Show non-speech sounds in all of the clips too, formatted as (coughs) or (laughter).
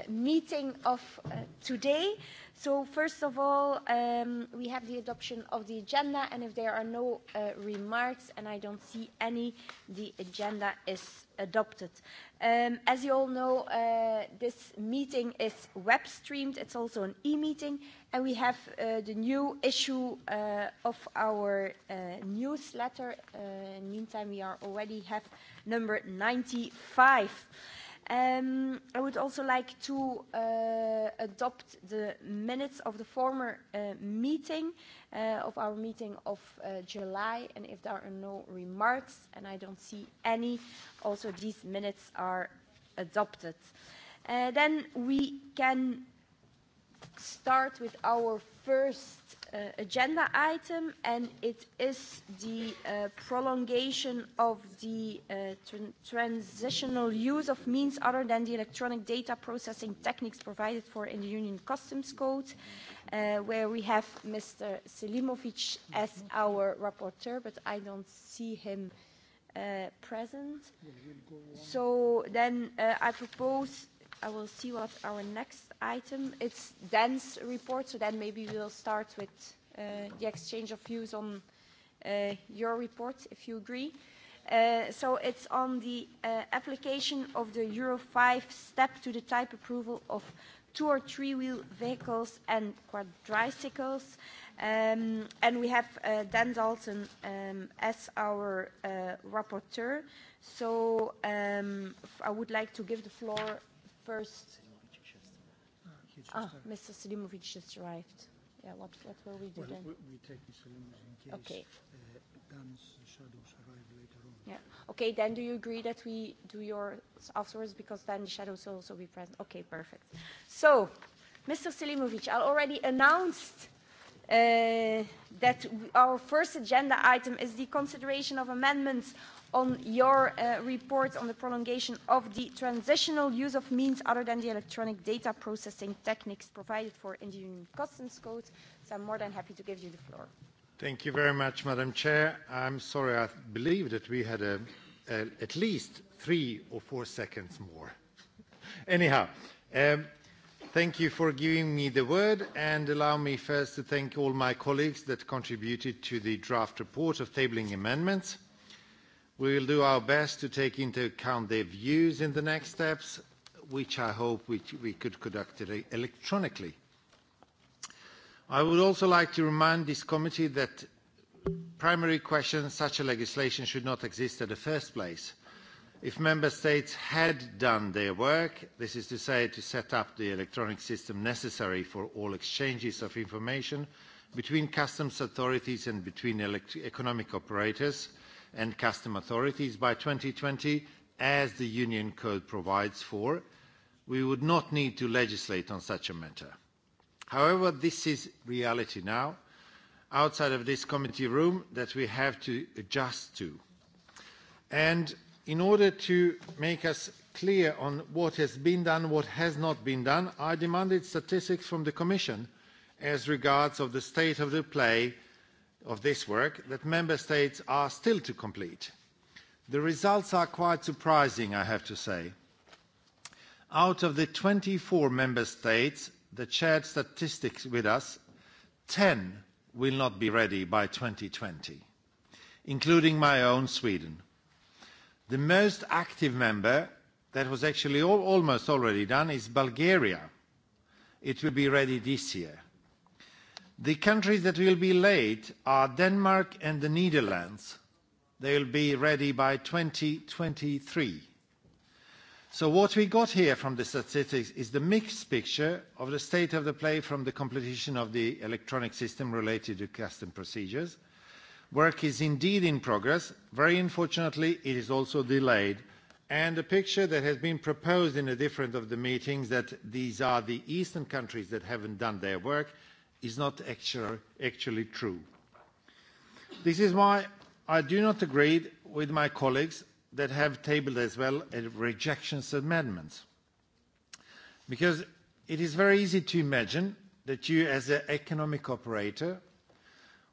uh, meeting of uh, today. So first of all, um, we have the adoption of the agenda, and if there are no uh, remarks, and I don't see any, the agenda is adopted. Um, as you all know, uh, this meeting is web streamed. It's also an e-meeting, and we have uh, the new issue uh, of our uh, newsletter. Uh, in the meantime, we are already have number 95. Um, I would also like to uh, adopt the minutes of the former uh, meeting, uh, of our meeting of uh, July, and if there are no remarks, and I don't see any, also these minutes are adopted. Uh, then we can start with our first uh, agenda item, and it is the uh, prolongation of the uh, eh, tr transitional use of means other than the electronic data processing techniques provided for in the Union Customs Code, uh, where we have Mr. Selimovic as our rapporteur, but I don't see him uh, present. So then uh, I propose I will see what our next item. It's Dan's report, so then maybe we'll start with uh, the exchange of views on uh, your report, if you agree. Uh, so it's on the uh, application of the Euro 5 step to the type approval of two or three-wheel vehicles and quadricycles. Um, and we have uh, Dan Dalton um, as our uh, rapporteur. So um, I would like to give the floor First, ah, Mr. Selimovic just arrived. Yeah, what, what will we do well, then? We take Mr. Selimovic in case okay. uh, Dan's shadows arrive later on. Yeah. Okay, then do you agree that we do yours afterwards because then the shadows will also be present? Okay, perfect. So, Mr. Selimovic, I already announced uh, that our first agenda item is the consideration of amendments on your uh, report on the prolongation of the transitional use of means other than the electronic data processing techniques provided for in the Union Customs Code. So I'm more than happy to give you the floor. Thank you very much, Madam Chair. I'm sorry, I believe that we had a, a, at least three or four seconds more. (laughs) Anyhow, um, Thank you for giving me the word, and allow me first to thank all my colleagues that contributed to the draft report of tabling amendments. Uh, We will do our best to take into account their views in the next steps, which I hope we, we could conduct e- electronically. I would also like to remind this committee that primary questions such a legislation should not exist in the first place. If member states had done their work, this is to say to set up the electronic system necessary for all exchanges of information between customs authorities and between economic operators, and custom authorities by 2020, as the Union Code provides for, we would not need to legislate on such a matter. However, this is reality now, outside of this committee room, that we have to adjust to. And in order to make us clear on what has been done, what has not been done, I demanded statistics from the Commission as regards of the state of the play of this work that member states are still to complete. The results are quite surprising, I have to say. Out of the 24 member states that shared statistics with us, 10 will not be ready by 2020, including my own Sweden. The most active member, that was actually al almost already done, is Bulgaria. It will be ready this year. The countries that will be late are Denmark and the Netherlands. They'll be ready by 2023. So what we got here from the statistics is the mixed picture of the state of the play from the completion of the electronic system related to custom procedures. Work is indeed in progress. Very unfortunately, it is also delayed. And the picture that has been proposed in a different of the meetings that these are the eastern countries that haven't done their work, is not actual, actually true. This is why I do not agree with my colleagues that have tabled as well a rejections amendments. Because it is very easy to imagine that you as an economic operator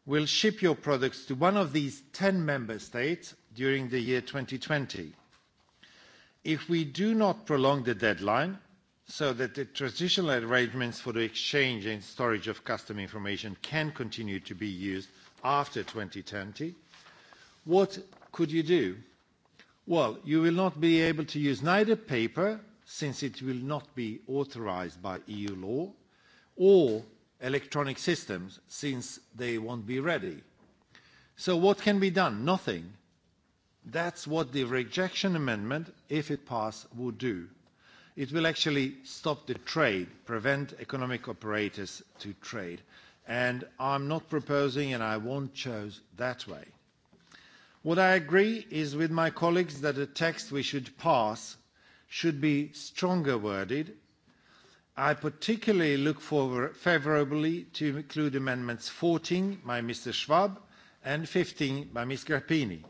will ship your products to one of these 10 member states during the year 2020. If we do not prolong the deadline, so that the traditional arrangements for the exchange and storage of customer information can continue to be used after 2020, what could you do? Well, you will not be able to use neither paper, since it will not be authorized by EU law, or electronic systems, since they won't be ready. So what can be done? Nothing. That's what the rejection amendment, if it passed, would do It will actually stop the trade, prevent economic operators to trade. And I'm not proposing, and I won't choose that way. What I agree is with my colleagues that the text we should pass should be stronger worded. I particularly look forward favorably to include amendments 14 by Mr. Schwab and 15 by Ms. Grappini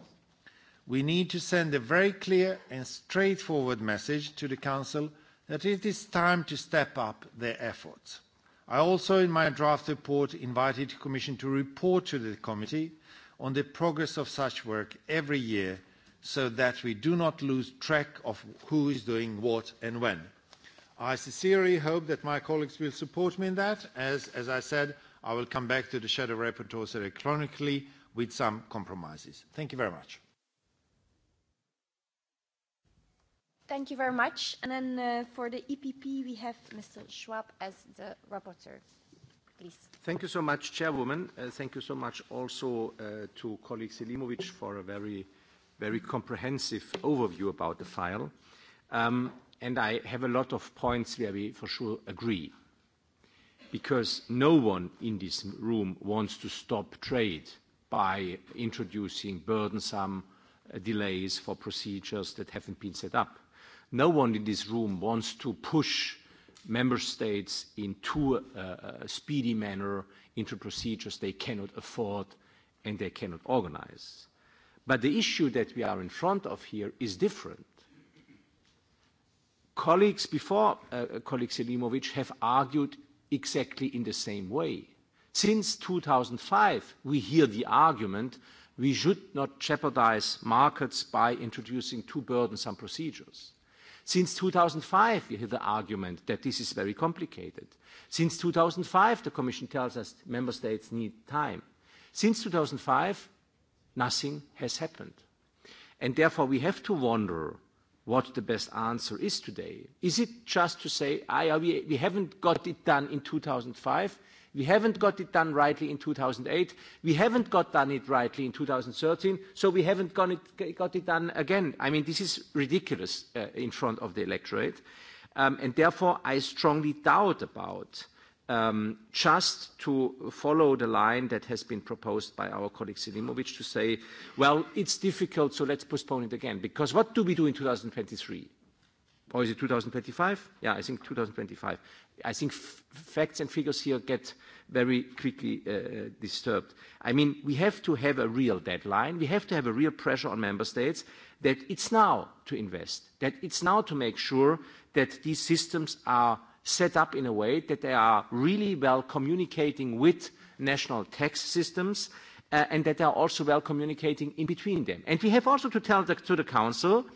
we need to send a very clear and straightforward message to the Council that it is time to step up their efforts. I also, in my draft report, invited the Commission to report to the Committee on the progress of such work every year so that we do not lose track of who is doing what and when. I sincerely hope that my colleagues will support me in that, as, as I said, I will come back to the shadow rapporteurs electronically with some compromises. Thank you very much. Thank you very much. And then uh, for the EPP, we have Mr. Schwab as the rapporteur. Please. Thank you so much, Chairwoman. Uh, thank you so much also uh, to colleague Selimovic for a very, very comprehensive overview about the file. Um, and I have a lot of points where we for sure agree. Because no one in this room wants to stop trade by introducing burdensome uh, delays for procedures that haven't been set up No one in this room wants to push member states into a, uh, a uh, speedy manner into procedures they cannot afford and they cannot organize. But the issue that we are in front of here is different. Colleagues before uh, colleague Selimovic have argued exactly in the same way. Since 2005, we hear the argument we should not jeopardize markets by introducing too burdensome procedures. Since 2005, you hear the argument that this is very complicated. Since 2005, the Commission tells us member states need time. Since 2005, nothing has happened. And therefore, we have to wonder what the best answer is today. Is it just to say, I, we, we haven't got it done in 2005, We haven't got it done rightly in 2008. We haven't got done it rightly in 2013, so we haven't got it, got it done again. I mean, this is ridiculous uh, in front of the electorate. Um, and therefore, I strongly doubt about um, just to follow the line that has been proposed by our colleague Selimovic to say, well, it's difficult, so let's postpone it again. Because what do we do in 2023? or is it 2025? Yeah, I think 2025. I think f facts and figures here get very quickly uh, disturbed. I mean, we have to have a real deadline. We have to have a real pressure on member states that it's now to invest, that it's now to make sure that these systems are set up in a way that they are really well communicating with national tax systems uh, and that they are also well communicating in between them. And we have also to tell the, to the Council uh,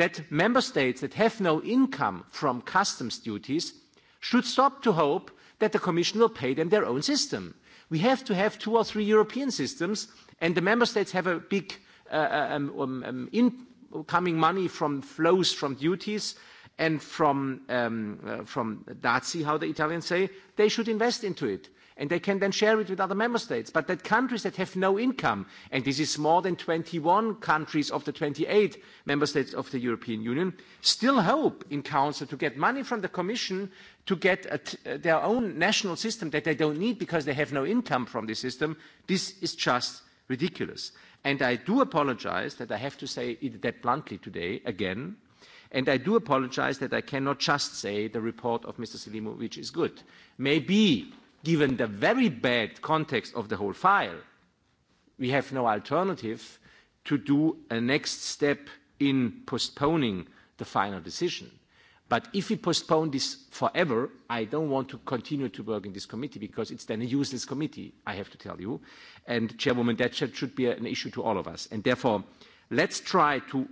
that member states that have no income from customs duties should stop to hope that the Commission will pay them their own system. We have to have two or three European systems, and the member states have a big uh, uh um, um, um, incoming money from flows from duties and from, um, uh, from Dazi, how the Italians say, they should invest into it and they can then share it with other member states. But that countries that have no income, and this is more than 21 countries of the 28 member states of the European Union, still hope in Council to get money from the Commission to get a t- uh, their own national system that they don't need because they have no income from the system. This is just ridiculous. And I do apologize that I have to say it that bluntly today again. And I do apologize that I cannot just say the report of Mr. Selimovic is good. Maybe given the very bad context of the whole file, we have no alternative to do a next step in postponing the final decision. But if we postpone this forever, I don't want to continue to work in this committee because it's then a useless committee, I have to tell you. And Chairwoman, that should be an issue to all of us. And therefore, let's try to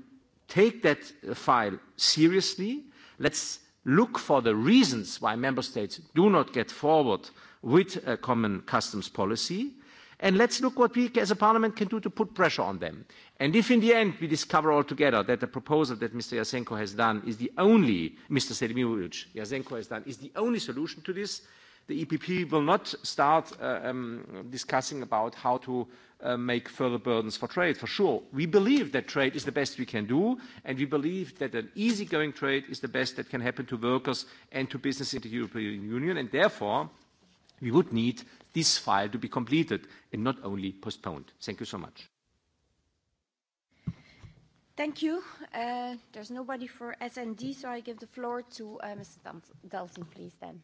take that uh, file seriously. Let's look for the reasons why member states do not get forward uh, with a common customs policy. And let's look what we as a parliament can do to put pressure on them. And if in the end we discover altogether that the proposal that Mr. Yasenko has done is the only, Mr. Selimirovic Yasenko has done, is the only solution to this, the EPP will not start uh, um, discussing about how to uh, make further burdens for trade, for sure. We believe that trade is the best we can do, and we believe that an easygoing trade is the best that can happen to workers and to business in the European Union, and therefore we would need this file to be completed and not only postponed. Thank you so much. Thank you. Uh, there's nobody for SND, so I give the floor to uh, Mr. Dalton, please, then.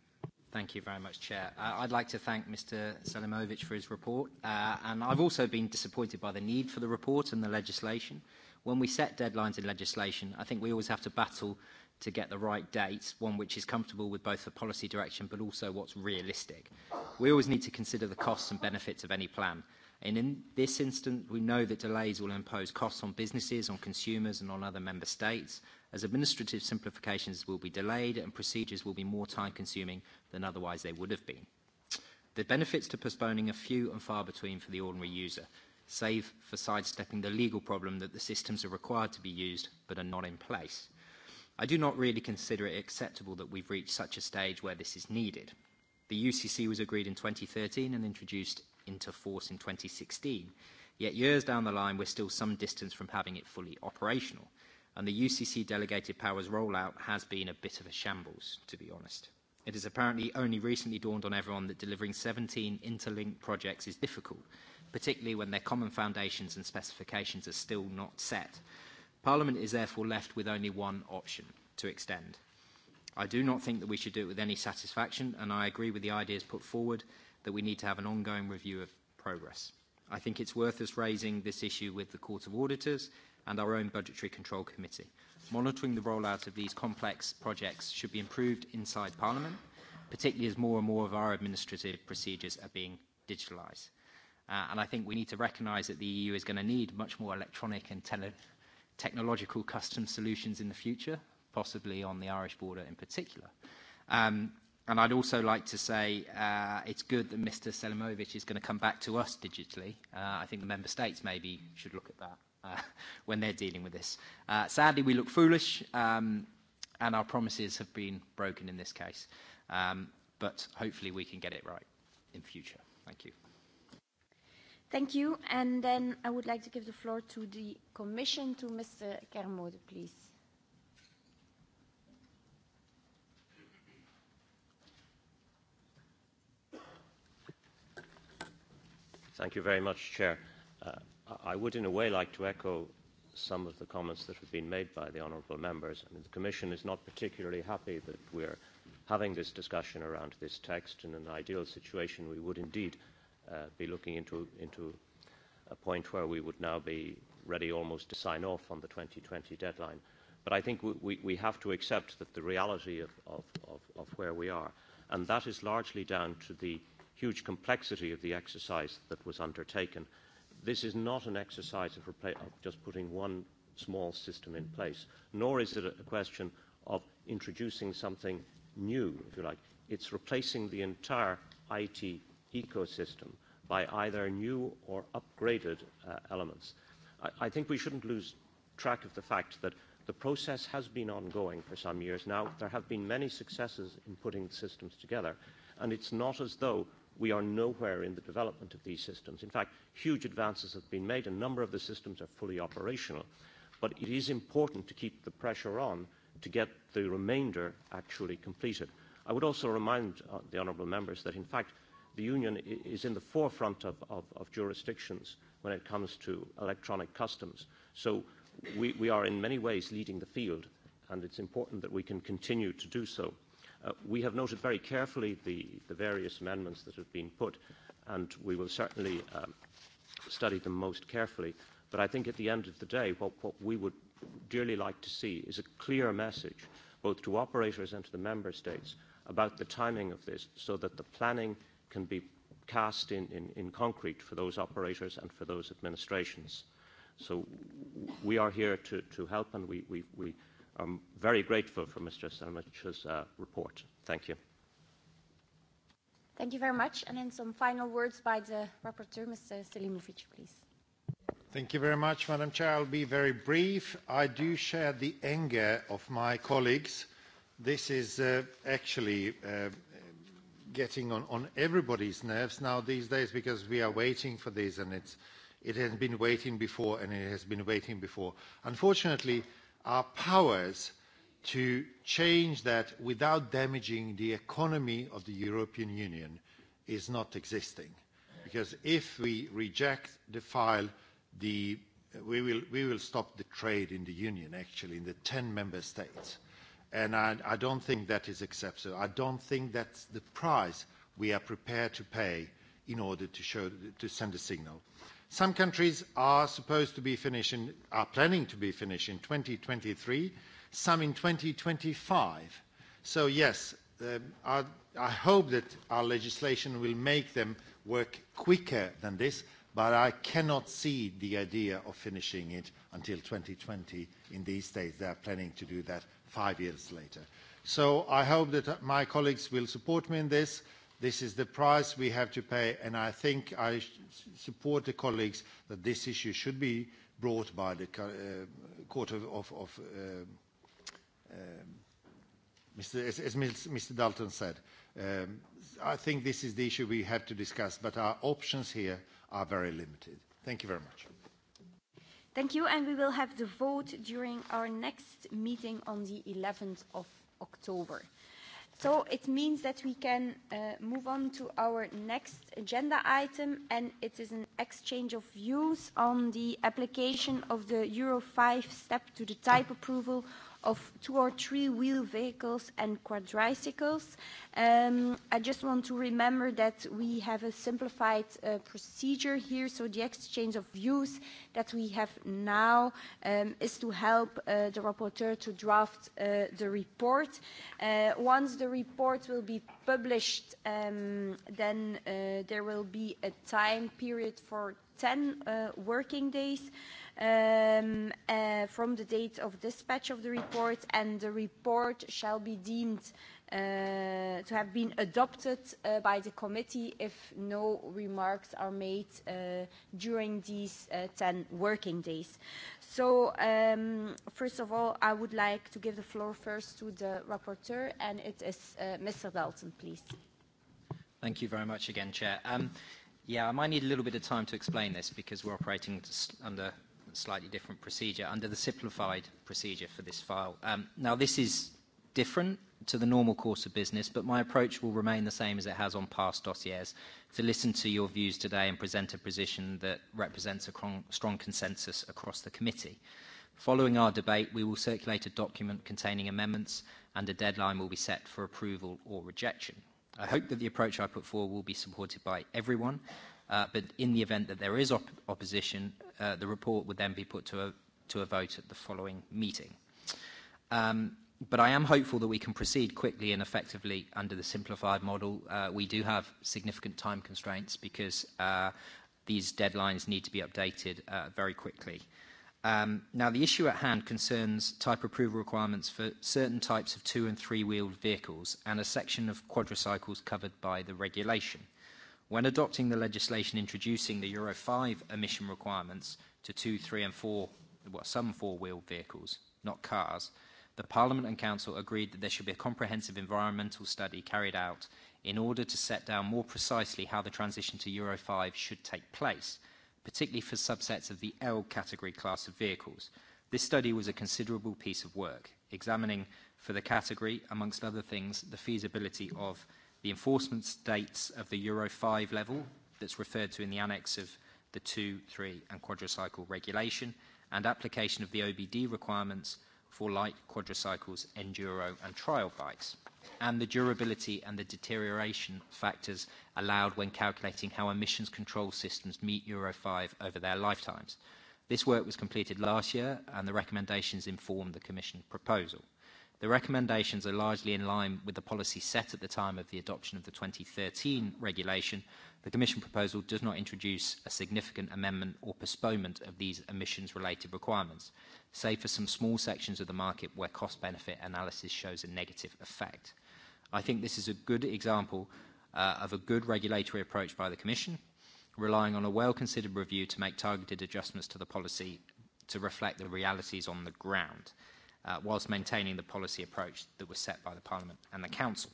Thank you very much, Chair. Uh, I'd like to thank Mr. Selimovic for his report, uh, and I've also been disappointed by the need for the report and the legislation. When we set deadlines in legislation, I think we always have to battle to get the right date, one which is comfortable with both the policy direction but also what's realistic. We always need to consider the costs and benefits of any plan. And in this instance, we know that delays will impose costs on businesses, on consumers and on other member states, as administrative simplifications will be delayed and procedures will be more time consuming than otherwise they would have been. The benefits to postponing are few and far between for the ordinary user, save for sidestepping the legal problem that the systems are required to be used but are not in place. I do not really consider it acceptable that we've reached such a stage where this is needed. The UCC was agreed in 2013 and introduced into force in 2016, yet years down the line we're still some distance from having it fully operational, and the UCC delegated powers rollout has been a bit of a shambles, to be honest. It has apparently only recently dawned on everyone that delivering 17 interlinked projects is difficult, particularly when their common foundations and specifications are still not set, Parliament is therefore left with only one option, to extend. I do not think that we should do it with any satisfaction, and I agree with the ideas put forward that we need to have an ongoing review of progress. I think it's worth us raising this issue with the Court of Auditors and our own Budgetary Control Committee. Monitoring the rollout of these complex projects should be improved inside Parliament, particularly as more and more of our administrative procedures are being digitalised. Uh, and I think we need to recognise that the EU is going to need much more electronic and tele technological custom solutions in the future, possibly on the Irish border in particular. Um, and I'd also like to say uh, it's good that Mr. Selimovic is going to come back to us digitally. Uh, I think the member states maybe should look at that uh, (laughs) when they're dealing with this. Uh, sadly, we look foolish, um, and our promises have been broken in this case. Um, but hopefully, we can get it right in future. Thank you. Thank you. And then I would like to give the floor to the Commission, to Mr. Kermode, please. Thank you very much, Chair. Uh, I would, in a way, like to echo some of the comments that have been made by the honourable members. I mean, the Commission is not particularly happy that we're having this discussion around this text. In an ideal situation, we would indeed uh, uh, be looking into, into a point where we would now be ready almost to sign off on the 2020 deadline. But I think we, we have to accept that the reality of, of, of, of where we are, and that is largely down to the huge complexity of the exercise that was undertaken. This is not an exercise of, repla- of just putting one small system in place, nor is it a question of introducing something new, if you like. It's replacing the entire IT ecosystem by either new or upgraded uh, elements. I, I think we shouldn't lose track of the fact that the process has been ongoing for some years now. There have been many successes in putting systems together, and it's not as though we are nowhere in the development of these systems. In fact, huge advances have been made. A number of the systems are fully operational. But it is important to keep the pressure on to get the remainder actually completed. I would also remind uh, the honourable members that, in fact, the Union is in the forefront of, of, of jurisdictions when it comes to electronic customs. So we, we are in many ways leading the field, and it's important that we can continue to do so. Uh, we have noted very carefully the, the various amendments that have been put, and we will certainly um, study them most carefully. But I think at the end of the day, what, what we would dearly like to see is a clear message, both to operators and to the member states, about the timing of this, so that the planning – can be cast in, in, in concrete for those operators and for those administrations. So we are here to, to help and we, we, we are very grateful for Mr. Selmich's uh, report. Thank you. Thank you very much. And then some final words by the rapporteur, Mr. Selimovic, please. Thank you very much, Madam Chair. I'll be very brief. I do share the anger of my colleagues. This is uh, actually uh, getting on, on everybody's nerves now these days because we are waiting for this and it's, it has been waiting before and it has been waiting before. Unfortunately, our powers to change that without damaging the economy of the European Union is not existing. Because if we reject the file, the, we, will, we will stop the trade in the Union, actually, in the 10 member states. Uh, and I, I don't think that is acceptable. I don't think that's the price we are prepared to pay in order to, show, to send a signal. Some countries are supposed to be finishing, are planning to be finished in 2023, some in 2025. So yes, uh, I, I hope that our legislation will make them work quicker than this, but I cannot see the idea of finishing it until 2020 in these states that are planning to do that five years later. So I hope that uh, my colleagues will support me in this. This is the price we have to pay, and I think I support the colleagues that this issue should be brought by the uh, Court of, of, of uh, um, uh, um, Mr. As, as Mr. Dalton said. Um, I think this is the issue we have to discuss, but our options here are very limited. Thank you very much. Thank you, and we will have the vote during our next meeting on the 11th of October. So it means that we can uh, move on to our next agenda item, and it is an exchange of views on the application of the Euro 5 step to the type approval of two or three wheel vehicles and quadricycles. Um, I just want to remember that we have a simplified uh, procedure here, so the exchange of views that we have now um, is to help uh, the rapporteur to draft uh, the report. Uh, once the report will be published, um, then uh, there will be a time period for 10 uh, working days um, uh, from the date of dispatch of the report, and the report shall be deemed uh, to have been adopted uh, by the committee if no remarks are made uh, during these uh, 10 working days. So, um, first of all, I would like to give the floor first to the rapporteur, and it is uh, Mr. Dalton, please. Thank you very much again, Chair. Um, Yeah, I might need a little bit of time to explain this because we're operating under a slightly different procedure, under the simplified procedure for this file. Um, now, this is different to the normal course of business, but my approach will remain the same as it has on past dossiers, to listen to your views today and present a position that represents a strong consensus across the committee. Following our debate, we will circulate a document containing amendments, and a deadline will be set for approval or rejection. I hope that the approach I put forward will be supported by everyone, uh, but in the event that there is op opposition, uh, the report would then be put to a, to a vote at the following meeting. Um, but I am hopeful that we can proceed quickly and effectively under the simplified model. Uh, we do have significant time constraints because uh, these deadlines need to be updated uh, very quickly. Um, now, the issue at hand concerns type approval requirements for certain types of two- and three-wheeled vehicles and a section of quadricycles covered by the regulation. When adopting the legislation introducing the Euro 5 emission requirements to two, three, and four, well, some four-wheeled vehicles, not cars, the Parliament and Council agreed that there should be a comprehensive environmental study carried out in order to set down more precisely how the transition to Euro 5 should take place – particularly for subsets of the L category class of vehicles. This study was a considerable piece of work, examining for the category, amongst other things, the feasibility of the enforcement states of the Euro 5 level that's referred to in the annex of the 2, 3 and quadricycle regulation and application of the OBD requirements for light quadricycles, enduro and trial bikes and the durability and the deterioration factors allowed when calculating how emissions control systems meet Euro 5 over their lifetimes. This work was completed last year, and the recommendations informed the Commission proposal. The recommendations are largely in line with the policy set at the time of the adoption of the 2013 regulation. The Commission proposal does not introduce a significant amendment or postponement of these emissions-related requirements, save for some small sections of the market where cost-benefit analysis shows a negative effect. I think this is a good example uh, of a good regulatory approach by the Commission, relying on a well-considered review to make targeted adjustments to the policy to reflect the realities on the ground. Uh, uh, whilst maintaining the policy approach that was set by the Parliament and the Council.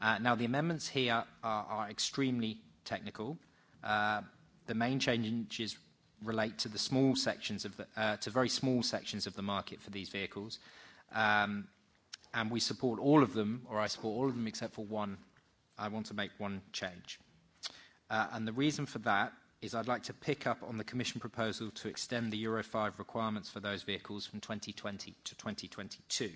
Uh, now, the amendments here are, are extremely technical. Uh, the main changes relate to the small sections of the, uh, to very small sections of the market for these vehicles, um, and we support all of them, or I support all of them except for one. I want to make one change, uh, and the reason for that is I'd like to pick up on the Commission proposal to extend the Euro 5 requirements for those vehicles from 2020 to 2022.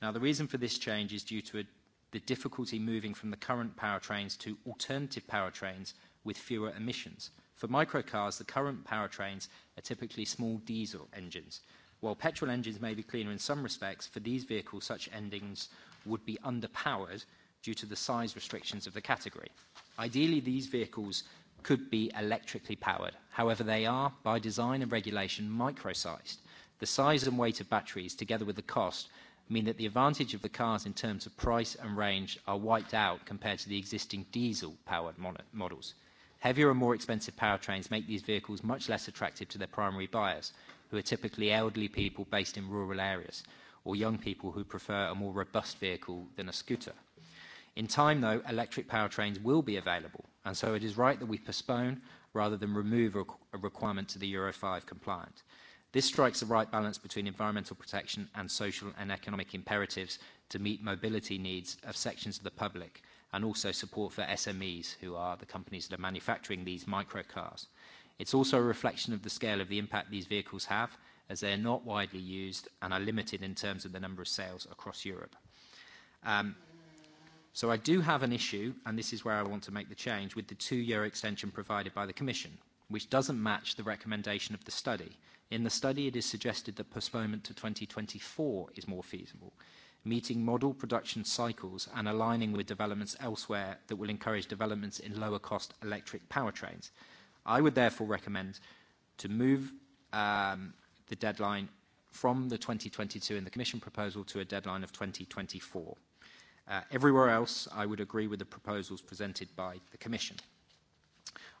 Now, the reason for this change is due to a, the difficulty moving from the current powertrains to alternative powertrains with fewer emissions. For microcars, the current powertrains are typically small diesel engines. While petrol engines may be cleaner in some respects, for these vehicles, such engines would be underpowered due to the size restrictions of the category. Ideally, these vehicles could be electrically powered. However, they are, by design and regulation, micro-sized. The size and weight of batteries, together with the cost, mean that the advantage of the cars in terms of price and range are wiped out compared to the existing diesel-powered models. Heavier and more expensive powertrains make these vehicles much less attractive to their primary buyers, who are typically elderly people based in rural areas, or young people who prefer a more robust vehicle than a scooter. In time, though, electric powertrains will be available, and so it is right that we postpone rather than remove a requirement to the Euro 5 compliant. This strikes the right balance between environmental protection and social and economic imperatives to meet mobility needs of sections of the public and also support for SMEs, who are the companies that are manufacturing these microcars. It's also a reflection of the scale of the impact these vehicles have, as they are not widely used and are limited in terms of the number of sales across Europe. Um, So I do have an issue, and this is where I want to make the change, with the two-year extension provided by the Commission, which doesn't match the recommendation of the study. In the study, it is suggested that postponement to 2024 is more feasible, meeting model production cycles and aligning with developments elsewhere that will encourage developments in lower-cost electric powertrains. I would therefore recommend to move um, the deadline from the 2022 in the Commission proposal to a deadline of 2024. Uh, everywhere else, I would agree with the proposals presented by the Commission.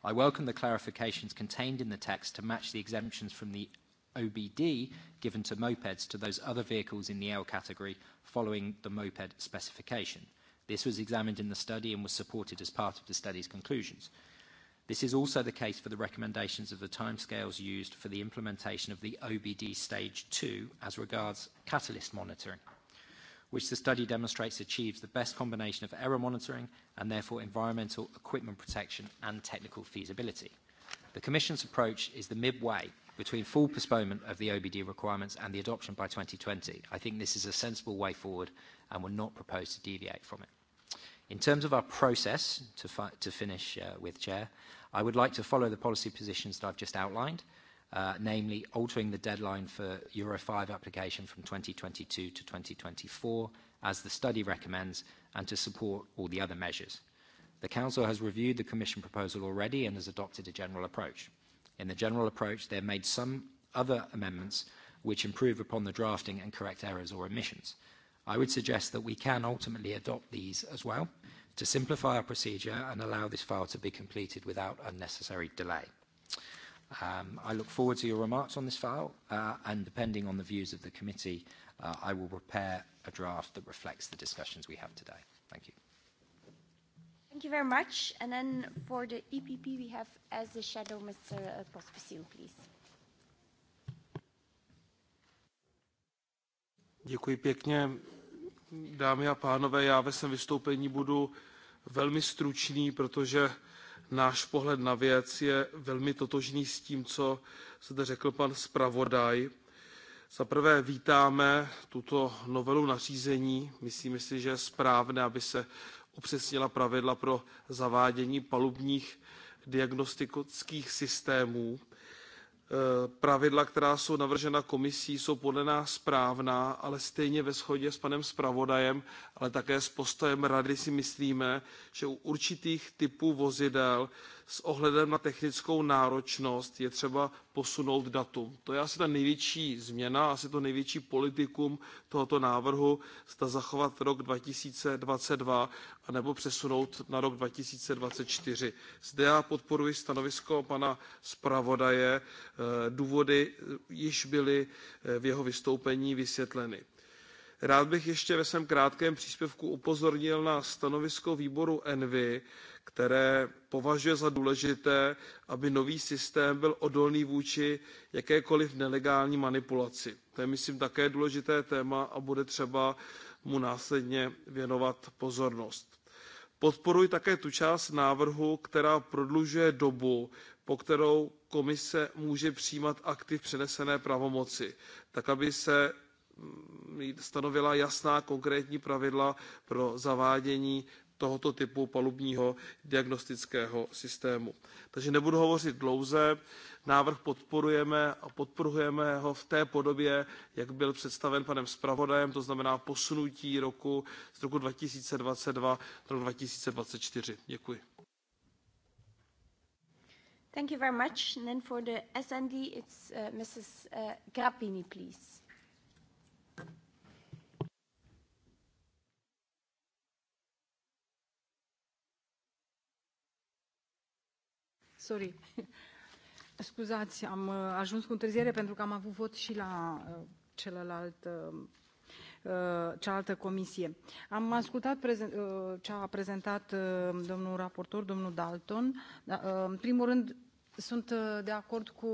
I welcome the clarifications contained in the text to match the exemptions from the OBD given to mopeds to those other vehicles in the L category following the moped specification. This was examined in the study and was supported as part of the study's conclusions. This is also the case for the recommendations of the timescales used for the implementation of the OBD Stage 2 as regards catalyst monitoring which the study demonstrates achieves the best combination of error monitoring and therefore environmental equipment protection and technical feasibility. The Commission's approach is the midway between full postponement of the OBD requirements and the adoption by 2020. I think this is a sensible way forward and we're not proposed to deviate from it. In terms of our process, to, fi to finish uh, with, Chair, I would like to follow the policy positions that I've just outlined, uh, namely altering the deadline for Euro 5 application from 2022 to 2024, as the study recommends, and to support all the other measures. The Council has reviewed the Commission proposal already and has adopted a general approach. In the general approach, they have made some other amendments which improve upon the drafting and correct errors or omissions. I would suggest that we can ultimately adopt these as well to simplify our procedure and allow this file to be completed without unnecessary delay. Um, I look forward to your remarks on this file, uh, and depending on the views of the committee, uh, I will prepare a draft that reflects the discussions we have today. Thank you. Thank you very much. And then for the EPP, we have as the shadow Mr. Pospisil, please. Děkuji pěkně. Dámy a pánové, já ve svém vystoupení budu velmi stručný, protože náš pohled na věc je velmi totožný s tím, co zde řekl pan zpravodaj. Za prvé vítáme tuto novelu nařízení. Myslíme si, že je správné, aby se upřesnila pravidla pro zavádění palubních diagnostických systémů. E, pravidla, která jsou navržena komisí, jsou podle nás správná, ale stejně ve shodě s panem zpravodajem ale také s postojem rady si myslíme, že u určitých typů vozidel s ohledem na technickou náročnost je třeba posunout datum. To je asi ta největší změna, asi to největší politikum tohoto návrhu, zda zachovat rok 2022 anebo přesunout na rok 2024. Zde já podporuji stanovisko pana zpravodaje, eh, důvody eh, již byly eh, v jeho vystoupení vysvětleny rád bych ještě ve svém krátkém příspěvku upozornil na stanovisko výboru envi které považuje za důležité aby nový systém byl odolný vůči jakékoliv nelegální manipulaci. to je myslím také důležité téma a bude třeba mu následně věnovat pozornost. podporuji také tu část návrhu která prodlužuje dobu po kterou komise může přijímat akty v přenesené pravomoci tak aby se stanovila jasná konkrétní pravidla pro zavádění tohoto typu palubního diagnostického systému. Takže nebudu hovořit dlouze. Návrh podporujeme a podporujeme ho v té podobě, jak byl představen panem zpravodajem, to znamená posunutí roku z roku 2022 do 2024. Děkuji. Thank you very much. And then for the SND, it's uh, Mrs. Uh, Grappini, please. Sorry. Scuzați, am uh, ajuns cu întârziere pentru că am avut vot și la uh, celălalt um, uh, cealaltă comisie. Am ascultat prezent, ce a prezentat domnul raportor, domnul Dalton. În primul rând, sunt de acord cu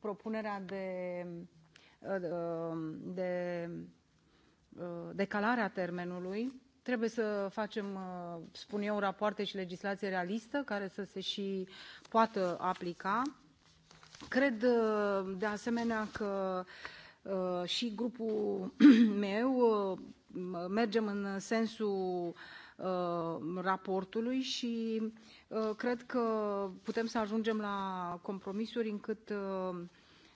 propunerea de, de um, decalarea termenului trebuie să facem, uh, spun eu, rapoarte și legislație realistă care să se și poată aplica. Cred uh, de asemenea că uh, și grupul (clears throat) meu mergem în sensul raportului și cred că putem să ajungem la compromisuri încât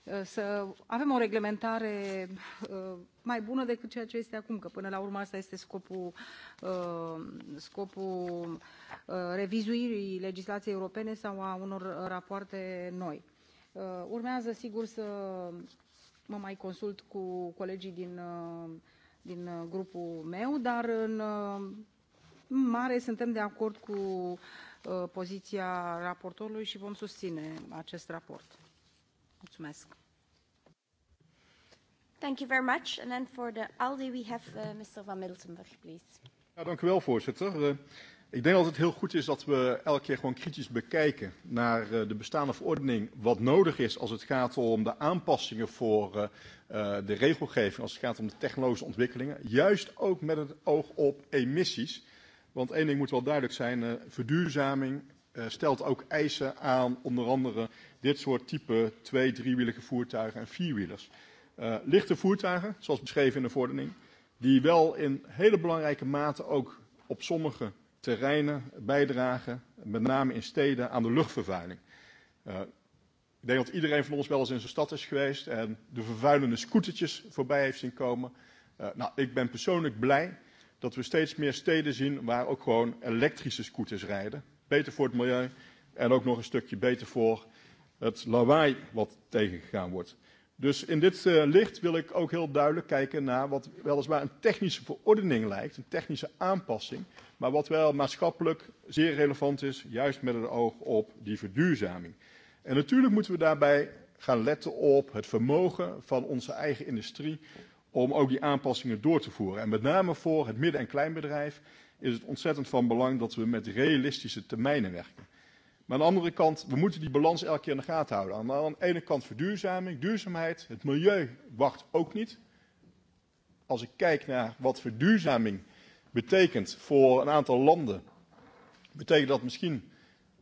Eh, să avem o reglementare eh, mai bună decât ceea ce este acum, că până la urmă asta este scopul, eh, scopul revizuirii legislației europene sau a unor rapoarte noi. Urmează, sigur, să mă mai consult cu colegii din, din grupul meu, dar în mare suntem de acord cu poziția raportorului și vom susține acest raport. Mulțumesc! Thank you very much. And then for the ALDE we have uh, Mr. Van Miltenburg, please. Ja, dank u wel, voorzitter. Uh, ik denk dat het heel goed is dat we elke keer gewoon kritisch bekijken naar uh, de bestaande verordening, wat nodig is als het gaat om de aanpassingen voor uh, uh, de regelgeving, als het gaat om de technologische ontwikkelingen. Juist ook met het oog op emissies. Want één ding moet wel duidelijk zijn, uh, verduurzaming uh, stelt ook eisen aan onder andere dit soort type twee, driewielige voertuigen en vierwielers. Uh, lichte voertuigen, zoals beschreven in de verordening, die wel in hele belangrijke mate ook op sommige terreinen bijdragen, met name in steden, aan de luchtvervuiling. Uh, ik denk dat iedereen van ons wel eens in zijn stad is geweest en de vervuilende scootertjes voorbij heeft zien komen. Uh, nou, ik ben persoonlijk blij dat we steeds meer steden zien waar ook gewoon elektrische scooters rijden. Beter voor het milieu en ook nog een stukje beter voor het lawaai wat tegengegaan wordt. Dus in dit uh, licht wil ik ook heel duidelijk kijken naar wat weliswaar een technische verordening lijkt, een technische aanpassing, maar wat wel maatschappelijk zeer relevant is, juist met het oog op die verduurzaming. En natuurlijk moeten we daarbij gaan letten op het vermogen van onze eigen industrie om ook die aanpassingen door te voeren. En met name voor het midden- en kleinbedrijf is het ontzettend van belang dat we met realistische termijnen werken. Maar aan de andere kant, we moeten die balans elke keer in de gaten houden. Maar aan de ene kant verduurzaming, duurzaamheid. Het milieu wacht ook niet. Als ik kijk naar wat verduurzaming betekent voor een aantal landen, betekent dat misschien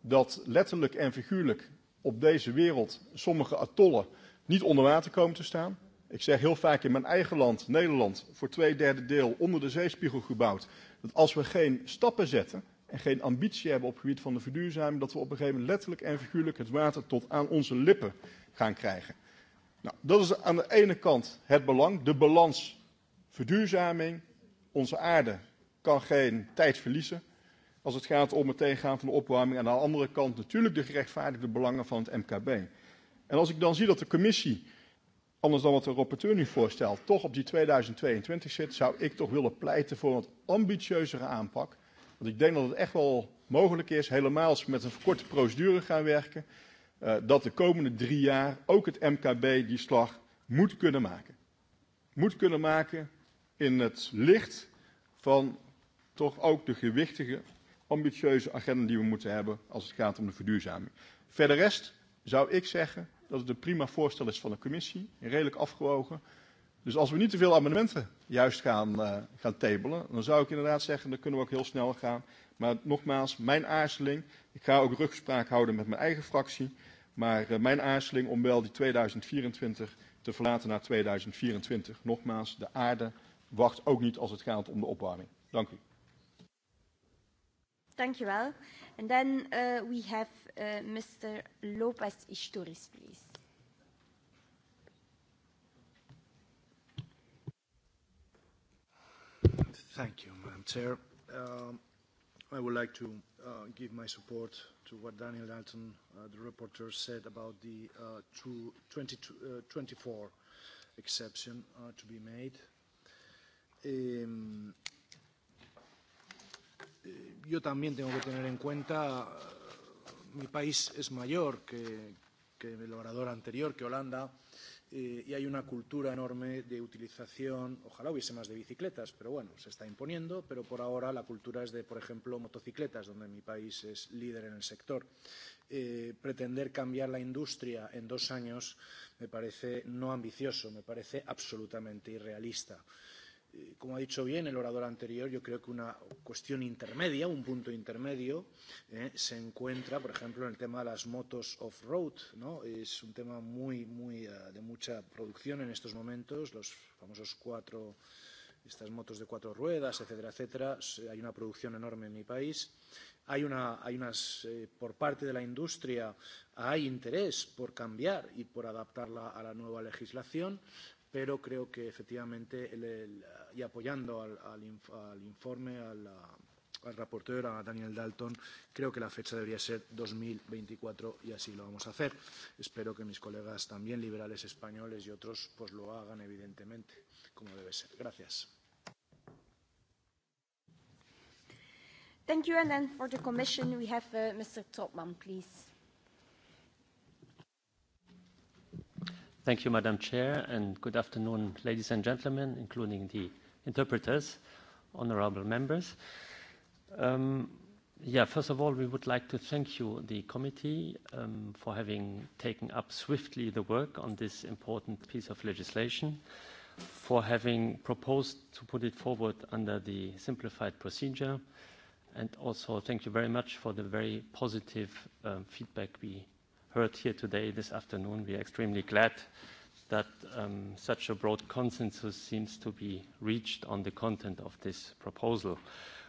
dat letterlijk en figuurlijk op deze wereld sommige atollen niet onder water komen te staan. Ik zeg heel vaak in mijn eigen land, Nederland, voor twee derde deel onder de zeespiegel gebouwd. Dat als we geen stappen zetten, en geen ambitie hebben op het gebied van de verduurzaming, dat we op een gegeven moment letterlijk en figuurlijk het water tot aan onze lippen gaan krijgen. Nou, dat is aan de ene kant het belang, de balans verduurzaming. Onze aarde kan geen tijd verliezen als het gaat om het tegengaan van de opwarming. En aan de andere kant natuurlijk de gerechtvaardigde belangen van het MKB. En als ik dan zie dat de commissie, anders dan wat de rapporteur nu voorstelt, toch op die 2022 zit, zou ik toch willen pleiten voor een wat ambitieuzere aanpak. Want ik denk dat het echt wel mogelijk is, helemaal als we met een verkorte procedure gaan werken, uh, dat de komende drie jaar ook het MKB die slag moet kunnen maken. Moet kunnen maken in het licht van toch ook de gewichtige, ambitieuze agenda die we moeten hebben als het gaat om de verduurzaming. Verder rest zou ik zeggen dat het een prima voorstel is van de commissie, redelijk afgewogen. Dus als we niet te veel amendementen juist gaan, uh, gaan tabelen, dan zou ik inderdaad zeggen, dan kunnen we ook heel snel gaan. Maar nogmaals, mijn aarzeling, ik ga ook rugspraak houden met mijn eigen fractie, maar uh, mijn aarzeling om wel die 2024 te verlaten naar 2024. Nogmaals, de aarde wacht ook niet als het gaat om de opwarming. Dank u. Dank u wel. And then uh, eh, we have uh, Mr. Lopez Isturiz, please. Thank you, Madam Chair. Um, I would like to uh, give my support to what Daniel Dalton, uh, the reporter, said about the uh, two, 22, uh, 24 exception uh, to be made. Um, yo también tengo que tener en cuenta, uh, mi país es mayor que, que el orador anterior, que Holanda, eh, y hay una cultura enorme de utilización, ojalá hubiese más de bicicletas, pero bueno, se está imponiendo, pero por ahora la cultura es de, por ejemplo, motocicletas, donde mi país es líder en el sector. Eh, pretender cambiar la industria en dos años me parece no ambicioso, me parece absolutamente irrealista. Eh, eh, como ha dicho bien el orador anterior, yo creo que una cuestión intermedia, un punto intermedio, eh, se encuentra, por ejemplo, en el tema de las motos off-road. ¿no? Es un tema muy, muy, uh, de mucha producción en estos momentos, los famosos cuatro estas motos de cuatro ruedas, etcétera, etcétera. Hay una producción enorme en mi país. Hay, una, hay unas, eh, por parte de la industria, hay interés por cambiar y por adaptarla a la nueva legislación pero creo que efectivamente, el, el, y apoyando al, al, inf, al informe, al, al reportero, a Daniel Dalton, creo que la fecha debería ser 2024 y así lo vamos a hacer. Espero que mis colegas también liberales españoles y otros pues lo hagan evidentemente, como debe ser. Gracias. Thank you. And then for the Commission, we have uh, Mr. Topman, please. Thank you, Madam Chair, and good afternoon, ladies and gentlemen, including the interpreters, honorable members. Um, yeah, first of all, we would like to thank you, the committee, um, for having taken up swiftly the work on this important piece of legislation, for having proposed to put it forward under the simplified procedure, and also thank you very much for the very positive um, feedback we heard here today, this afternoon. We are extremely glad that um, such a broad consensus seems to be reached on the content of this proposal,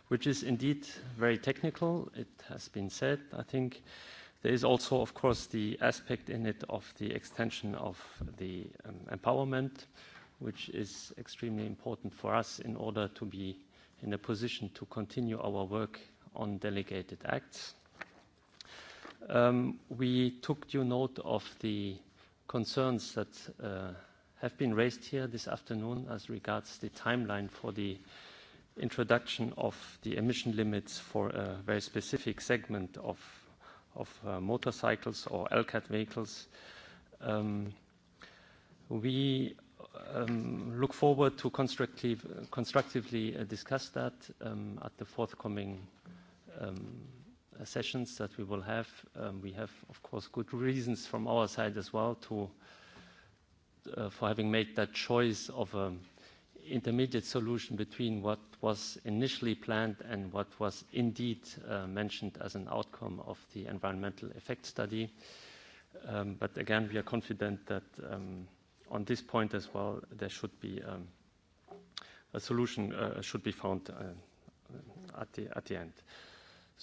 which is indeed very technical. It has been said, I think. There is also, of course, the aspect in it of the extension of the um, empowerment, which is extremely important for us in order to be in a position to continue our work on delegated acts. Um, we took due note of the concerns that uh, have been raised here this afternoon as regards the timeline for the introduction of the emission limits for a very specific segment of, of uh, motorcycles or LCAT vehicles. Um, we um, look forward to constructive, constructively uh, discuss that um, at the forthcoming um, uh, sessions that we will have. Um, we have, of course, good reasons from our side as well to, uh, for having made that choice of an intermediate solution between what was initially planned and what was indeed uh, mentioned as an outcome of the environmental effect study. Um, but again, we are confident that um, on this point as well, there should be um, a solution uh, should be found uh, at, the, at the end. Uh,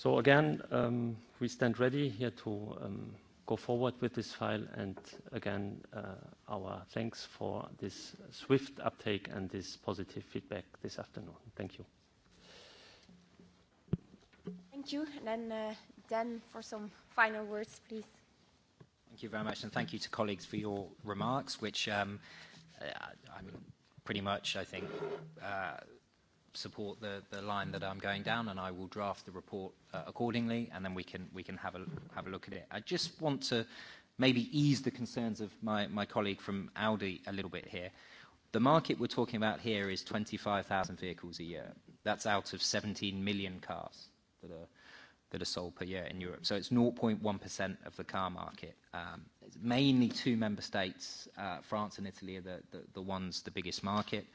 So again, um, we stand ready here to um, go forward with this file. And again, uh, our thanks for this swift uptake and this positive feedback this afternoon. Thank you. Thank you. And then uh, Dan, for some final words, please. Thank you very much, and thank you to colleagues for your remarks, which um, uh, I mean, pretty much, I think, uh, support the, the line that I'm going down, and I will draft the report uh, accordingly, and then we can, we can have, a, have a look at it. I just want to maybe ease the concerns of my, my colleague from Audi a little bit here. The market we're talking about here is 25,000 vehicles a year. That's out of 17 million cars that are that are sold per year in Europe. So it's 0.1% of the car market. Um, it's mainly two member states, uh, France and Italy, are the, the, the ones, the biggest market.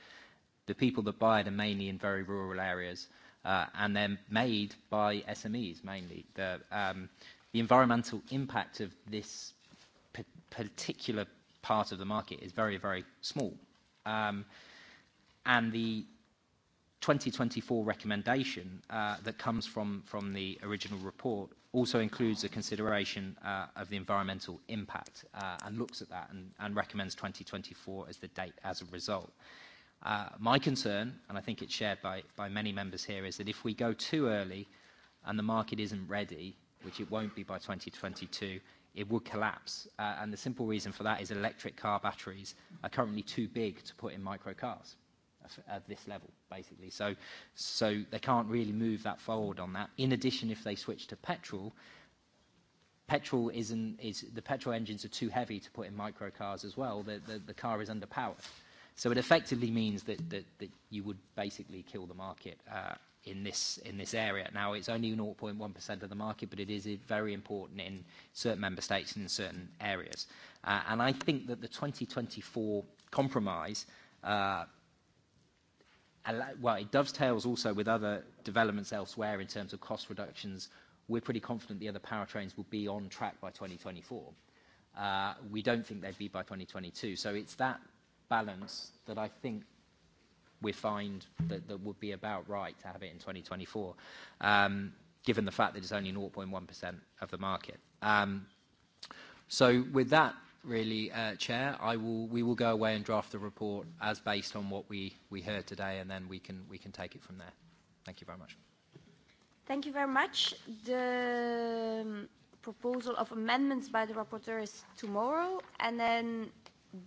The people that buy it are mainly in very rural areas, uh, and they're made by SMEs mainly. The, um, the environmental impact of this p- particular part of the market is very, very small. Um, and the 2024 recommendation uh, that comes from, from the original report also includes a consideration uh, of the environmental impact uh, and looks at that and, and recommends 2024 as the date as a result. Uh, Uh, my concern, and I think it's shared by, by many members here, is that if we go too early and the market isn't ready, which it won't be by 2022, it would collapse. Uh, and the simple reason for that is electric car batteries are currently too big to put in micro cars at this level, basically. So, so they can't really move that forward on that. In addition, if they switch to petrol, petrol isn't, is, the petrol engines are too heavy to put in micro cars as well. The, the, the car is underpowered. So it effectively means that, that, that you would basically kill the market uh, in this in this area. Now it's only 0.1% of the market, but it is very important in certain member states and in certain areas. Uh, and I think that the 2024 compromise. Uh, well, it dovetails also with other developments elsewhere in terms of cost reductions. We're pretty confident the other powertrains will be on track by 2024. Uh, we don't think they'd be by 2022. So it's that balance that I think we find that, that would be about right to have it in 2024, um, given the fact that it's only 0.1% of the market. Um, so with that, really, uh, Chair, I will, we will go away and draft the report as based on what we, we heard today, and then we can, we can take it from there. Thank you very much. Thank you very much. The um, proposal of amendments by the rapporteur is tomorrow, and then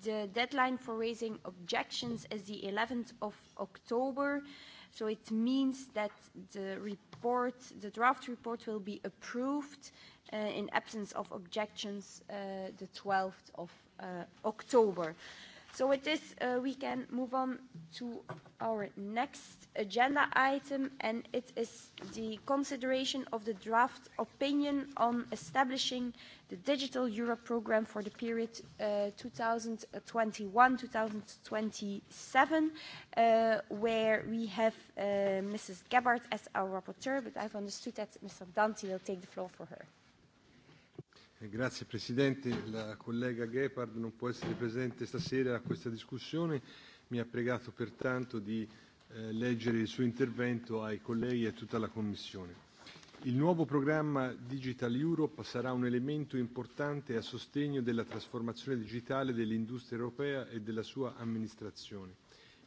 The deadline for raising objections is the 11th of October. So it means that the report, the draft report will be approved uh, in absence of objections uh, the 12th of uh, October. Uh, So with this, uh, we can move on to our next agenda item, and it is the consideration of the draft opinion on establishing the Digital Europe program for the period uh, 2021-2027, uh, where we have uh, Mrs. Gabbard as our rapporteur, but I've understood that Mr. Danti will take the floor for her. Eh, grazie Presidente. La collega Gepard non può essere presente stasera a questa discussione. Mi ha pregato pertanto di eh, leggere il suo intervento ai colleghi e a tutta la Commissione. Il nuovo programma Digital Europe sarà un elemento importante a sostegno della trasformazione digitale dell'industria europea e della sua amministrazione.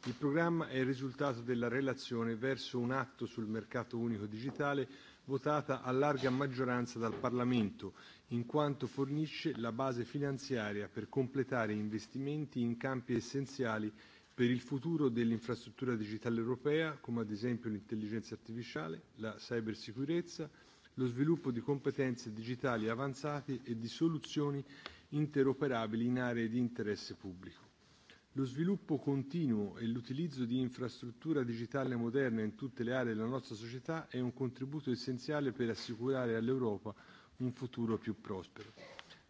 Il programma è il risultato della relazione verso un atto sul mercato unico digitale votata a larga maggioranza dal Parlamento, in quanto fornisce la base finanziaria per completare investimenti in campi essenziali per il futuro dell'infrastruttura digitale europea, come ad esempio l'intelligenza artificiale, la cybersicurezza, lo sviluppo di competenze digitali avanzate e di soluzioni interoperabili in aree di interesse pubblico. Lo sviluppo continuo e l'utilizzo di infrastruttura digitale moderna in tutte le aree della nostra società è un contributo essenziale per assicurare all'Europa un futuro più prospero.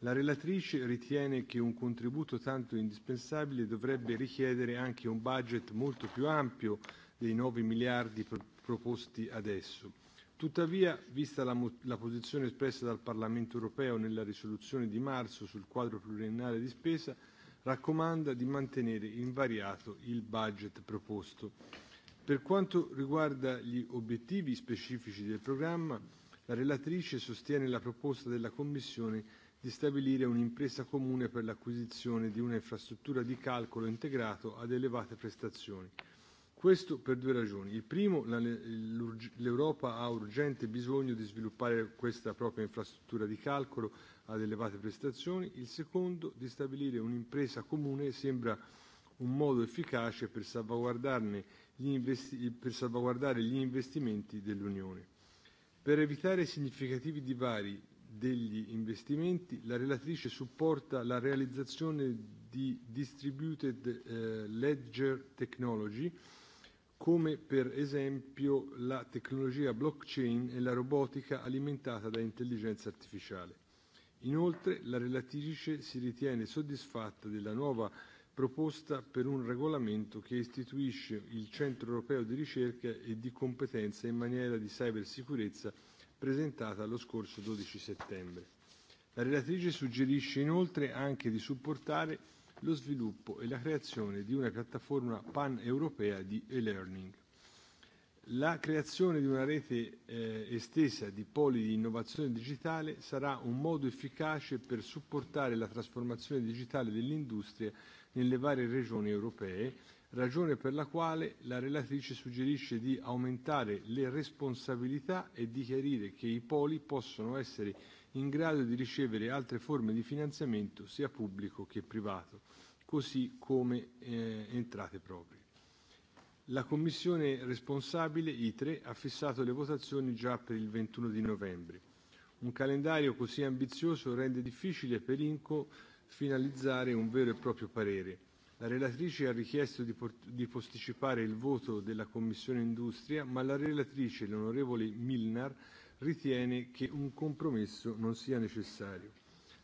La relatrice ritiene che un contributo tanto indispensabile dovrebbe richiedere anche un budget molto più ampio dei 9 miliardi pro- proposti adesso. Tuttavia, vista la, mo- la posizione espressa dal Parlamento europeo nella risoluzione di marzo sul quadro pluriennale di spesa, raccomanda di mantenere invariato il budget proposto. Per quanto riguarda gli obiettivi specifici del programma, la relatrice sostiene la proposta della Commissione di stabilire un'impresa comune per l'acquisizione di un'infrastruttura di calcolo integrato ad elevate prestazioni, Questo per due ragioni. Il primo, l'Europa ha urgente bisogno di sviluppare questa propria infrastruttura di calcolo ad elevate prestazioni. Il secondo, di stabilire un'impresa comune sembra un modo efficace per, salvaguardarne gli investi- per salvaguardare gli investimenti dell'Unione. Per evitare significativi divari degli investimenti, la relatrice supporta la realizzazione di Distributed eh, Ledger Technology, come per esempio la tecnologia blockchain e la robotica alimentata da intelligenza artificiale. Inoltre, la relatrice si ritiene soddisfatta della nuova proposta per un regolamento che istituisce il Centro europeo di ricerca e di competenza in materia di cybersicurezza presentata lo scorso 12 settembre. La relatrice suggerisce inoltre anche di supportare lo sviluppo e la creazione di una piattaforma pan-europea di e-learning. La creazione di una rete eh, estesa di poli di innovazione digitale sarà un modo efficace per supportare la trasformazione digitale dell'industria nelle varie regioni europee, ragione per la quale la relatrice suggerisce di aumentare le responsabilità e di chiarire che i poli possono essere in grado di ricevere altre forme di finanziamento sia pubblico che privato, così come eh, entrate proprie. La commissione responsabile, ITRE, ha fissato le votazioni già per il 21 di novembre. Un calendario così ambizioso rende difficile per INCO finalizzare un vero e proprio parere. La relatrice ha richiesto di, di posticipare il voto della Commissione Industria, ma la relatrice, l'onorevole Milnar, ritiene che un compromesso non sia necessario.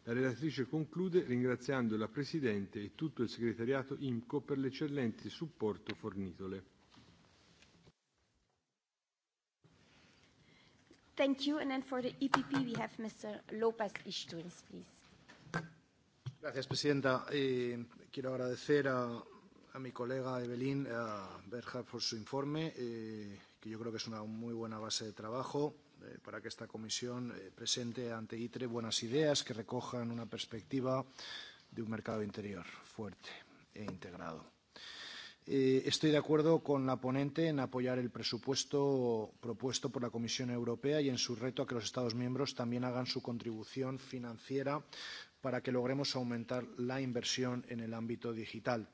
La relatrice conclude ringraziando la Presidente e tutto il segretariato IMCO per l'eccellente supporto fornitole. Thank you. And then for the EPP, we have Mr. López Istúriz, please. Gracias, Presidenta. Eh, quiero agradecer a, a mi colega Evelyn a Berger por su informe, eh, que yo creo que es una muy buena base de trabajo eh, para que esta comisión eh, presente ante ITRE buenas ideas que recojan una perspectiva de un mercado interior fuerte e integrado. Eh, estoy de acuerdo con la ponente en apoyar el presupuesto propuesto por la Comisión Europea y en su reto a que los Estados miembros también hagan su contribución financiera para que logremos aumentar la inversión en el ámbito digital.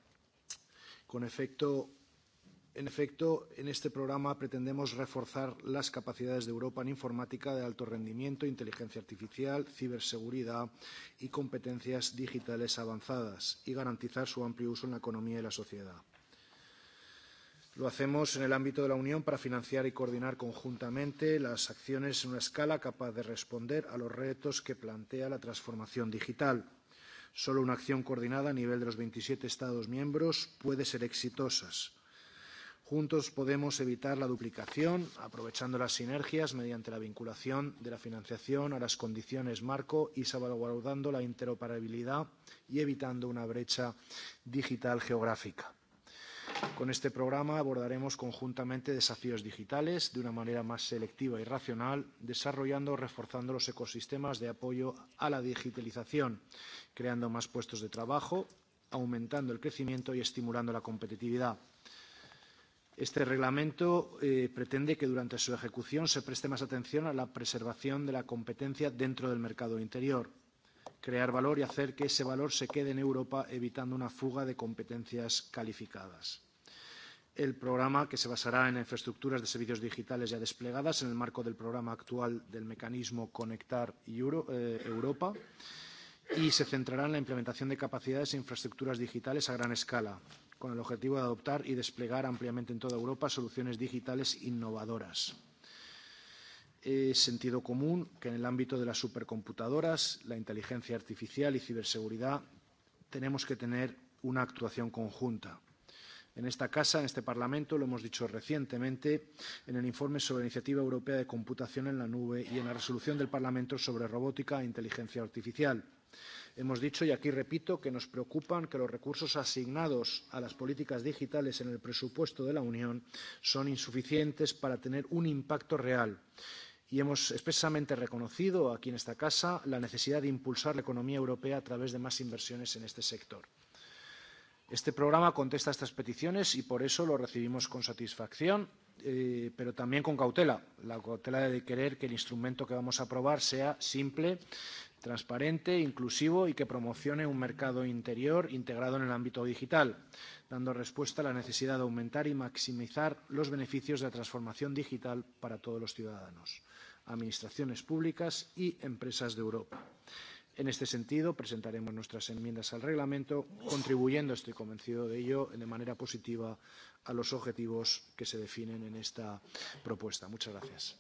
Con efecto En efecto, en este programa pretendemos reforzar las capacidades de Europa en informática de alto rendimiento, inteligencia artificial, ciberseguridad y competencias digitales avanzadas y garantizar su amplio uso en la economía y la sociedad. Lo hacemos en el ámbito de la Unión para financiar y coordinar conjuntamente las acciones en una escala capaz de responder a los retos que plantea la transformación digital. Solo una acción coordinada a nivel de los 27 Estados miembros puede ser exitosa Juntos podemos evitar la duplicación, aprovechando las sinergias mediante la vinculación de la financiación a las condiciones marco y salvaguardando la interoperabilidad y evitando una brecha digital geográfica. Con este programa abordaremos conjuntamente desafíos digitales de una manera más selectiva y racional, desarrollando o reforzando los ecosistemas de apoyo a la digitalización, creando más puestos de trabajo, aumentando el crecimiento y estimulando la competitividad. Este reglamento eh, pretende que durante su ejecución se preste más atención a la preservación de la competencia dentro del mercado interior, crear valor y hacer que ese valor se quede en Europa, evitando una fuga de competencias calificadas. El programa, que se basará en infraestructuras de servicios digitales ya desplegadas en el marco del programa actual del mecanismo Conectar Euro, eh, Europa, y se centrará en la implementación de capacidades e infraestructuras digitales a gran escala, con el objetivo de adoptar y desplegar ampliamente en toda Europa soluciones digitales innovadoras. Es eh, sentido común que en el ámbito de las supercomputadoras, la inteligencia artificial y ciberseguridad tenemos que tener una actuación conjunta. En esta casa, en este Parlamento, lo hemos dicho recientemente en el informe sobre la Iniciativa Europea de Computación en la Nube y en la resolución del Parlamento sobre robótica e inteligencia artificial. Hemos dicho, y aquí repito, que nos preocupan que los recursos asignados a las políticas digitales en el presupuesto de la Unión son insuficientes para tener un impacto real y hemos expresamente reconocido aquí en esta casa la necesidad de impulsar la economía europea a través de más inversiones en este sector. Este programa contesta estas peticiones y por eso lo recibimos con satisfacción, eh, pero también con cautela, la cautela de querer que el instrumento que vamos a aprobar sea simple, transparente, inclusivo y que promocione un mercado interior integrado en el ámbito digital, dando respuesta a la necesidad de aumentar y maximizar los beneficios de la transformación digital para todos los ciudadanos, administraciones públicas y empresas de Europa. En este sentido, presentaremos nuestras enmiendas al reglamento, contribuyendo, estoy convencido de ello, de manera positiva a los objetivos que se definen en esta propuesta. Muchas gracias.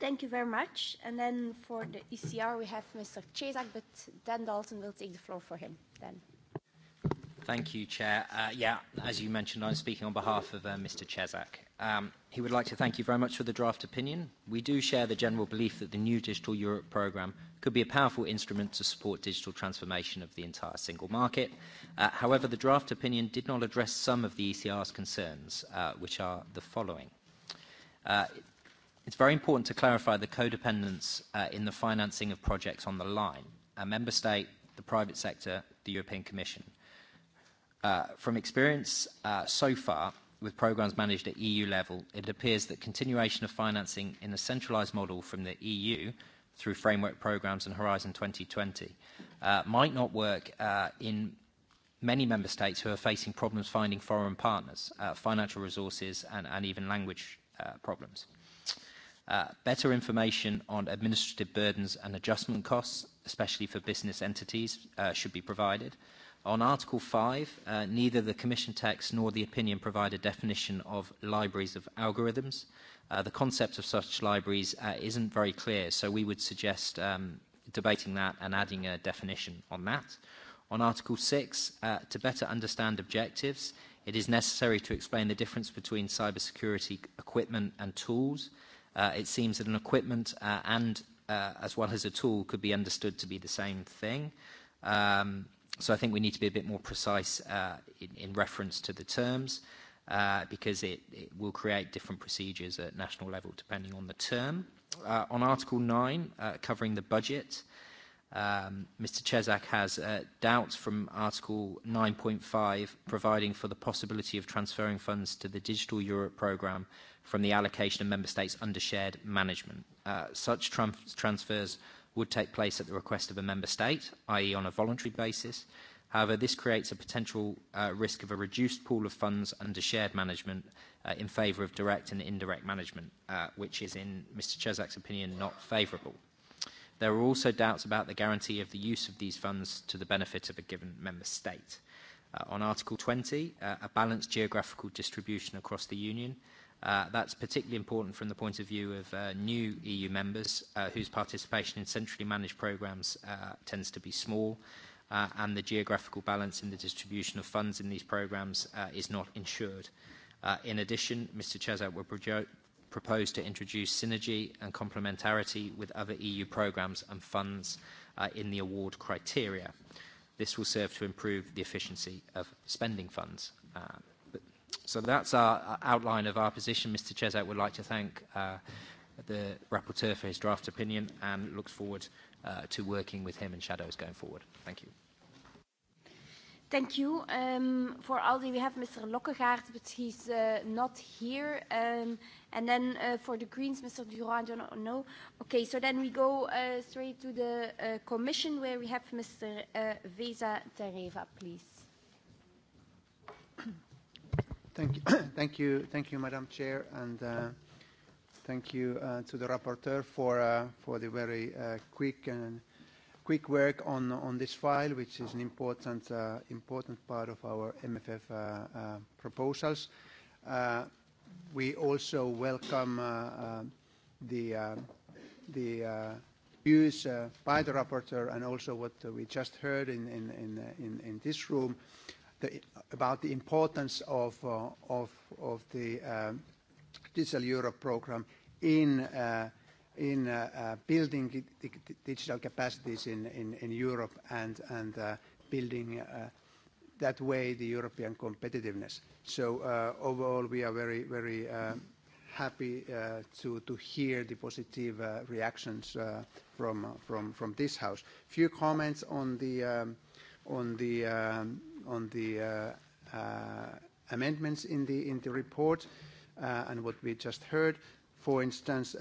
Thank you very much. And then for the ECR, we have Mr. Chesak, but Dan Dalton will take the floor for him then. Thank you, Chair. Uh, yeah, as you mentioned, I'm speaking on behalf of uh, Mr. Chesak. Um, he would like to thank you very much for the draft opinion. We do share the general belief that the new Digital Europe programme could be a powerful instrument to support digital transformation of the entire single market. Uh, however, the draft opinion did not address some of the ECR's concerns, uh, which are the following. Uh, It's very important to clarify the codependence uh, in the financing of projects on the line, a member state, the private sector, the European Commission. Uh, from experience uh, so far with programs managed at EU level, it appears that continuation of financing in a centralized model from the EU through framework programs and Horizon 2020 uh, might not work uh, in many member states who are facing problems finding foreign partners, uh, financial resources, and, and even language uh, problems. Uh, uh, better information on administrative burdens and adjustment costs, especially for business entities, uh, should be provided. On Article 5, uh, neither the Commission text nor the opinion provide a definition of libraries of algorithms. Uh, the concept of such libraries uh, isn't very clear, so we would suggest um, debating that and adding a definition on that. On Article 6, uh, to better understand objectives, it is necessary to explain the difference between cybersecurity equipment and tools, uh, Uh, it seems that an equipment uh, and uh, as well as a tool could be understood to be the same thing. Um, so I think we need to be a bit more precise uh, in, in reference to the terms uh, because it, it will create different procedures at national level depending on the term. Uh, on Article 9, uh, covering the budget, um, Mr. Chesak has uh, doubts from Article 9.5, providing for the possibility of transferring funds to the Digital Europe programme from the allocation of member states under shared management. Uh, such tran transfers would take place at the request of a member state, i.e. on a voluntary basis. However, this creates a potential uh, risk of a reduced pool of funds under shared management uh, in favour of direct and indirect management, uh, which is, in Mr Chesak's opinion, not favourable. There are also doubts about the guarantee of the use of these funds to the benefit of a given member state. Uh, on Article 20, uh, a balanced geographical distribution across the Union uh, Uh, that's particularly important from the point of view of uh, new EU members uh, whose participation in centrally managed programs uh, tends to be small uh, and the geographical balance in the distribution of funds in these programs uh, is not ensured. Uh, in addition, Mr. Chazat would pro propose to introduce synergy and complementarity with other EU programs and funds uh, in the award criteria. This will serve to improve the efficiency of spending funds. Um, So that's our outline of our position. Mr Chesak would like to thank uh, the rapporteur for his draft opinion and looks forward uh, to working with him and shadows going forward. Thank you. Thank you. Um, for Aldi, we have Mr. Lokkegaard, but he's uh, not here. Um, and then uh, for the Greens, Mr. Durand, I don't know. Okay, so then we go uh, straight to the uh, Commission, where we have Mr. Uh, Vesa Tereva, please. Thank you. (coughs) Thank you. Thank you, Madam Chair, and uh, thank you uh, to the rapporteur for, uh, for the very uh, quick and quick work on, on this file, which is an important, uh, important part of our MFF uh, proposals. We also welcome the, the views by the rapporteur and also what we just heard in, in, in, in this room the, about the importance of, uh, of, of the um, Digital Europe program in, uh, in uh, uh building digital capacities in, in, in Europe and, and uh, building uh, that way the European competitiveness. So, overall, we are very, very happy to, to hear the positive reactions from, from, from this house. Few comments on the um, on the, uh, on the uh, uh, amendments in the, in the report and what we just heard. For instance,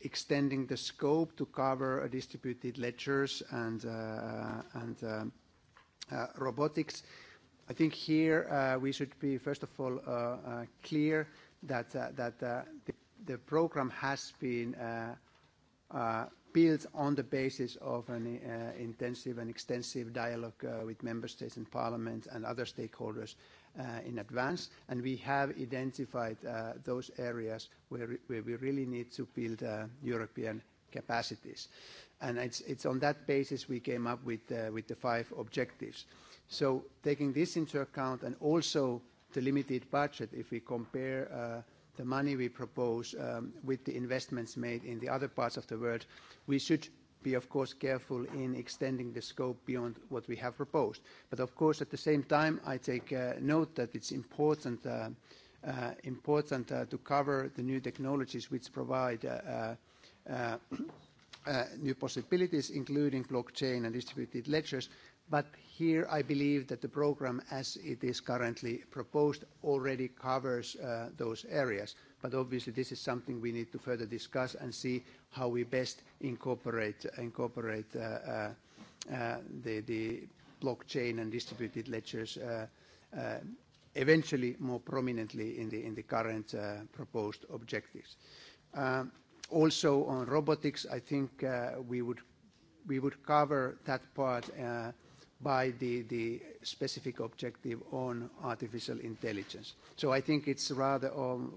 extending the scope to cover distributed ledgers and, and robotics. I think here uh, we should be, first of all, uh, uh, clear that, that the, the program has been uh, built on the basis of an uh, intensive and extensive dialogue uh, with member states and parliament and other stakeholders uh, in advance. And we have identified uh, those areas where, where we really need to build uh, European capacities. And it's, it's on that basis we came up with, uh, with the five objectives. So taking this into account and also the limited budget, if we compare uh, the money we propose um, with the investments made in the other parts of the world, we should be, of course, careful in extending the scope beyond what we have proposed. But of course, at the same time, I take uh, note that it's important, uh, uh, important uh, to cover the new technologies which provide uh, uh, (coughs) new possibilities, including blockchain and distributed ledgers. But here I believe that the program, as it is currently proposed, already covers uh, those areas. But obviously, this is something we need to further discuss and see how we best incorporate, uh, incorporate uh, uh, uh, the, the blockchain and distributed ledgers uh, eventually more prominently in the, in the current proposed objectives. Um, also on robotics, I think we would, we would cover that part by the, the specific objective on artificial intelligence. So I think it's rather um,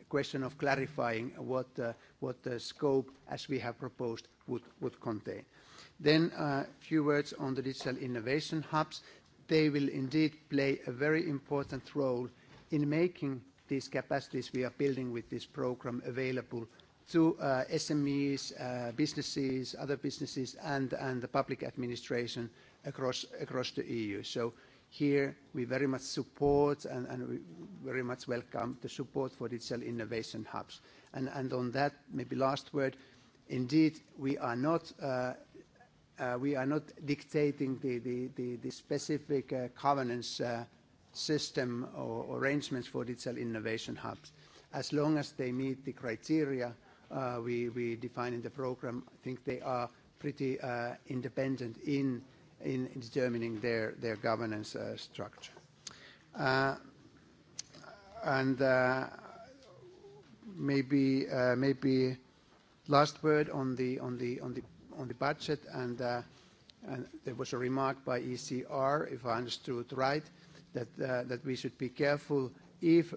a question of clarifying what, uh, what the scope, as we have proposed, would, would contain. Then uh, a uh, few words on the digital innovation hubs. They will indeed play a very important role in making these capacities we are building with this program available to uh, SMEs, uh, businesses, other businesses, and, and the public administration across, across the EU. So here we very much support and, and we very much welcome the support for digital innovation hubs. And, and on that, maybe last word, indeed, we are not, uh, uh, we are not dictating the, the, the, the specific uh, governance uh, system or arrangements for digital innovation hubs. As long as they meet the criteria uh, we, we define in the program, I think they are pretty uh, independent in in determining their, their governance uh, structure. Uh, and uh, maybe, uh, maybe last word on the, on the, on the, on the budget, and, uh, and there was a remark by ECR, if I understood right, that, uh, that we should be careful if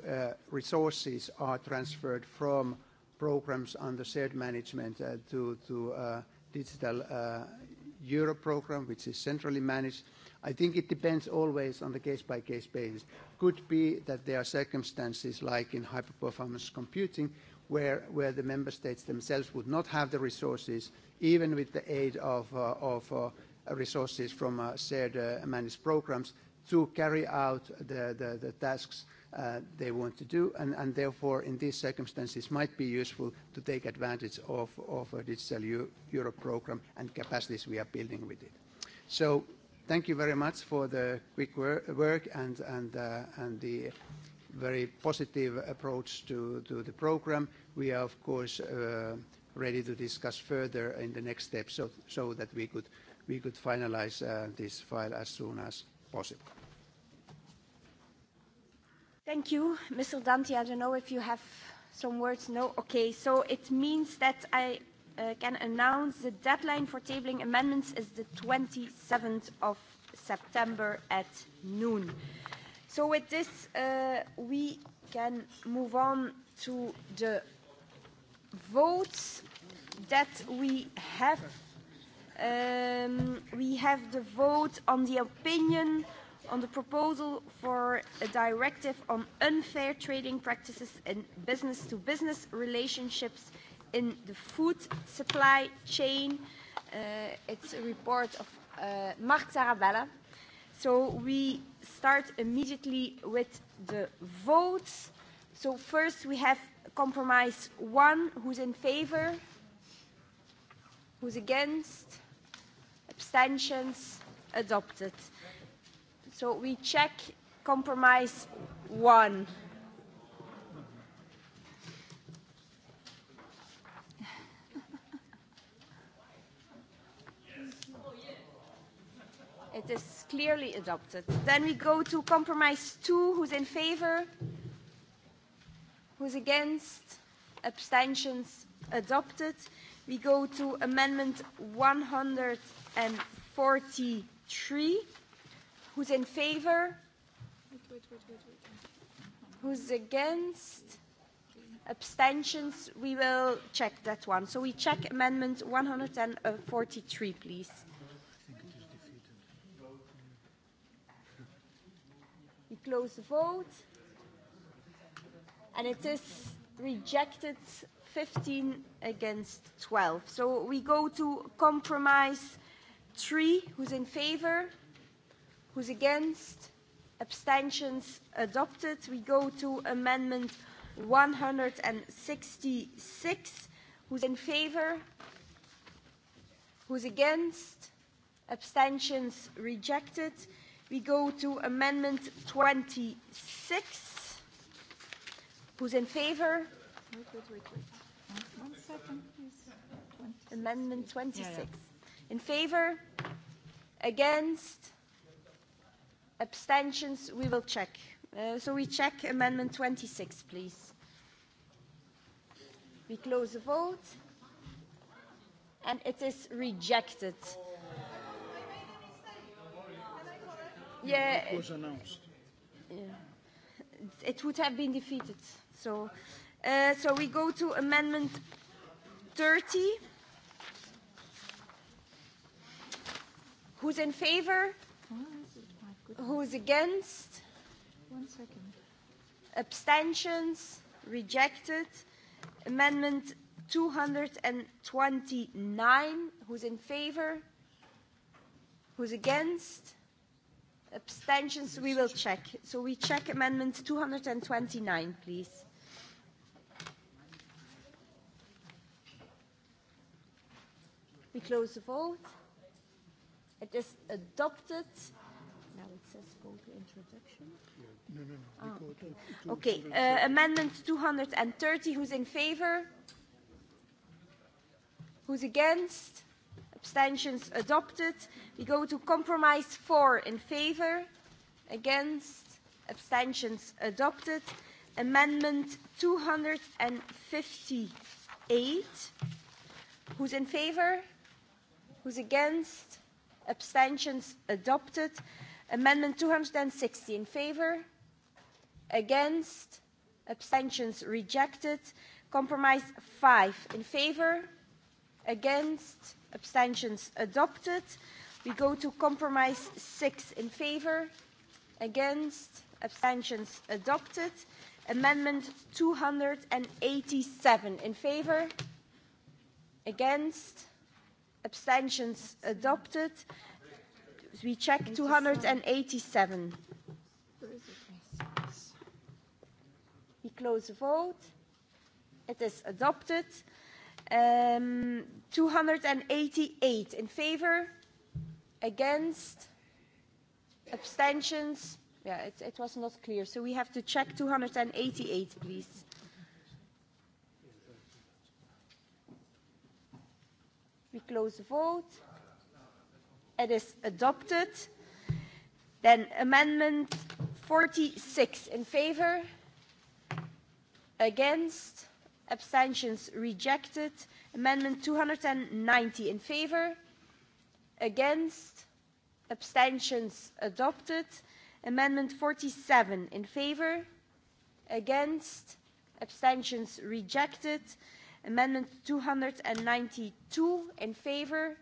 resources are transferred from programs under shared management to, to digital euro program, which is centrally managed. I think it depends always on the case-by-case -case basis. Could be that there are circumstances like in high-performance computing where, where the member states themselves would not have the resources, even with the aid of, uh, of uh, resources from uh, shared uh, managed programs, to carry out the, the, the tasks uh, they want to do, and, and therefore, in these circumstances, might be useful to take advantage of, of a Digital Eu Europe program and capacities we are building with it. So thank you very much for the quick wor work and, and, uh, and the very positive approach to, to the program. We are, of course, uh, ready to discuss further in the next steps so, so that we could, we could finalize uh, this file as soon as possible. Thank you, Mr. Dante. I don't know if you have some words. No? Okay. So it means that I uh, can announce the deadline for tabling amendments is the 27th of September at noon. So with this, uh, we can move on to the votes that we have. Um, we have the vote on the opinion uh, on the proposal for a directive on unfair trading practices in business-to-business -business relationships in the food supply chain. Uh, it's a report of uh, Mark Tarabella. So we start immediately with the votes. So first we have compromise one. Who's in favor? Who's against? Abstentions? Adopted. Uh, So we check compromise one. It is clearly adopted. Then we go to compromise two. Who's in favor? Who's against? Abstentions adopted. We go to amendment 143. Who's in favor? Who's against? Abstentions? We will check that one. So we check Amendment 143, please. We close the vote. And it is rejected 15 against 12. So we go to compromise 3. Who's in favor? Who's Who's against? Abstentions adopted. We go to amendment 166. Who's in favor? Who's against? Abstentions rejected. We go to amendment 26. Who's in favor? Wait, wait, wait, wait. One second, please. 26. Amendment 26. Yeah, yeah. In favor? Against? abstentions we will check uh, so we check amendment 26 please we close the vote and it is rejected yeah it was announced yeah. it would have been defeated so uh, so we go to amendment 30 who's in favor mm -hmm. Who's against? One second. Abstentions? Rejected. Amendment 229. Who's in favor? Who's against? Abstentions? We will check. So we check Amendment 229, please. We close the vote. It is adopted just go to introduction? No, no, no. Ah. We go to, to okay. Uh, amendment 230. Who's in favor? Who's against? Abstentions adopted. We go to compromise 4 in favor. Against? Abstentions adopted. Amendment 258. Who's in favor? Who's against? Abstentions adopted amendment two hundred and sixty in favour against abstentions rejected compromise five in favour against abstentions adopted we go to compromise six in favour against abstentions adopted amendment two hundred and eighty seven in favour against abstentions adopted we check 287. We close the vote. It is adopted. Um, 288 in favor, against, abstentions. Yeah, it, it was not clear. So we have to check 288, please. We close the vote It is adopted. Then amendment 46 in favor, against, abstentions rejected. Amendment 290 in favor, against, abstentions adopted. Amendment 47 in favor, against, abstentions rejected. Amendment 292 in favor,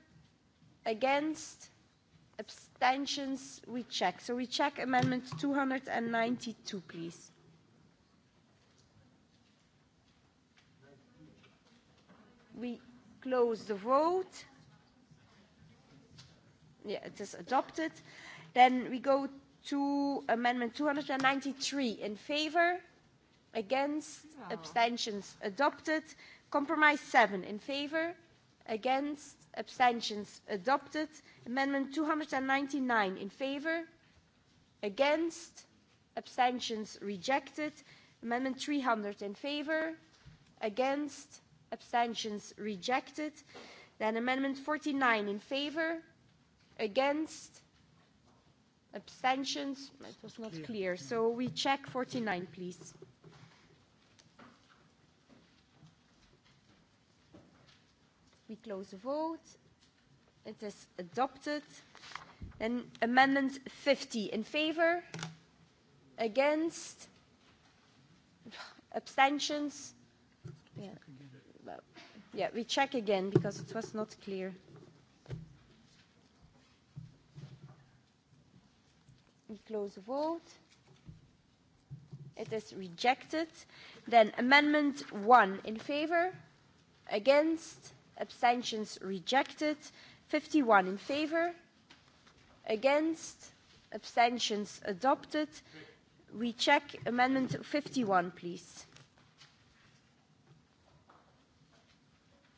against abstentions we check so we check amendment 292 please we close the vote yeah it is adopted then we go to amendment 293 in favor against ah. abstentions adopted compromise 7 in favor against abstentions adopted amendment 299 in favor against abstentions rejected amendment 300 in favor against abstentions rejected then amendment 49 in favor against abstentions it was not clear so we check 49 please We close the vote. It is adopted. Then Amendment 50 in favor, against, abstentions. Yeah. Well, yeah, we check again because it was not clear. We close the vote. It is rejected. Then Amendment 1 in favor, against, abstentions rejected 51 in favor against abstentions adopted we check amendment 51 please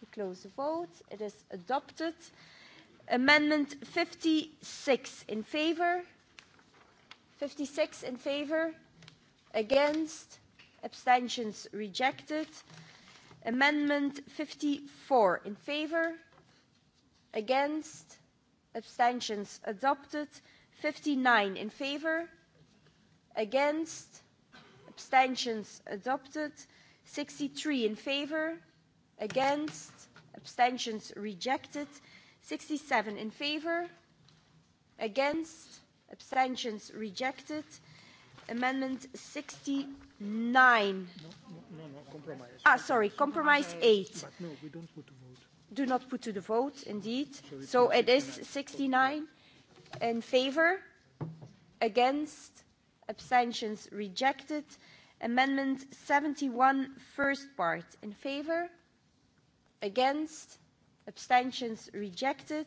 we close the vote it is adopted amendment 56 in favor 56 in favor against abstentions rejected Amendment 54 in favour, against, abstentions adopted. 59 in favour, against, abstentions adopted. 63 in favour, against, abstentions rejected. 67 in favour, against, abstentions rejected. Amendment 69. No no, compromise. Ah, sorry, compromise 8. But no, we don't put to vote. Do not put to the vote, indeed. So, so it is 69 in favor, against, abstentions rejected. Amendment 71, first part, in favor, against, abstentions rejected.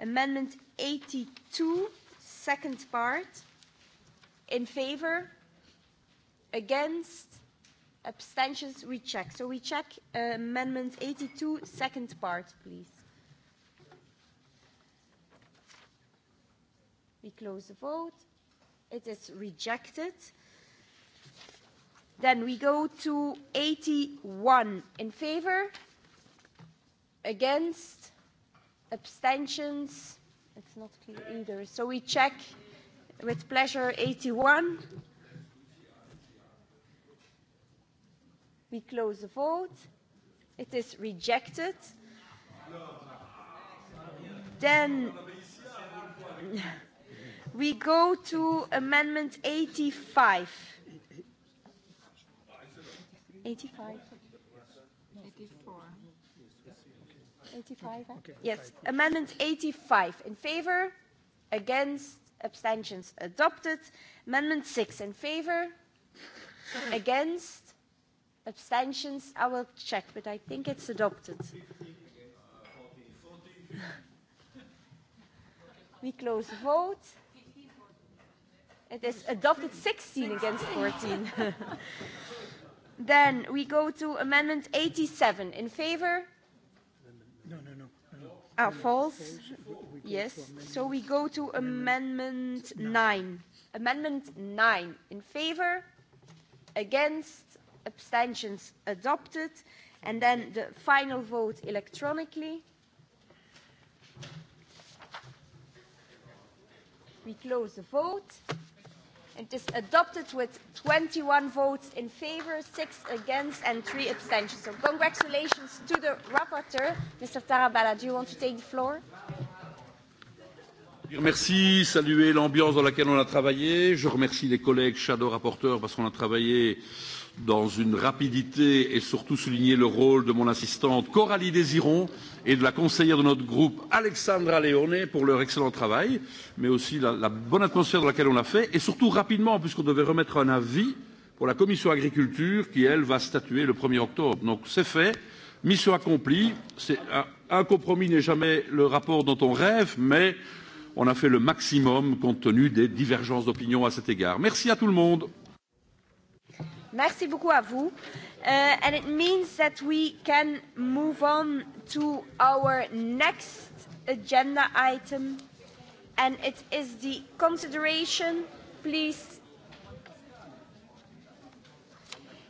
Amendment 82, second part, in favor, against, abstentions, we check. So we check uh, Amendment 82, second part, please. We close the vote. It is rejected. Then we go to 81 in favor, against, abstentions. It's not clear either. So we check with pleasure 81. We close the vote. It is rejected. Then we go to Amendment 85. 85. 84. 85. Okay. Okay. Yes, Amendment 85. In favor? Against? Abstentions adopted. Amendment 6. In favor? Against? abstentions i will check but i think it's adopted (laughs) we close the vote it is adopted 16 against 14 (laughs) then we go to amendment 87 in favor no no no Ah, false. Yes. So we go to Amendment 9. Amendment 9. In favor? Against? abstentions adopted. And then the final vote electronically. We close the vote. It is adopted with 21 votes in favor, 6 against and 3 abstentions. So congratulations to the rapporteur. Mr. Tarabella, do you want to take the floor? Je remercie, saluer l'ambiance dans laquelle on a travaillé. Je remercie les collègues shadow rapporteurs parce qu'on a travaillé euh, dans une rapidité et surtout souligner le rôle de mon assistante Coralie Désiron et de la conseillère de notre groupe Alexandra Leone pour leur excellent travail, mais aussi la, la bonne atmosphère dans laquelle on l'a fait, et surtout rapidement, puisqu'on devait remettre un avis pour la commission agriculture qui, elle, va statuer le 1er octobre. Donc c'est fait, mission accomplie. C'est un, un compromis n'est jamais le rapport dont on rêve, mais on a fait le maximum compte tenu des divergences d'opinion à cet égard. Merci à tout le monde. Merci beaucoup à vous. Uh, and it means that we can move on to our next agenda item. And it is the consideration, please.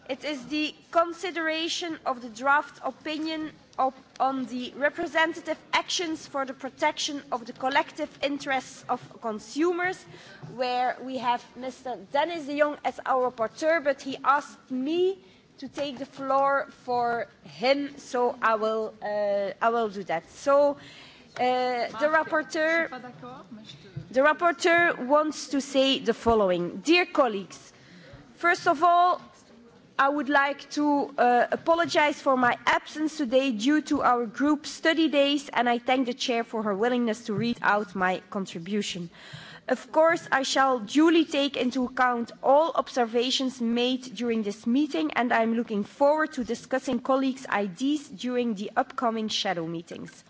It is the consideration of the draft opinion up on the representative actions for the protection of the collective interests of consumers, where we have Mr. Dennis de Jong as our rapporteur, but he asked me to take the floor for him, so I will, uh, I will do that. So, uh, the rapporteur, the rapporteur wants to say the following. Dear colleagues, first of all, I would like to uh, apologize for my absence today due to our group study days, and I thank the chair for her willingness to read out my contribution. Of course, I shall duly take into account all observations made during this meeting, and I'm looking forward to discussing colleagues' ideas during the upcoming shadow meetings.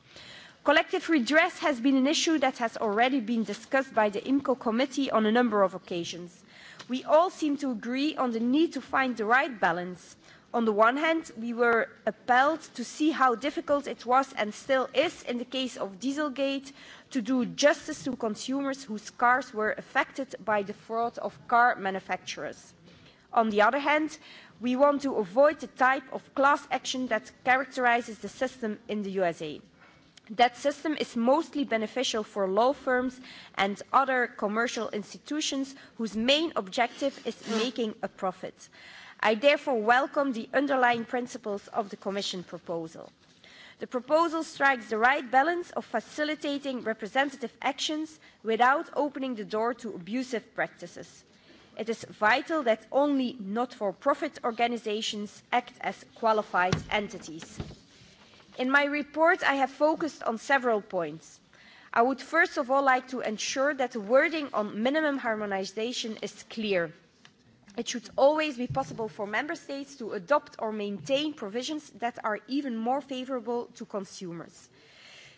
Collective redress has been an issue that has already been discussed by the IMCO committee on a number of occasions we all seem to agree on the need to find the right balance. On the one hand, we were appalled to see how difficult it was and still is in the case of Dieselgate to do justice to consumers whose cars were affected by the fraud of car manufacturers. On the other hand, we want to avoid the type of class action that characterizes the system in the USA. That system is mostly beneficial for law firms and other commercial institutions whose main objective is hmm. making a profit. I therefore welcome the underlying principles of the Commission proposal. The proposal strikes the right balance of facilitating representative actions without opening the door to abusive practices. It is vital that only not-for-profit organizations act as qualified entities. In my report, I have focused on several points. I would first of all like to ensure that the wording on minimum harmonization is clear. It should always be possible for member states to adopt or maintain provisions that are even more favorable to consumers.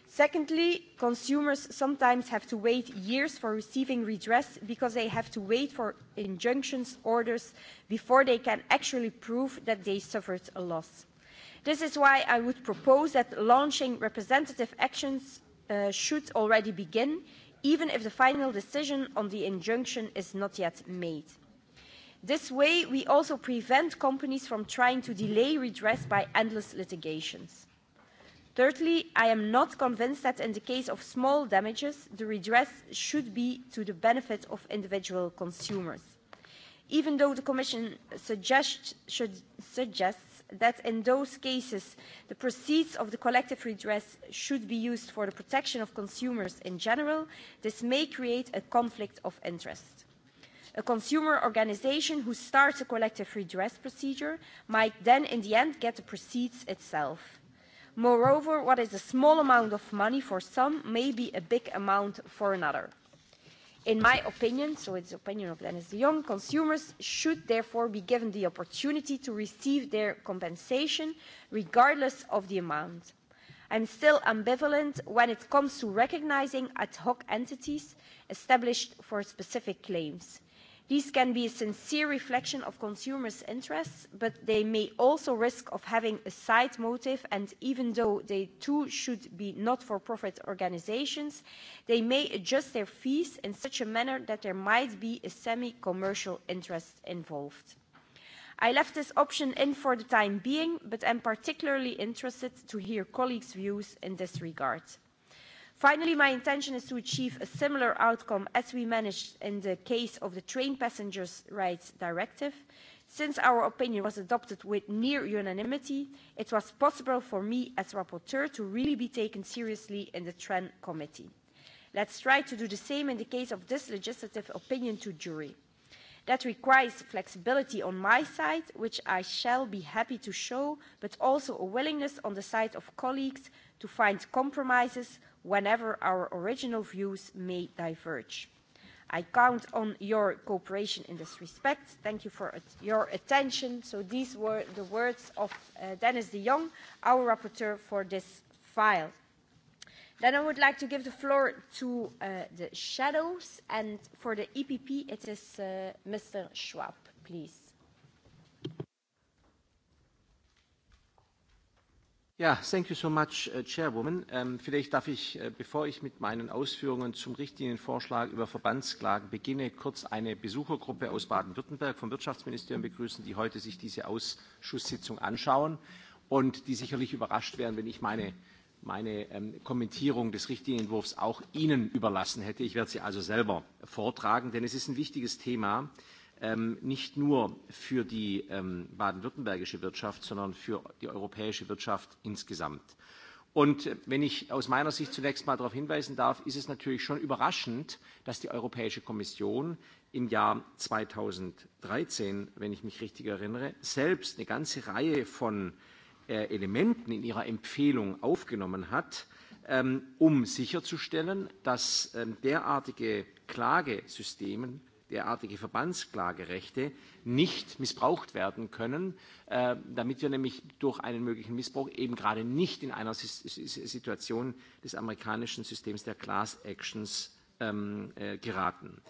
Secondly, consumers sometimes have to wait years for receiving redress because they have to wait for injunctions orders before they can actually prove that they suffered a loss this is why i would propose that launching representative actions uh, should already begin even if the final decision on the injunction is not yet made. This way, we also prevent companies from trying to delay redress by endless litigations. Thirdly, I am not convinced that in the case of small damages, the redress should be to the benefit of individual consumers. Even though the Commission suggest, should, suggests that in those cases the proceeds of the collective redress should be used for the protection of consumers in general, this may create a conflict of interest. A consumer organization who starts a collective redress procedure might then in the end get the proceeds itself. Moreover, what is a small amount of money for some may be a big amount for another. In my opinion, so it's the opinion of Dennis de Jong, consumers should therefore be given the opportunity to receive their compensation regardless of the amount. I'm still ambivalent when it comes to recognizing ad hoc entities established for specific claims. These can be a sincere reflection of consumers' interests, but they may also risk of having a side motive, and even though they too should be not-for-profit organizations, they may adjust their fees in such a manner that there might be a semi-commercial interest involved. I left this option in for the time being, but am particularly interested to hear colleagues' views in this regard. Finally, my intention is to achieve a similar outcome as we managed in the case of the Train Passengers' Rights Directive. Since our opinion was adopted with near unanimity, it was possible for me as rapporteur to really be taken seriously in the TRAN committee. Let's try to do the same in the case of this legislative opinion to jury. That requires flexibility on my side, which I shall be happy to show, but also a willingness on the side of colleagues to find compromises whenever our original views may diverge. I count on your cooperation in this respect. Thank you for your attention. So these were the words of uh, Dennis de Jong, our rapporteur for this file. Then I would like to give the floor to uh, the shadows, and for the EPP, it is uh, Mr. Schwab, please. Ja, thank you so much, uh, Chairwoman. Ähm, vielleicht darf ich, äh, bevor ich mit meinen Ausführungen zum Richtlinienvorschlag über Verbandsklagen beginne, kurz eine Besuchergruppe aus Baden-Württemberg vom Wirtschaftsministerium begrüßen, die heute sich diese Ausschusssitzung anschauen und die sicherlich überrascht wären, wenn ich meine, meine ähm, Kommentierung des Richtlinienentwurfs auch Ihnen überlassen hätte. Ich werde sie also selber vortragen, denn es ist ein wichtiges Thema. Äh, ähm, nicht nur für die ähm, baden-württembergische Wirtschaft, sondern für die europäische Wirtschaft insgesamt. Und äh, wenn ich aus meiner Sicht zunächst mal darauf hinweisen darf, ist es natürlich schon überraschend, dass die Europäische Kommission im Jahr 2013, wenn ich mich richtig erinnere, selbst eine ganze Reihe von äh, Elementen in ihrer Empfehlung aufgenommen hat, ähm, um sicherzustellen, dass ähm, derartige Klagesystemen derartige Verbandsklagerechte nicht missbraucht werden können, äh, damit wir nämlich durch einen möglichen Missbrauch eben gerade nicht in einer S Situation des amerikanischen Systems der Class Actions ähm, äh, geraten.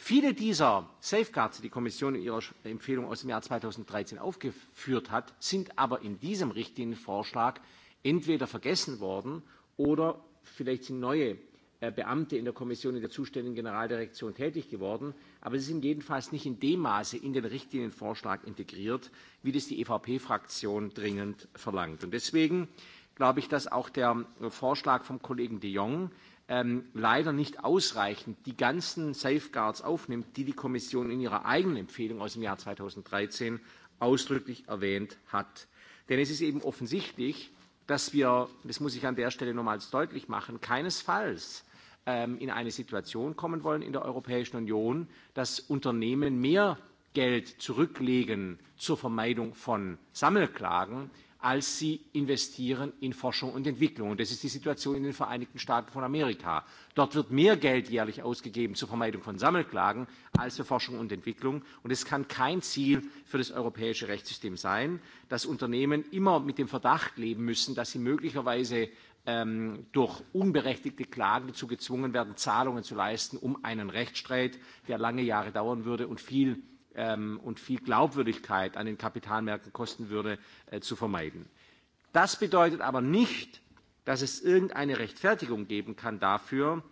Viele dieser Safeguards, die die Kommission in ihrer Empfehlung aus dem Jahr 2013 aufgeführt hat, sind aber in diesem Richtlinienvorschlag entweder vergessen worden oder vielleicht sind neue Äh, Beamte in der Kommission in der zuständigen Generaldirektion tätig geworden. Aber sie sind jedenfalls nicht in dem Maße in den Richtlinienvorschlag integriert, wie das die EVP-Fraktion dringend verlangt. Und deswegen glaube ich, dass auch der Vorschlag vom Kollegen de Jong ähm, leider nicht ausreichend die ganzen Safeguards aufnimmt, die die Kommission in ihrer eigenen Empfehlung aus dem Jahr 2013 ausdrücklich erwähnt hat. Denn es ist eben offensichtlich, dass wir, das muss ich an der Stelle nochmals deutlich machen, keinesfalls ähm, in eine Situation kommen wollen in der Europäischen Union, dass Unternehmen mehr Geld zurücklegen zur Vermeidung von Sammelklagen, als sie investieren in Forschung und Entwicklung. Und das ist die Situation in den Vereinigten Staaten von Amerika. Dort wird mehr Geld jährlich ausgegeben zur Vermeidung von Sammelklagen als für Forschung und Entwicklung. Und es kann kein Ziel für das europäische Rechtssystem sein, dass Unternehmen immer mit dem Verdacht leben müssen, dass sie möglicherweise ähm, durch unberechtigte Klagen dazu gezwungen werden, Zahlungen zu leisten, um einen Rechtsstreit, der lange Jahre dauern würde und viel, ähm, und viel Glaubwürdigkeit an den Kapitalmärkten kosten würde, äh, zu vermeiden. Das bedeutet aber nicht, dass es irgendeine Rechtfertigung geben kann dafür,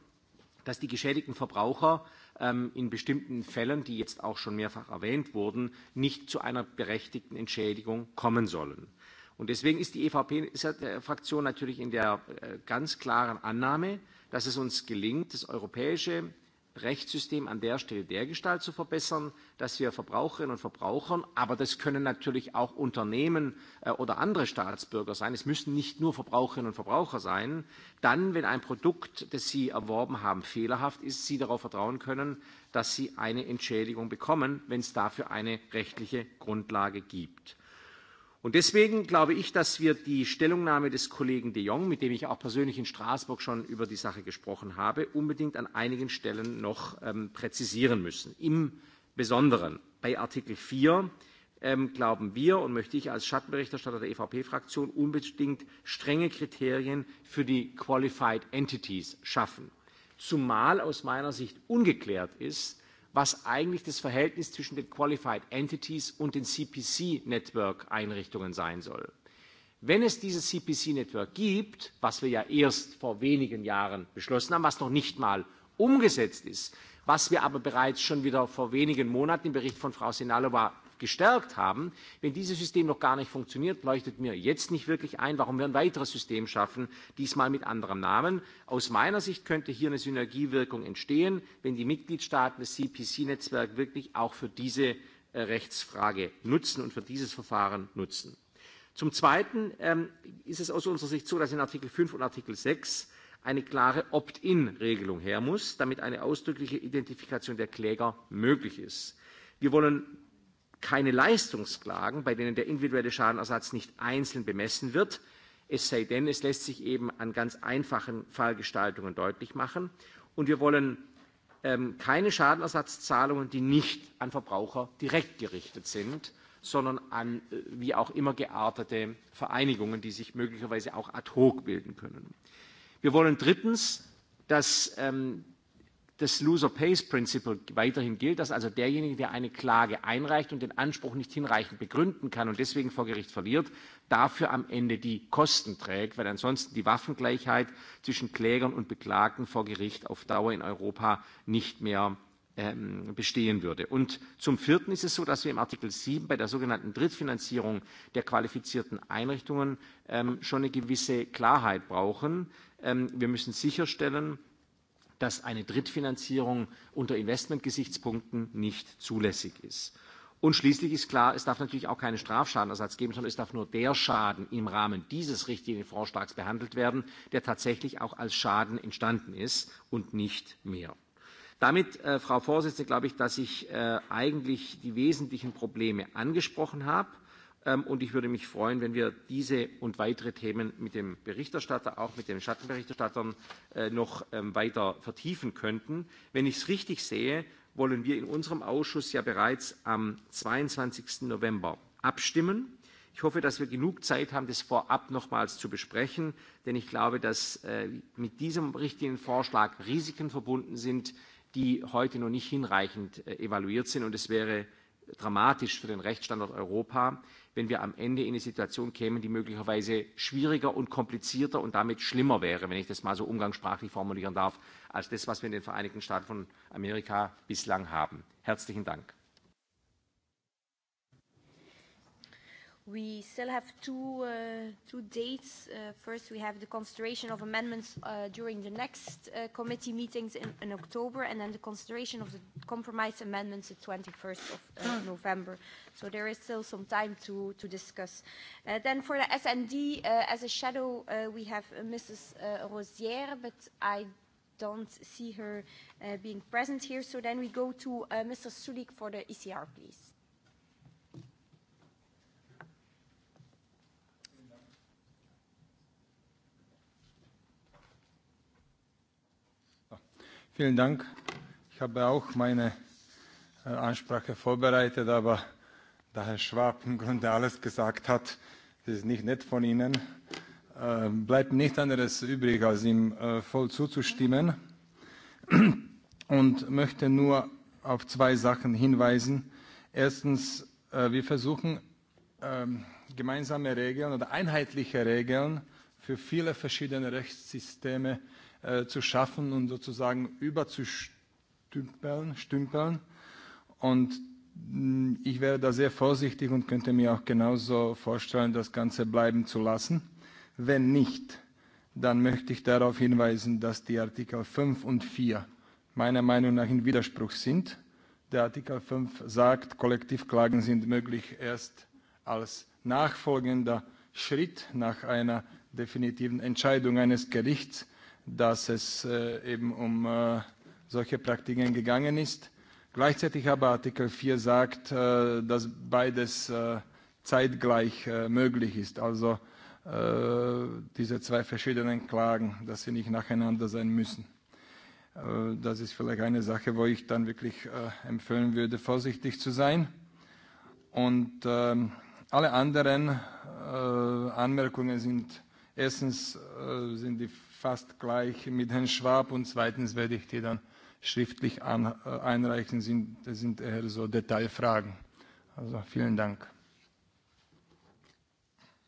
dass die geschädigten Verbraucher ähm, in bestimmten Fällen, die jetzt auch schon mehrfach erwähnt wurden, nicht zu einer berechtigten Entschädigung kommen sollen. Und deswegen ist die EVP-Fraktion natürlich in der äh, ganz klaren Annahme, dass es uns gelingt, das europäische Rechtssystem an der Stelle dergestalt zu verbessern, dass wir Verbraucherinnen und Verbrauchern, aber das können natürlich auch Unternehmen äh, oder andere Staatsbürger sein, es müssen nicht nur Verbraucherinnen und Verbraucher sein, dann, wenn ein Produkt, das sie erworben haben, fehlerhaft ist, sie darauf vertrauen können, dass sie eine Entschädigung bekommen, wenn es dafür eine rechtliche Grundlage gibt. Und deswegen glaube ich, dass wir die Stellungnahme des Kollegen de Jong, mit dem ich auch persönlich in Straßburg schon über die Sache gesprochen habe, unbedingt an einigen Stellen noch ähm, präzisieren müssen. Im Besonderen bei Artikel 4 ähm, glauben wir und möchte ich als Schattenberichterstatter der EVP-Fraktion unbedingt strenge Kriterien für die Qualified Entities schaffen. Zumal aus meiner Sicht ungeklärt ist, was eigentlich das Verhältnis zwischen den Qualified Entities und den CPC-Network-Einrichtungen sein soll. Wenn es dieses CPC-Network gibt, was wir ja erst vor wenigen Jahren beschlossen haben, was noch nicht mal umgesetzt ist, was wir aber bereits schon wieder vor wenigen Monaten im Bericht von Frau Sinalova gestärkt haben. Wenn dieses System noch gar nicht funktioniert, leuchtet mir jetzt nicht wirklich ein, warum wir ein weiteres System schaffen, diesmal mit anderem Namen. Aus meiner Sicht könnte hier eine Synergiewirkung entstehen, wenn die Mitgliedstaaten das CPC-Netzwerk wirklich auch für diese äh, Rechtsfrage nutzen und für dieses Verfahren nutzen. Zum Zweiten ähm, ist es aus unserer Sicht so, dass in Artikel 5 und Artikel 6 eine klare Opt-in-Regelung her muss, damit eine ausdrückliche Identifikation der Kläger möglich ist. Wir wollen keine Leistungsklagen, bei denen der individuelle Schadenersatz nicht einzeln bemessen wird, es sei denn, es lässt sich eben an ganz einfachen Fallgestaltungen deutlich machen. Und wir wollen ähm, keine Schadenersatzzahlungen, die nicht an Verbraucher direkt gerichtet sind, sondern an äh, wie auch immer geartete Vereinigungen, die sich möglicherweise auch ad hoc bilden können. Wir wollen drittens, dass ähm, des Loser Pays Principle weiterhin gilt, dass also derjenige, der eine Klage einreicht und den Anspruch nicht hinreichend begründen kann und deswegen vor Gericht verliert, dafür am Ende die Kosten trägt, weil ansonsten die Waffengleichheit zwischen Klägern und Beklagten vor Gericht auf Dauer in Europa nicht mehr ähm, bestehen würde. Und zum Vierten ist es so, dass wir im Artikel 7 bei der sogenannten Drittfinanzierung der qualifizierten Einrichtungen ähm, schon eine gewisse Klarheit brauchen. Ähm, wir müssen sicherstellen, dass eine Drittfinanzierung unter Investmentgesichtspunkten nicht zulässig ist. Und schließlich ist klar, es darf natürlich auch keinen Strafschadenersatz geben, sondern es darf nur der Schaden im Rahmen dieses Richtlinienvorschlags behandelt werden, der tatsächlich auch als Schaden entstanden ist und nicht mehr. Damit, äh, Frau Vorsitzende, glaube ich, dass ich äh, eigentlich die wesentlichen Probleme angesprochen habe. Ähm, und ich würde mich freuen, wenn wir diese und weitere Themen mit dem Berichterstatter, auch mit den Schattenberichterstattern äh, noch ähm, weiter vertiefen könnten. Wenn ich es richtig sehe, wollen wir in unserem Ausschuss ja bereits am 22. November abstimmen. Ich hoffe, dass wir genug Zeit haben, das vorab nochmals zu besprechen, denn ich glaube, dass äh, mit diesem richtigen Vorschlag Risiken verbunden sind, die heute noch nicht hinreichend äh, evaluiert sind. Und es wäre dramatisch für den Rechtsstandort Europa, wenn wir am Ende in eine Situation kämen, die möglicherweise schwieriger und komplizierter und damit schlimmer wäre, wenn ich das mal so umgangssprachlich formulieren darf, als das, was wir in den Vereinigten Staaten von Amerika bislang haben. Herzlichen Dank. We still have two, uh, two dates. Uh, first, we have the consideration of amendments uh, during the next uh, committee meetings in, in October, and then the consideration of the compromise amendments the 21st of uh, hmm. November. So there is still some time to, to discuss. Uh, then for the SND, uh, as a shadow, uh, we have uh, Mrs. Uh, Rosière, but I don't see her uh, being present here. So then we go to uh, Mr. Sulik for the ECR, please. Vielen Dank. Ich habe auch meine äh, Ansprache vorbereitet, aber da Herr Schwab im Grunde alles gesagt hat, das ist nicht nett von Ihnen, äh, bleibt nichts anderes übrig, als ihm äh, voll zuzustimmen und möchte nur auf zwei Sachen hinweisen. Erstens, äh, wir versuchen ähm, gemeinsame Regeln oder einheitliche Regeln für viele verschiedene Rechtssysteme äh, zu schaffen und sozusagen überzustümpeln. Stümpeln. Und mh, mm, ich wäre da sehr vorsichtig und könnte mir auch genauso vorstellen, das Ganze bleiben zu lassen. Wenn nicht, dann möchte ich darauf hinweisen, dass die Artikel 5 und 4 meiner Meinung nach in Widerspruch sind. Der Artikel 5 sagt, Kollektivklagen sind möglich erst als nachfolgender Schritt nach einer definitiven Entscheidung eines Gerichts dass es äh, eben um äh, solche Praktiken gegangen ist. Gleichzeitig aber Artikel 4 sagt, äh, dass beides äh, zeitgleich äh, möglich ist. Also äh, diese zwei verschiedenen Klagen, dass sie nicht nacheinander sein müssen. Äh, das ist vielleicht eine Sache, wo ich dann wirklich äh, empfehlen würde, vorsichtig zu sein. Und äh, alle anderen äh, Anmerkungen sind Erstens äh, sind die fast gleich mit Herrn Schwab und zweitens werde ich die dann schriftlich an, äh, einreichen. Sind, das sind eher so Detailfragen. Also vielen Dank.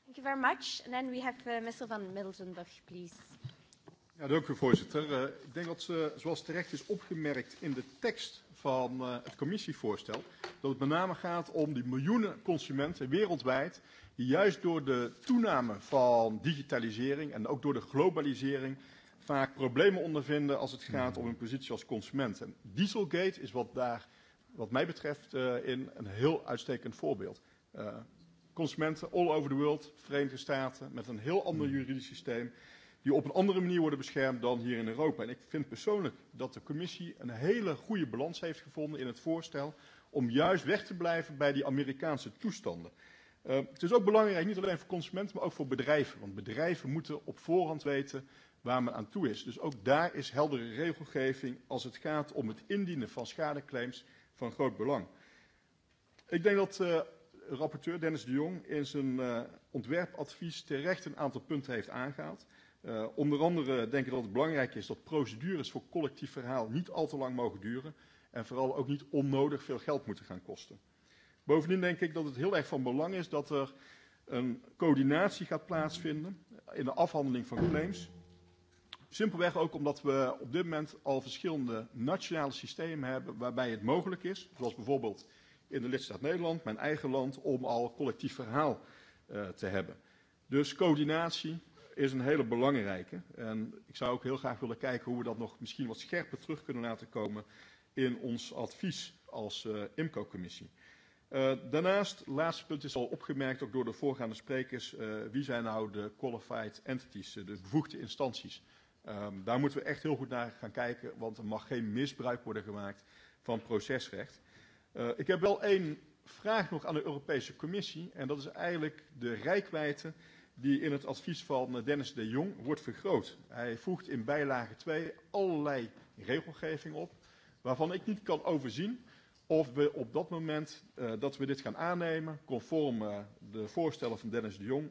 Thank you very much. And then we have uh, Mr. van Middelsenburg, please. Ja, dank u voorzitter. Uh, ik denk dat ze, zoals terecht is opgemerkt in de tekst van uh, het commissievoorstel, dat het met name gaat om die miljoenen consumenten wereldwijd juist door de toename van digitalisering en ook door de globalisering vaak problemen ondervinden als het hmm. gaat om hun positie als consument. En Dieselgate is wat daar, wat mij betreft, uh, in een heel uitstekend voorbeeld. Uh, consumenten all over the world, Verenigde Staten, met een heel ander hmm. juridisch systeem, die op een andere manier worden beschermd dan hier in Europa. En ik vind persoonlijk dat de commissie een hele goede balans heeft gevonden in het voorstel om juist weg te blijven bij die Amerikaanse toestanden. Uh, het is ook belangrijk, niet alleen voor consumenten, maar ook voor bedrijven. Want bedrijven moeten op voorhand weten waar men aan toe is. Dus ook daar is heldere regelgeving als het gaat om het indienen van schadeclaims van groot belang. Ik denk dat uh, rapporteur Dennis de Jong in zijn uh, ontwerpadvies terecht een aantal punten heeft aangehaald. Uh, onder andere denk ik dat het belangrijk is dat procedures voor collectief verhaal niet al te lang mogen duren en vooral ook niet onnodig veel geld moeten gaan kosten. Uh, Bovendien denk ik dat het heel erg van belang is dat er een coördinatie gaat plaatsvinden in de afhandeling van claims. Simpelweg ook omdat we op dit moment al verschillende nationale systemen hebben waarbij het mogelijk is, zoals bijvoorbeeld in de lidstaat Nederland, mijn eigen land, om al collectief verhaal uh, te hebben. Dus coördinatie is een hele belangrijke. En ik zou ook heel graag willen kijken hoe we dat nog misschien wat scherper terug kunnen laten komen in ons advies als uh, IMCO-commissie. Uh, daarnaast, laatste punt is al opgemerkt, ook door de voorgaande sprekers, uh, wie zijn nou de qualified entities, uh, de bevoegde instanties. Um, daar moeten we echt heel goed naar gaan kijken, want er mag geen misbruik worden gemaakt van procesrecht. Uh, ik heb wel één vraag nog aan de Europese Commissie, en dat is eigenlijk de rijkwijde die in het advies van Dennis de Jong wordt vergroot. Hij voegt in bijlage 2 allerlei regelgeving op, waarvan ik niet kan overzien of we op dat moment uh, dat we dit gaan aannemen, conform uh, de voorstellen van Dennis de Jong,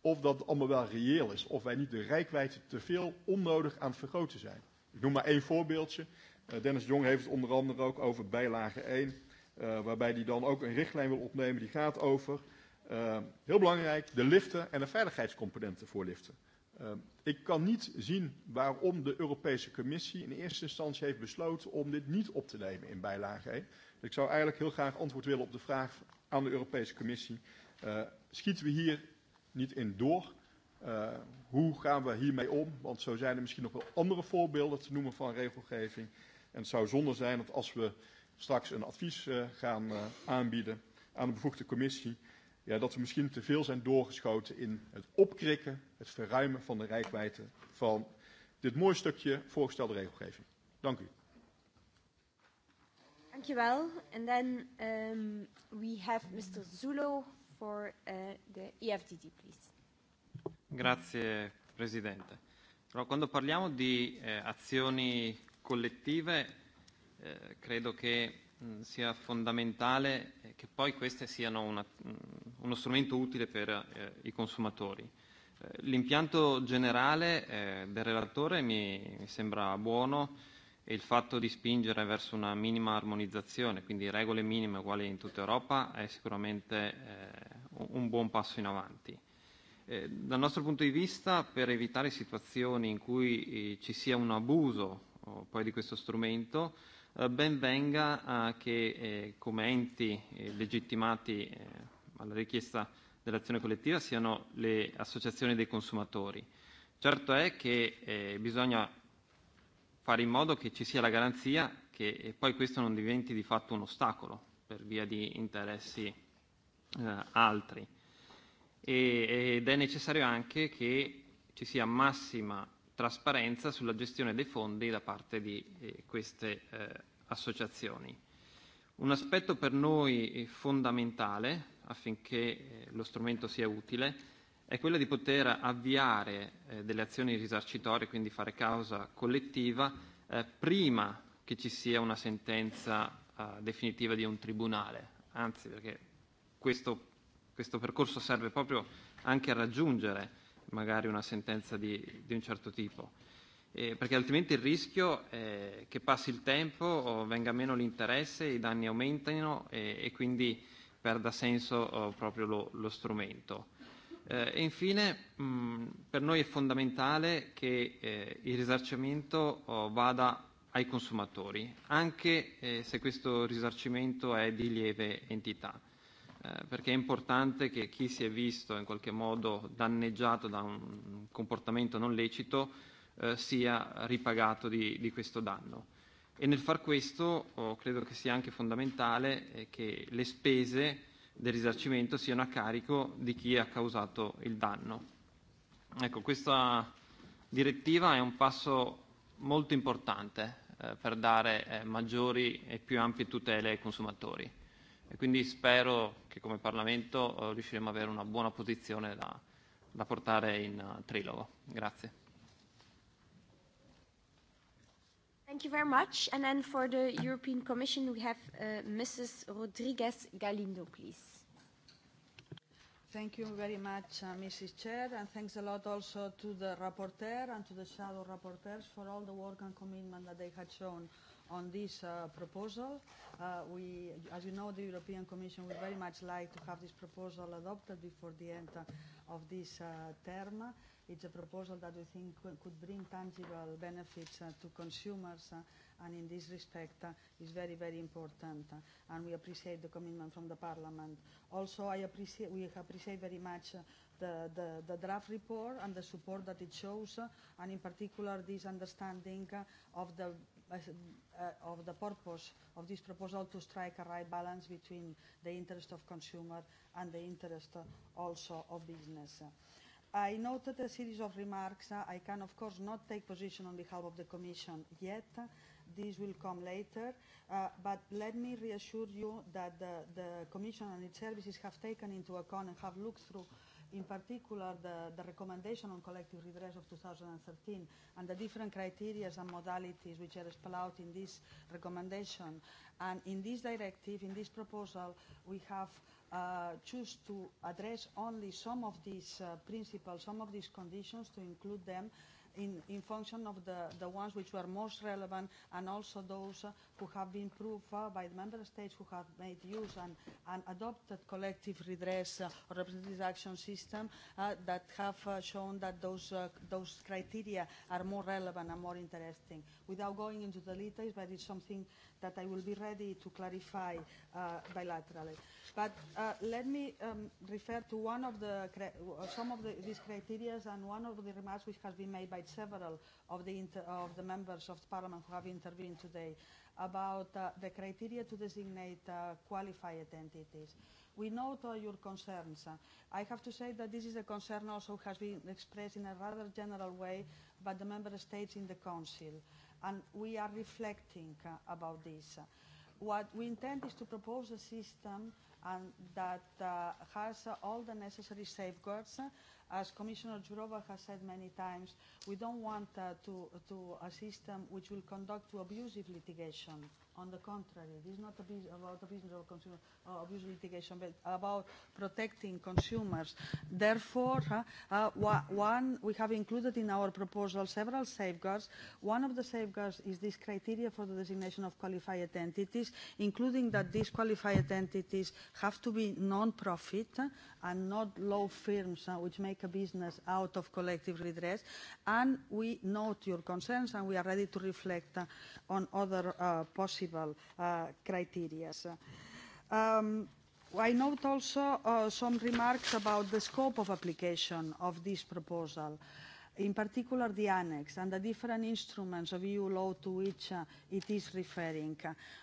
of dat allemaal wel reëel is. Of wij niet de rijkwijde te veel onnodig aan het vergroten zijn. Ik noem maar één voorbeeldje. Uh, Dennis de Jong heeft het onder andere ook over bijlage 1, uh, waarbij hij dan ook een richtlijn wil opnemen die gaat over, uh, heel belangrijk, de liften en de veiligheidscomponenten voor liften. Uh, ik kan niet zien waarom de Europese Commissie in eerste instantie heeft besloten om dit niet op te nemen in bijlage 1. Dus ik zou eigenlijk heel graag antwoord willen op de vraag aan de Europese Commissie. Uh, schieten we hier niet in door? Uh, hoe gaan we hiermee om? Want zo zijn er misschien nog wel andere voorbeelden te noemen van regelgeving. En het zou zonde zijn dat als we straks een advies uh, gaan uh, aanbieden aan de bevoegde commissie, ja, dat er misschien te veel zijn doorgeschoten in het opkrikken, het verruimen van de rijkwijde van dit mooie stukje voorgestelde regelgeving. Dank u. Dankjewel. And then um, we have Mr. Zulo for uh, eh, the EFDD, please. Grazie Presidente. Però quando parliamo di eh, azioni collettive, eh, credo che mh, mm, sia fondamentale e che poi queste siano una, mh, mm, uno strumento utile per eh, i consumatori. Eh, l'impianto generale eh, del relatore mi, mi sembra buono e il fatto di spingere verso una minima armonizzazione, quindi regole minime uguali in tutta Europa, è sicuramente eh, un buon passo in avanti. Eh, dal nostro punto di vista, per evitare situazioni in cui eh, ci sia un abuso oh, poi di questo strumento, Eh, ben venga eh, che eh, come enti legittimati alla richiesta dell'azione collettiva siano le associazioni dei consumatori. Certo è che bisogna fare in modo che ci sia la garanzia che poi questo non diventi di fatto un ostacolo per via di interessi eh, altri. E, ed è necessario anche che ci sia massima trasparenza sulla gestione dei fondi da parte di eh, queste eh, associazioni. Un aspetto per noi eh, fondamentale affinché eh, lo strumento sia utile è quello di poter avviare eh, delle azioni risarcitorie, quindi fare causa collettiva, eh, prima che ci sia una sentenza eh, definitiva di un tribunale, anzi perché questo, questo percorso serve proprio anche a raggiungere magari una sentenza di, di un certo tipo, eh, perché altrimenti il rischio è che passi il tempo, venga meno l'interesse, i danni aumentino e, e quindi perda senso oh, proprio lo, lo strumento. Eh, e infine mh, mm, per noi è fondamentale che eh, il risarcimento oh, vada ai consumatori, anche eh, se questo risarcimento è di lieve entità eh, perché è importante che chi si è visto in qualche modo danneggiato da un comportamento non lecito eh, sia ripagato di, di questo danno. E nel far questo oh, credo che sia anche fondamentale eh, che le spese del risarcimento siano a carico di chi ha causato il danno. Ecco, questa direttiva è un passo molto importante eh, per dare eh, maggiori e più ampie tutele ai consumatori e quindi spero che come Parlamento eh, riusciremo ad avere una buona posizione da, da portare in uh, trilogo. Grazie. Thank you very much. And then for the European Commission we have uh, Mrs. Rodriguez Galindo, please. Thank you very much, uh, Mrs. Chair, and thanks a lot also to the rapporteur and to the shadow rapporteurs for all the work and commitment that they had shown on this uh, proposal. Uh, we, as you know, the European Commission would very much like to have this proposal adopted before the end uh, of this uh, term. It's a proposal that we think could, could bring tangible benefits uh, to consumers, uh, and in this respect uh, is very, very important. Uh, and we appreciate the commitment from the Parliament. Also, I appreciate, we appreciate very much uh, the, the, the draft report and the support that it shows, uh, and in particular this understanding uh, of the uh, uh of the purpose of this proposal to strike a right balance between the interest of consumer and the interest uh, also of business. Uh, I noted a series of remarks. I can, of course, not take position on behalf of the Commission yet. This will come later. Uh, but let me reassure you that the, the Commission and its services have taken into account and have looked through in particular the, the recommendation on collective redress of 2013 and the different criteria and modalities which are spelled out in this recommendation. And in this directive, in this proposal, we have uh, choose to address only some of these uh, principles, some of these conditions to include them in, in function of the, the ones which were most relevant and also those uh, who have been proved for by the member states who have made use and, and adopted collective redress uh, or representative action system uh, that have uh, shown that those, uh, those criteria are more relevant and more interesting. Without going into the details, but it's something that I will be ready to clarify uh, bilaterally. But uh, let me um, refer to one of the, uh, some of the, these criteria and one of the remarks which has been made by several of the, inter of the members of the Parliament who have intervened today. Uh, about uh, the criteria to designate uh, qualified entities. We note all your concerns. Uh, I have to say that this is a concern also has been expressed in a rather general way by the member states in the council, and we are reflecting uh, about this. What we intend is to propose a system and that uh, has uh, all the necessary safeguards uh, as Commissioner Jourova has said many times, we don't want uh, to, to a system which will conduct to abusive litigation uh, On the contrary, this is not a about the business of consumer uh, abuse litigation, but about protecting consumers. Therefore, uh, uh, one, we have included in our proposal several safeguards. One of the safeguards is this criteria for the designation of qualified entities, including that these qualified entities have to be non-profit uh, and not law firms uh, which make a business out of collective redress. And we note your concerns and we are ready to reflect uh, on other uh, possible possible uh, criteria. Um, I note also uh, some remarks about the scope of application of this proposal. In particular, the annex and the different instruments of EU law to which uh, it is referring.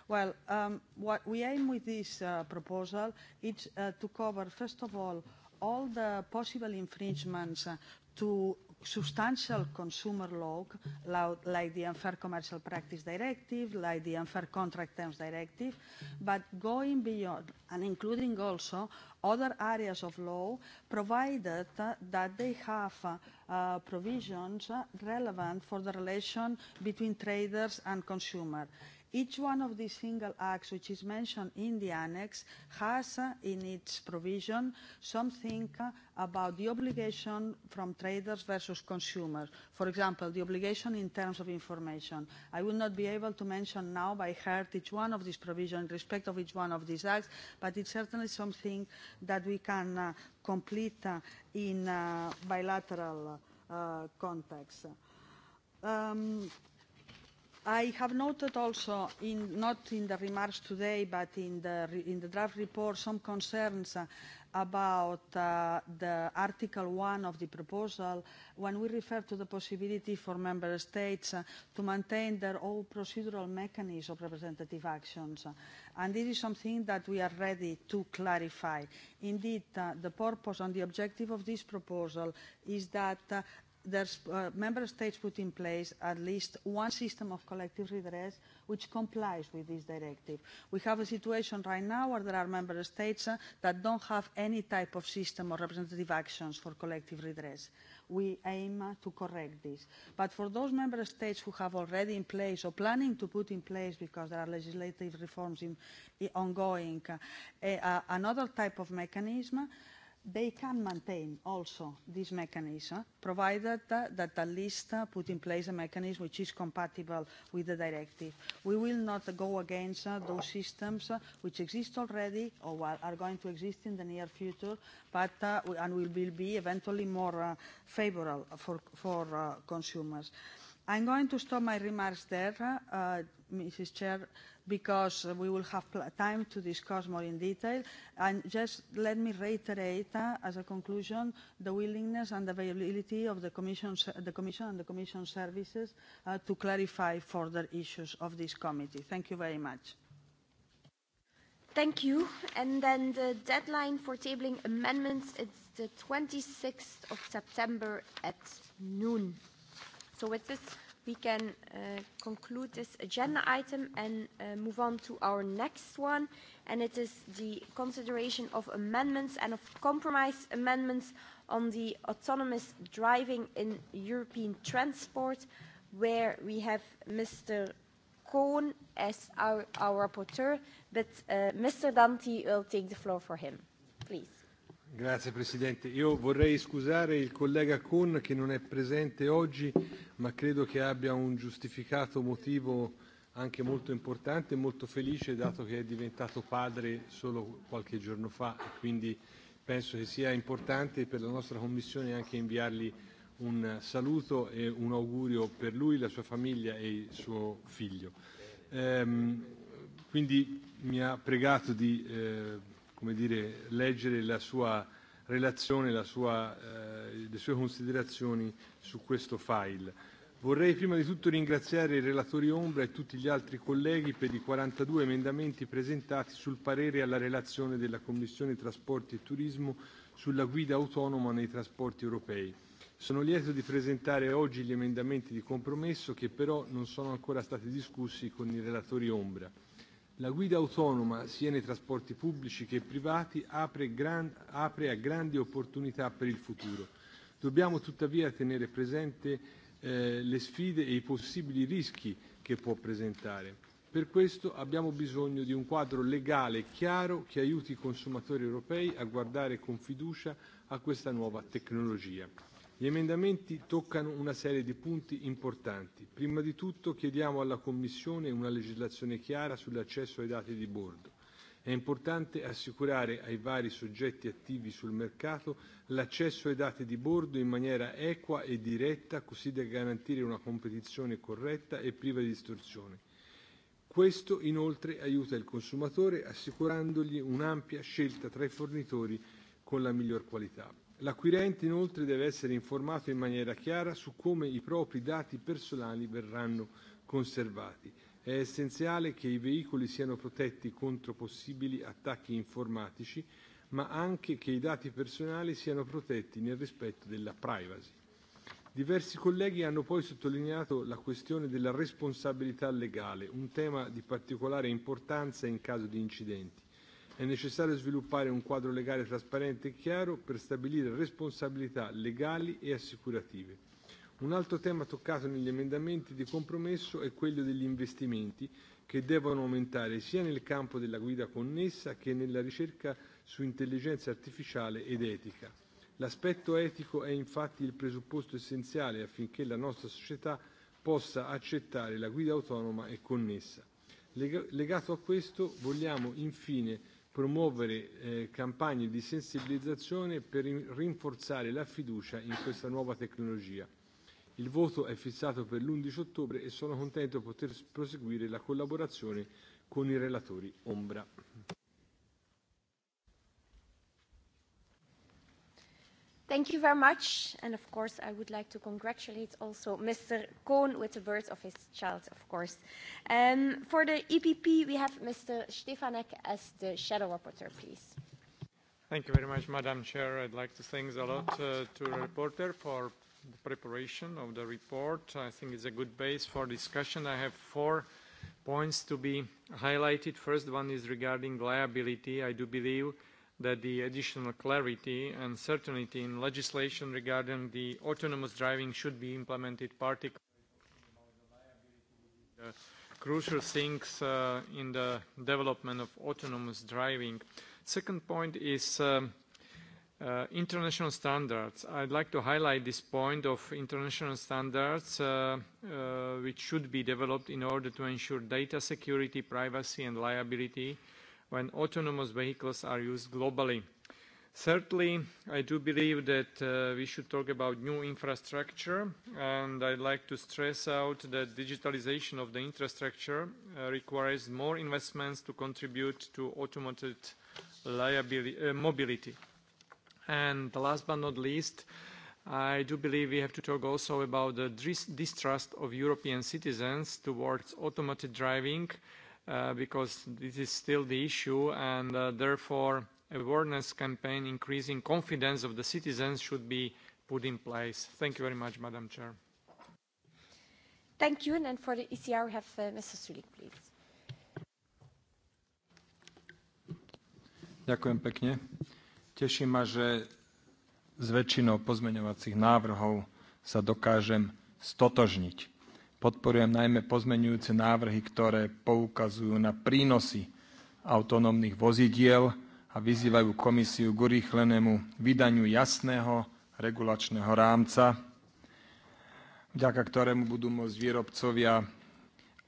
Well, um, what we aim with this uh, proposal is uh, to cover, first of all, all the possible infringements uh, to substantial consumer law, law like the Unfair Commercial Practice Directive, like the Unfair Contract Terms Directive, but going beyond and including also other areas of law, provided uh, that they have uh, uh, provisions uh, relevant for the relation between traders and consumers Each one of these single acts, which is mentioned in the annex, has uh, in its provision something uh, about the obligation from traders versus consumers. For example, the obligation in terms of information. I will not be able to mention now by heart each one of these provisions in respect of each one of these acts, but it's certainly something that we can uh, complete uh, in uh, bilateral uh, context. Um, I have noted also, in, not in the remarks today, but in the, in the draft report, some concerns uh, about uh, the Article 1 of the proposal when we refer to the possibility for member states uh, to maintain their own procedural mechanism of representative actions. And this is something that we are ready to clarify. Indeed, uh, the purpose and the objective of this proposal is that uh, there's uh, member states put in place at least one system of collective redress which complies with this directive. We have a situation right now where there are member states uh, that don't have any type of system or representative actions for collective redress. We aim uh, to correct this. But for those member states who have already in place or planning to put in place because there are legislative reforms in, in ongoing, uh, uh, another type of mechanism uh, they can maintain also this mechanism, provided uh, that at least uh, put in place a mechanism which is compatible with the directive. We will not uh, go against uh, those systems uh, which exist already or are going to exist in the near future, but uh, and will be eventually more uh, favorable for, for uh, consumers. I'm going to stop my remarks there, uh, Mrs. Chair. Uh, because we will have time to discuss more in detail. And just let me reiterate, uh, as a conclusion, the willingness and availability of the, the Commission and the Commission services uh, to clarify further issues of this committee. Thank you very much. Thank you. And then the deadline for tabling amendments is the 26th of September at noon. So with this, we can uh, conclude this agenda item and uh, move on to our next one, and it is the consideration of amendments and of compromise amendments on the autonomous driving in European transport, where we have Mr. Cohn as our, our rapporteur, but uh, Mr. Danti will take the floor for him. Grazie Presidente. Io vorrei scusare il collega Kuhn che non è presente oggi, ma credo che abbia un giustificato motivo anche molto importante e molto felice, dato che è diventato padre solo qualche giorno fa. E quindi penso che sia importante per la nostra Commissione anche inviargli un saluto e un augurio per lui, la sua famiglia e suo figlio. Ehm, quindi mi ha pregato di eh, come dire, leggere la sua relazione, la sua, eh, le sue considerazioni su questo file. Vorrei prima di tutto ringraziare i relatori Ombra e tutti gli altri colleghi per i 42 emendamenti presentati sul parere alla relazione della Commissione Trasporti e Turismo sulla guida autonoma nei trasporti europei. Sono lieto di presentare oggi gli emendamenti di compromesso che però non sono ancora stati discussi con i relatori Ombra. La guida autonoma, sia nei trasporti pubblici che privati, apre, gran, apre a grandi opportunità per il futuro. Dobbiamo tuttavia tenere presente eh, le sfide e i possibili rischi che può presentare. Per questo abbiamo bisogno di un quadro legale chiaro che aiuti i consumatori europei a guardare con fiducia a questa nuova tecnologia. Gli emendamenti toccano una serie di punti importanti. Prima di tutto chiediamo alla Commissione una legislazione chiara sull'accesso ai dati di bordo. È importante assicurare ai vari soggetti attivi sul mercato l'accesso ai dati di bordo in maniera equa e diretta, così da garantire una competizione corretta e priva di distorsioni. Questo inoltre aiuta il consumatore assicurandogli un'ampia scelta tra i fornitori con la miglior qualità. L'acquirente inoltre deve essere informato in maniera chiara su come i propri dati personali verranno conservati. È essenziale che i veicoli siano protetti contro possibili attacchi informatici, ma anche che i dati personali siano protetti nel rispetto della privacy. Diversi colleghi hanno poi sottolineato la questione della responsabilità legale, un tema di particolare importanza in caso di incidenti. È necessario sviluppare un quadro legale trasparente e chiaro per stabilire responsabilità legali e assicurative. Un altro tema toccato negli emendamenti di compromesso è quello degli investimenti, che devono aumentare sia nel campo della guida connessa che nella ricerca su intelligenza artificiale ed etica. L'aspetto etico è infatti il presupposto essenziale affinché la nostra società possa accettare la guida autonoma e connessa. Legato a questo vogliamo infine promuovere eh, campagne di sensibilizzazione per rinforzare la fiducia in questa nuova tecnologia. Il voto è fissato per l'11 ottobre e sono contento di poter proseguire la collaborazione con i relatori ombra. Thank you very much. And of course, I would like to congratulate also Mr. Kohn with the birth of his child, of course. Um, for the EPP, we have Mr. Stefanek as the shadow rapporteur, please. Thank you very much, Madam Chair. I'd like to thank a lot uh, to the reporter for the preparation of the report. I think it's a good base for discussion. I have four points to be highlighted. First one is regarding liability. I do believe uh, that the additional clarity and certainty in legislation regarding the autonomous driving should be implemented, particularly the uh, crucial things uh, in the development of autonomous driving. Second point is um, uh, international standards. I'd like to highlight this point of international standards, uh, uh, which should be developed in order to ensure data security, privacy, and liability uh, when autonomous vehicles are used globally. Thirdly, I do believe that uh, we should talk about new infrastructure, and I'd like to stress out that digitalization of the infrastructure uh, requires more investments to contribute to automated uh, mobility. And last but not least, I do believe we have to talk also about the distrust of European citizens towards automated driving, uh, uh, because this is still the issue and uh, therefore awareness campaign increasing confidence of the citizens should be put in place. Thank you very much, Madam Chair. Thank you. And for the ECR, we have uh, Mr. Sulik, please. Ďakujem pekne. Teší ma, že s väčšinou pozmeňovacích návrhov sa dokážem stotožniť. Podporujem najmä pozmenujúce návrhy, ktoré poukazujú na prínosy autonómnych vozidiel a vyzývajú komisiu k urýchlenému vydaniu jasného regulačného rámca, vďaka ktorému budú môcť výrobcovia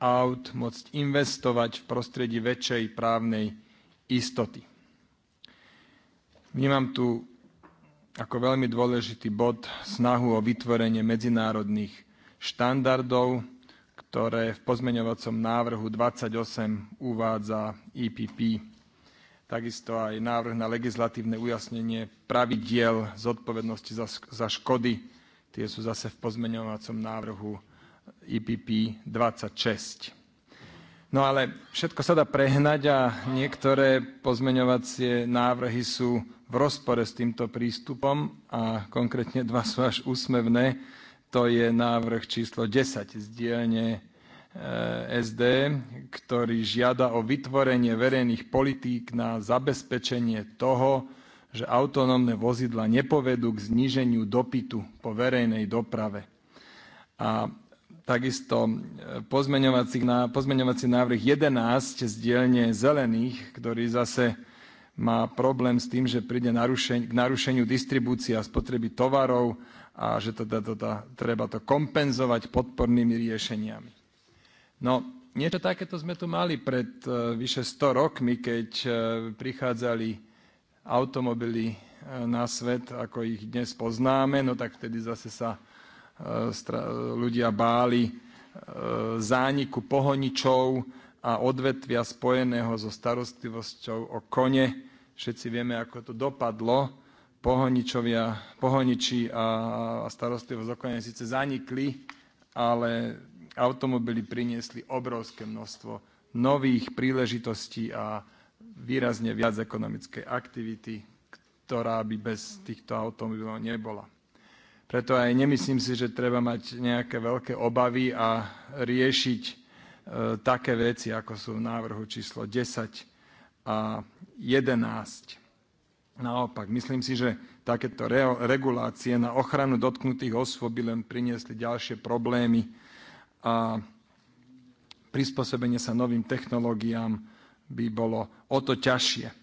aut môcť investovať v prostredí väčšej právnej istoty. Vnímam tu ako veľmi dôležitý bod snahu o vytvorenie medzinárodných štandardov, ktoré v pozmeňovacom návrhu 28 uvádza EPP. Takisto aj návrh na legislatívne ujasnenie pravidiel zodpovednosti za, za škody. Tie sú zase v pozmeňovacom návrhu EPP 26. No ale všetko sa dá prehnať a niektoré pozmeňovacie návrhy sú v rozpore s týmto prístupom a konkrétne dva sú až úsmevné to je návrh číslo 10 z dielne eh, SD, ktorý žiada o vytvorenie verejných politík na zabezpečenie toho, že autonómne vozidla nepovedú k zníženiu dopytu po verejnej doprave. A takisto eh, pozmeňovací, pozmeňovací návrh 11 z dielne zelených, ktorý zase má problém s tým, že príde narušen, k narušeniu distribúcie a spotreby tovarov a že teda, teda treba to kompenzovať podpornými riešeniami. No, niečo takéto sme tu mali pred uh, vyše 100 rokmi, keď uh, prichádzali automobily uh, na svet, ako ich dnes poznáme, no tak vtedy zase sa ľudia báli zániku pohoničov a odvetvia spojeného so starostlivosťou o kone. Všetci vieme, ako to dopadlo pohoničovia, pohoniči a starostlivosť okolia síce zanikli, ale automobily priniesli obrovské množstvo nových príležitostí a výrazne viac ekonomickej aktivity, ktorá by bez týchto automobilov nebola. Preto aj nemyslím si, že treba mať nejaké veľké obavy a riešiť e, také veci, ako sú v návrhu číslo 10 a 11. Naopak, myslím si, že takéto re regulácie na ochranu dotknutých osôb by len priniesli ďalšie problémy a prispôsobenie sa novým technológiám by bolo o to ťažšie.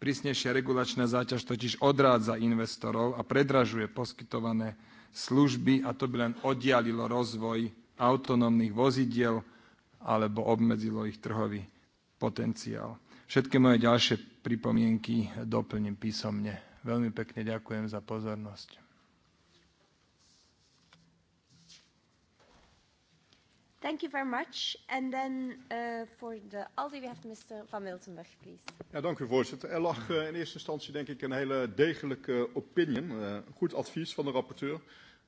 Prísnejšia regulačná záťaž totiž odrádza investorov a predražuje poskytované služby a to by len oddialilo rozvoj autonómnych vozidiel alebo obmedzilo ich trhový potenciál. Všetky moje ďalšie pripomienky doplním písomne. Veľmi pekne ďakujem za pozornosť. Thank you very much. And then uh, for the ALDE, we have Mr. Van Miltenburg, please. Ja, dank u voorzitter. Er lag uh, in eerste instantie denk ik een hele degelijke opinion. Uh, eh, goed advies van de rapporteur.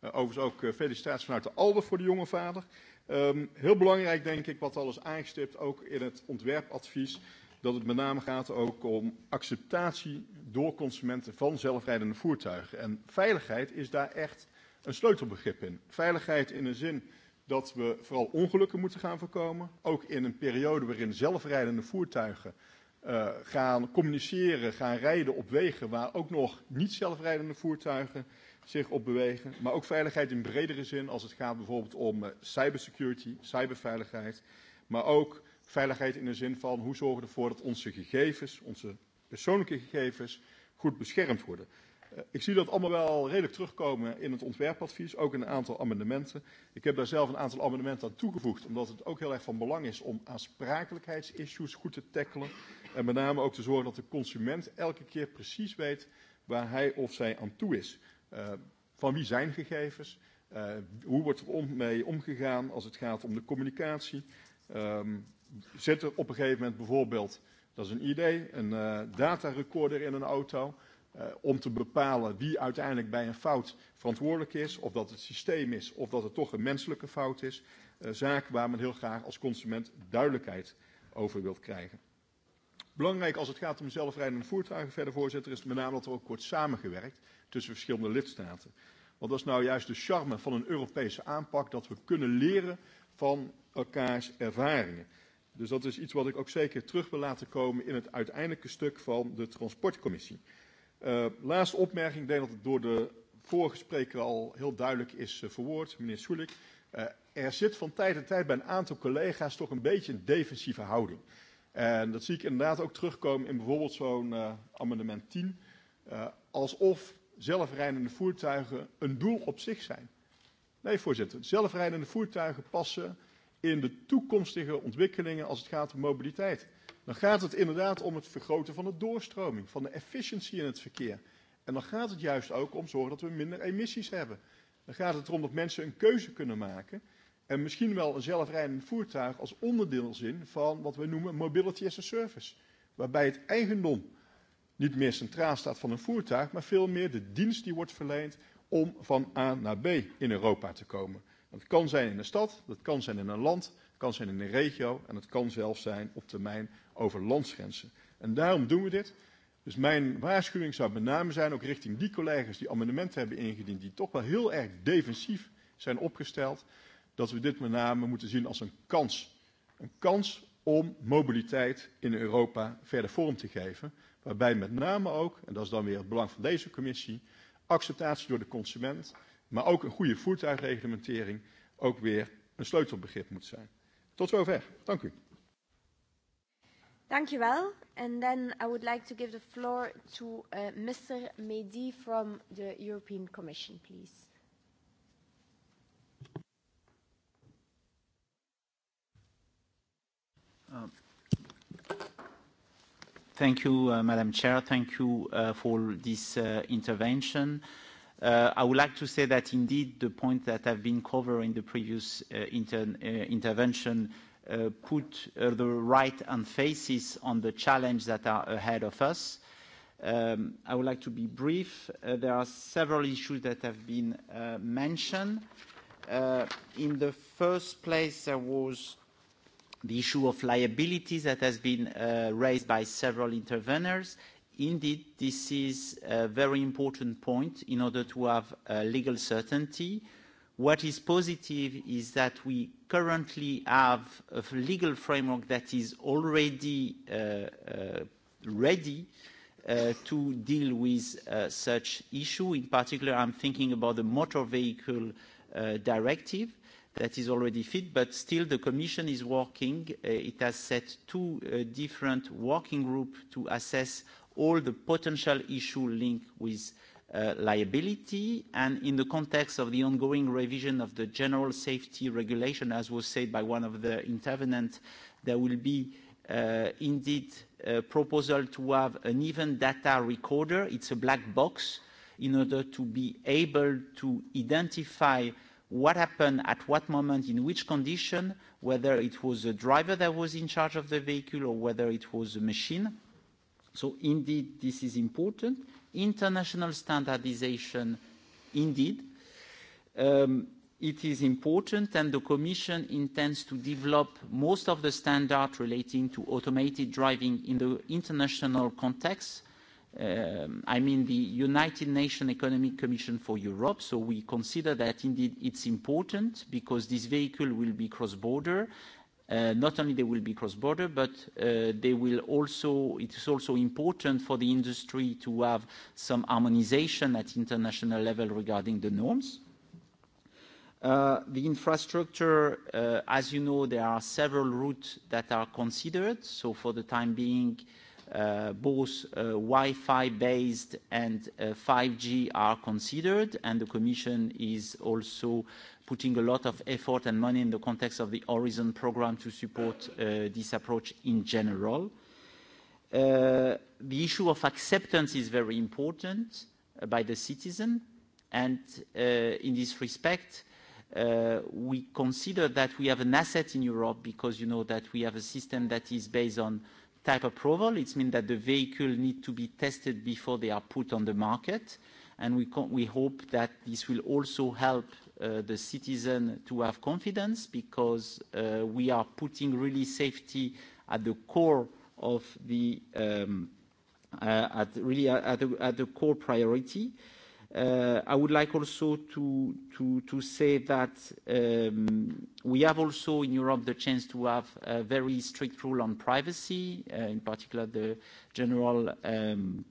Uh, overigens ook uh, felicitaties vanuit de ALDE voor de jonge vader. Um, heel belangrijk denk ik wat al is aangestipt, ook in het ontwerpadvies dat het met name gaat ook om acceptatie door consumenten van zelfrijdende voertuigen. En veiligheid is daar echt een sleutelbegrip in. Veiligheid in de zin dat we vooral ongelukken moeten gaan voorkomen. Ook in een periode waarin zelfrijdende voertuigen uh, gaan communiceren, gaan rijden op wegen waar ook nog niet zelfrijdende voertuigen zich op bewegen. Maar ook veiligheid in bredere zin als het gaat bijvoorbeeld om uh, cybersecurity, cyberveiligheid. Maar ook Veiligheid in de zin van hoe zorgen we ervoor dat onze gegevens, onze persoonlijke gegevens, goed beschermd worden. Eh, ik zie dat allemaal wel redelijk terugkomen in het ontwerpadvies, ook in een aantal amendementen. Ik heb daar zelf een aantal amendementen aan toegevoegd, omdat het ook heel erg van belang is om aansprakelijkheidsissues goed te tackelen. En met name ook te zorgen dat de consument elke keer precies weet waar hij of zij aan toe is. Uh, van wie zijn gegevens? Uh, hoe wordt er om, mee omgegaan als het gaat om de communicatie? Um, zit er op een gegeven moment bijvoorbeeld, dat is een idee, een uh, datarecorder in een auto. Uh, om te bepalen wie uiteindelijk bij een fout verantwoordelijk is. Of dat het systeem is, of dat het toch een menselijke fout is. Uh, eh, zaak waar men heel graag als consument duidelijkheid over wilt krijgen. Belangrijk als het gaat om zelfrijdende voertuigen, verder voorzitter, is met name dat er ook wordt samengewerkt tussen verschillende lidstaten. Want dat is nou juist de charme van een Europese aanpak, dat we kunnen leren van elkaars ervaringen. Dus dat is iets wat ik ook zeker terug wil laten komen in het uiteindelijke stuk van de transportcommissie. Uh, laatste opmerking, ik denk dat het door de vorige spreker al heel duidelijk is uh, verwoord, meneer Soelik. Uh, er zit van tijd tot tijd bij een aantal collega's toch een beetje een defensieve houding. En dat zie ik inderdaad ook terugkomen in bijvoorbeeld zo'n uh, amendement 10. Uh, alsof zelfrijdende voertuigen een doel op zich zijn. Nee, voorzitter. Zelfrijdende voertuigen passen in de toekomstige ontwikkelingen als het gaat om mobiliteit. Dan gaat het inderdaad om het vergroten van de doorstroming, van de efficiency in het verkeer. En dan gaat het juist ook om zorgen dat we minder emissies hebben. Dan gaat het erom dat mensen een keuze kunnen maken. En misschien wel een zelfrijdend voertuig als onderdeel zien van wat we noemen mobility as a service. Waarbij het eigendom niet meer centraal staat van een voertuig, maar veel meer de dienst die wordt verleend om van A naar B in Europa te komen. Dat kan zijn in een stad, dat kan zijn in een land, dat kan zijn in een regio en dat kan zelfs zijn op termijn over landsgrenzen. En daarom doen we dit. Dus mijn waarschuwing zou met name zijn, ook richting die collega's die amendementen hebben ingediend, die toch wel heel erg defensief zijn opgesteld, dat we dit met name moeten zien als een kans. Een kans om mobiliteit in Europa verder vorm te geven. Waarbij met name ook, en dat is dan weer het belang van deze commissie, acceptatie door de consument, maar ook een goede voertuigreglementering ook weer een sleutelbegrip moet zijn. Tot zover. Dank u. Thank you well. And then I would like to give the floor to uh, eh, Mr. Mehdi from the European Commission, please. Um, thank you, uh, Madam Chair. Thank you uh, for this uh, intervention. Uh, Uh, I would like to say that indeed the point that I've been covering the previous uh, inter uh, intervention uh, put uh, the right emphasis on the challenge that are ahead of us. Um, I would like to be brief. Uh, there are several issues that have been uh, mentioned. Uh, in the first place, there was the issue of liabilities that has been uh, raised by several interveners. Uh, indeed, this is a very important point in order to have uh, legal certainty. What is positive is that we currently have a legal framework that is already uh, uh, ready uh, to deal with uh, such issue. In particular, I'm thinking about the motor vehicle uh, directive that is already fit, but still the Commission is working. Uh, it has set two uh, different working groups to assess all the potential issue linked with uh, liability and in the context of the ongoing revision of the general safety regulation, as was said by one of the intervenants, there will be uh, indeed a proposal to have an even data recorder. It's a black box in order to be able to identify what happened at what moment, in which condition, whether it was a driver that was in charge of the vehicle or whether it was a machine. Uh, So indeed, this is important. International standardization, indeed, um, it is important, and the Commission intends to develop most of the standard relating to automated driving in the international context. Um, I mean, the United Nations Economic Commission for Europe. So we consider that indeed it's important because this vehicle will be cross-border, Uh, not only they will be cross-border, but uh, they will also, it is also important for the industry to have some harmonization at international level regarding the norms. Uh, the infrastructure, uh, as you know, there are several routes that are considered. So for the time being, uh, uh, both uh, Wi-Fi based and uh, 5G are considered, and the Commission is also putting a lot of effort and money in the context of the Horizon program to support uh, this approach in general. Uh, the issue of acceptance is very important uh, by the citizen, and uh, in this respect, uh, we consider that we have an asset in Europe because you know that we have a system that is based on uh, type approval. It means that the vehicle need to be tested before they are put on the market, and we, we hope that this will also help uh, the citizen to have confidence because uh, we are putting really safety at the core of the um, uh, at really uh, at the, at the core priority. Uh, Uh, I would like also to, to, to say that um, we have also in Europe the chance to have a very strict rule on privacy, uh, in particular the general um,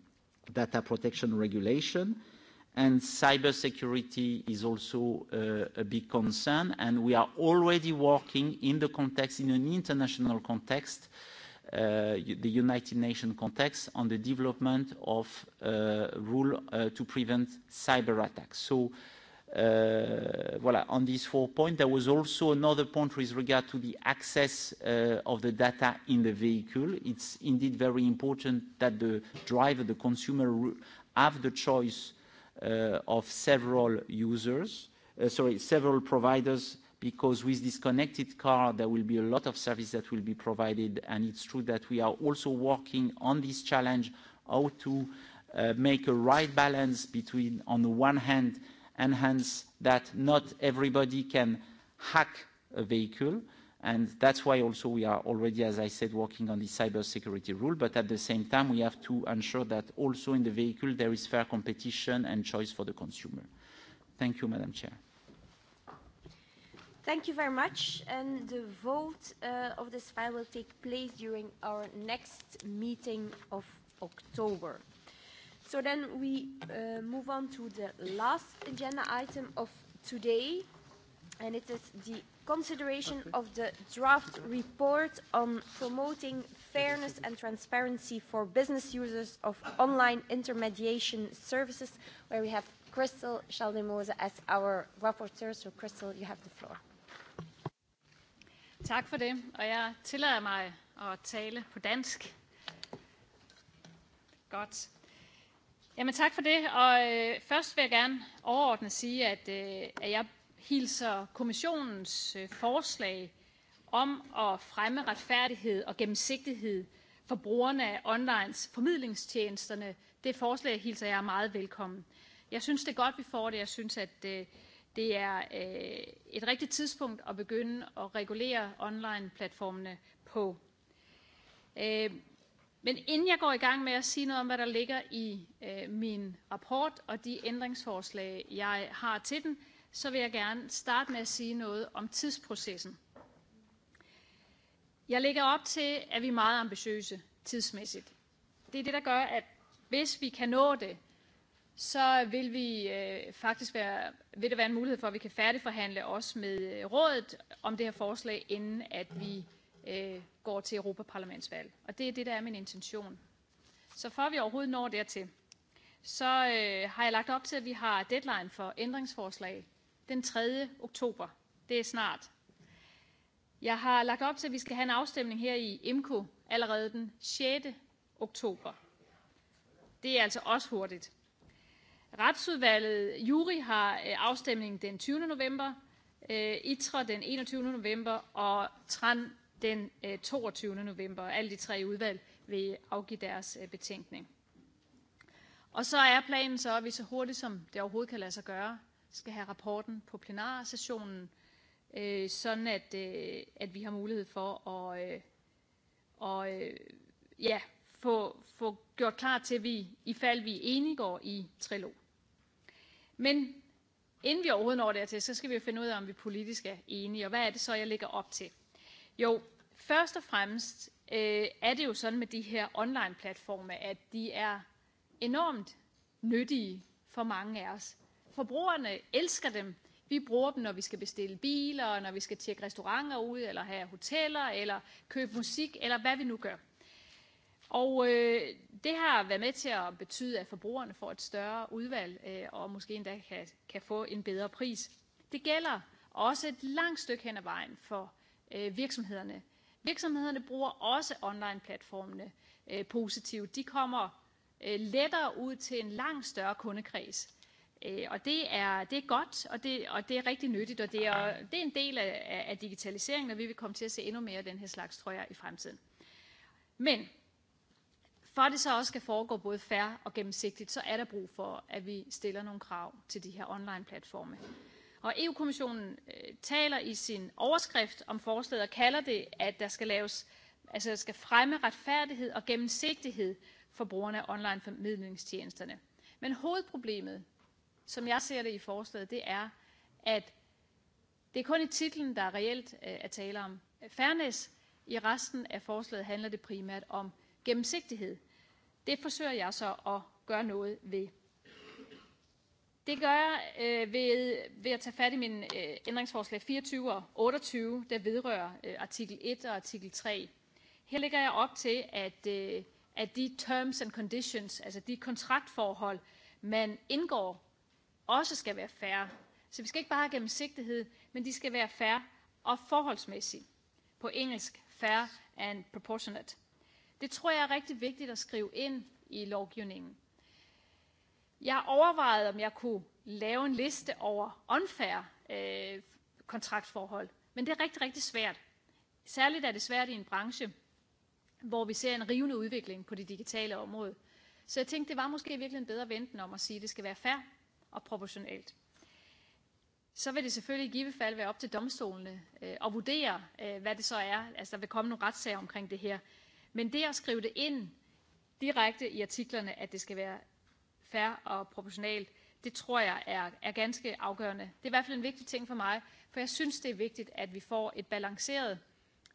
data protection regulation. And cybersecurity is also uh, a big concern, and we are already working in the context, in an international context, uh, uh, the United Nations context on the development of uh, rule uh, to prevent cyber attacks. So, uh, voilà, on these four points, there was also another point with regard to the access uh, of the data in the vehicle. It's indeed very important that the driver, the consumer, have the choice uh, of several users, uh, sorry, several providers because with this connected car, there will be a lot of service that will be provided, and it's true that we are also working on this challenge, how to uh, make a right balance between, on the one hand, enhance that not everybody can hack a vehicle, and that's why also we are already, as I said, working on the cybersecurity rule. But at the same time, we have to ensure that also in the vehicle, there is fair competition and choice for the consumer. Thank you, Madam Chair. Thank you very much. And the vote uh, of this file will take place during our next meeting of October. So then we uh, move on to the last agenda item of today, and it is the consideration of the draft report on promoting fairness and transparency for business users of online intermediation services, where we have Crystal Schaldemose as our rapporteur. So Crystal, you have the floor. Tak for det, og jeg tillader mig at tale på dansk. Godt. Jamen tak for det, og øh, først vil jeg gerne overordnet sige, at, øh, at jeg hilser kommissionens øh, forslag om at fremme retfærdighed og gennemsigtighed for brugerne af online formidlingstjenesterne. Det forslag hilser jeg meget velkommen. Jeg synes, det er godt, vi får det. Jeg synes, at øh, det er øh, et rigtigt tidspunkt at begynde at regulere online-platformene på. Øh, men inden jeg går i gang med at sige noget om, hvad der ligger i øh, min rapport og de ændringsforslag, jeg har til den, så vil jeg gerne starte med at sige noget om tidsprocessen. Jeg lægger op til, at vi er meget ambitiøse tidsmæssigt. Det er det, der gør, at hvis vi kan nå det, så vil vi øh, faktisk være, vil der være en mulighed for, at vi kan færdigforhandle også med øh, rådet om det her forslag, inden at vi øh, går til Europaparlamentsvalg. Og det er det, der er min intention. Så for vi overhovedet når dertil, så øh, har jeg lagt op til, at vi har deadline for ændringsforslag den 3. oktober. Det er snart. Jeg har lagt op til, at vi skal have en afstemning her i IMKO allerede den 6. oktober. Det er altså også hurtigt. Retsudvalget, jury har øh, afstemningen den 20. november, øh, ITRA e den 21. november og TRAN den øh, 22. november. Alle de tre udvalg vil afgive deres øh, betænkning. Og så er planen så, at vi så hurtigt som det overhovedet kan lade sig gøre, skal have rapporten på plenarsessionen, øh, sådan at, øh, at vi har mulighed for at, øh, og, øh, ja, få, få gjort klar til, at vi, i fald vi er enige, går i trilog. Men inden vi overhovedet når dertil, så skal vi jo finde ud af, om vi politisk er enige, og hvad er det så, jeg lægger op til? Jo, først og fremmest øh, er det jo sådan med de her online-platforme, at de er enormt nyttige for mange af os. Forbrugerne elsker dem. Vi bruger dem, når vi skal bestille biler, når vi skal tjekke restauranter ud, eller have hoteller, eller købe musik, eller hvad vi nu gør. Og øh, det har været med til at betyde, at forbrugerne får et større udvalg øh, og måske endda kan, kan få en bedre pris. Det gælder også et langt stykke hen ad vejen for øh, virksomhederne. Virksomhederne bruger også online-platformene øh, positivt. De kommer øh, lettere ud til en langt større kundekreds. Øh, og det er, det er godt, og det, og det er rigtig nyttigt, og det er, det er en del af, af digitaliseringen, og vi vil komme til at se endnu mere af den her slags, tror jeg, i fremtiden. Men For at det så også skal foregå både fair og gennemsigtigt, er der brug for, at vi stiller nogle krav til de her onlineplatforme. Og EU-kommissionen øh, taler i sin overskrift om forslaget og kalder det, at der skal laves, altså der skal fremme retfærdighed og gennemsigtighed for brugerne af online formidlingstjenesterne. Men hovedproblemet, som jeg ser det i forslaget, det er, at det er kun i titlen, der reelt øh, er tale om fairness. I resten af forslaget handler det primært om gennemsigtighed. Det forsøger jeg så at gøre noget ved. Det gør jeg øh, ved, ved at tage fat i mine øh, ændringsforslag 24 og 28, der vedrører øh, artikel 1 og artikel 3. Her lægger jeg op til, at, øh, at de terms and conditions, altså de kontraktforhold, man indgår, også skal være færre. Så vi skal ikke bare have gennemsigtighed, men de skal være færre og forholdsmæssige. På engelsk, fair and proportionate. Det tror jeg er rigtig vigtigt at skrive ind i lovgivningen. Jeg overvejede, om jeg kunne lave en liste over unfair øh, kontraktforhold, men det er rigtig, rigtig svært. Særligt er det svært i en branche, hvor vi ser en rivende udvikling på det digitale område. Så jeg tænkte, det var måske virkelig bedre at vente om at sige, at det skal være fair og proportionalt. Så vil det selvfølgelig i givet fald være op til domstolene øh, at vurdere, øh, hvad det så er. Altså, der vil komme nogle retssager omkring det her. Men det at skrive det ind direkte i artiklerne, at det skal være fair og proportionalt, det tror jeg er, er ganske afgørende. Det er i hvert fald en vigtig ting for mig, for jeg synes, det er vigtigt, at vi får et balanceret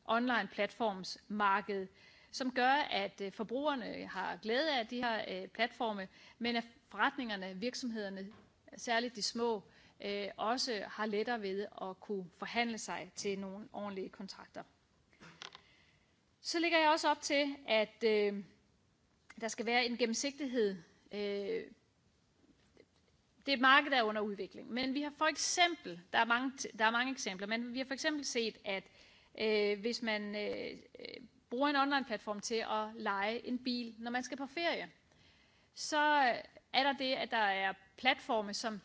online platformsmarked, som gør, at øh, forbrugerne har glæde af de her øh, platforme, men at forretningerne, virksomhederne, særligt de små, øh, også har lettere ved at kunne forhandle sig til nogle ordentlige kontrakter. Så lægger jeg også op til, at øh, der skal være en gennemsigtighed. Øh, det er et marked, der er under udvikling. Men vi har for eksempel, der er mange, der er mange eksempler, men vi har for eksempel set, at øh, hvis man øh, øh bruger en online-platform til at lege en bil, når man skal på ferie, så er der det, at der er platforme, som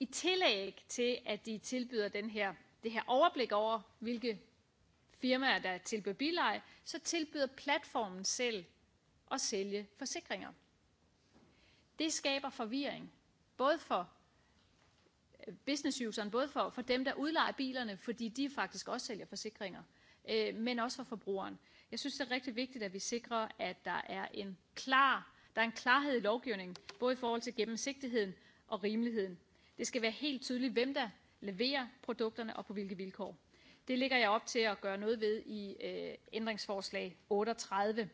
i tillæg til, at de tilbyder den her, det her overblik over, hvilke firmaer, der tilbød bileje, så tilbyder platformen selv at sælge forsikringer. Det skaber forvirring, både for øh, business-useren, både for, for dem, der udlejer bilerne, fordi de faktisk også sælger forsikringer, øh, men også for forbrugeren. Jeg synes, det er rigtig vigtigt, at vi sikrer, at der er en klar, der er en klarhed i lovgivningen, både i forhold til gennemsigtigheden og rimeligheden. Det skal være helt tydeligt, hvem der leverer produkterne og på hvilke vilkår. Det ligger jeg op til at gøre noget ved i øh, ændringsforslag 38.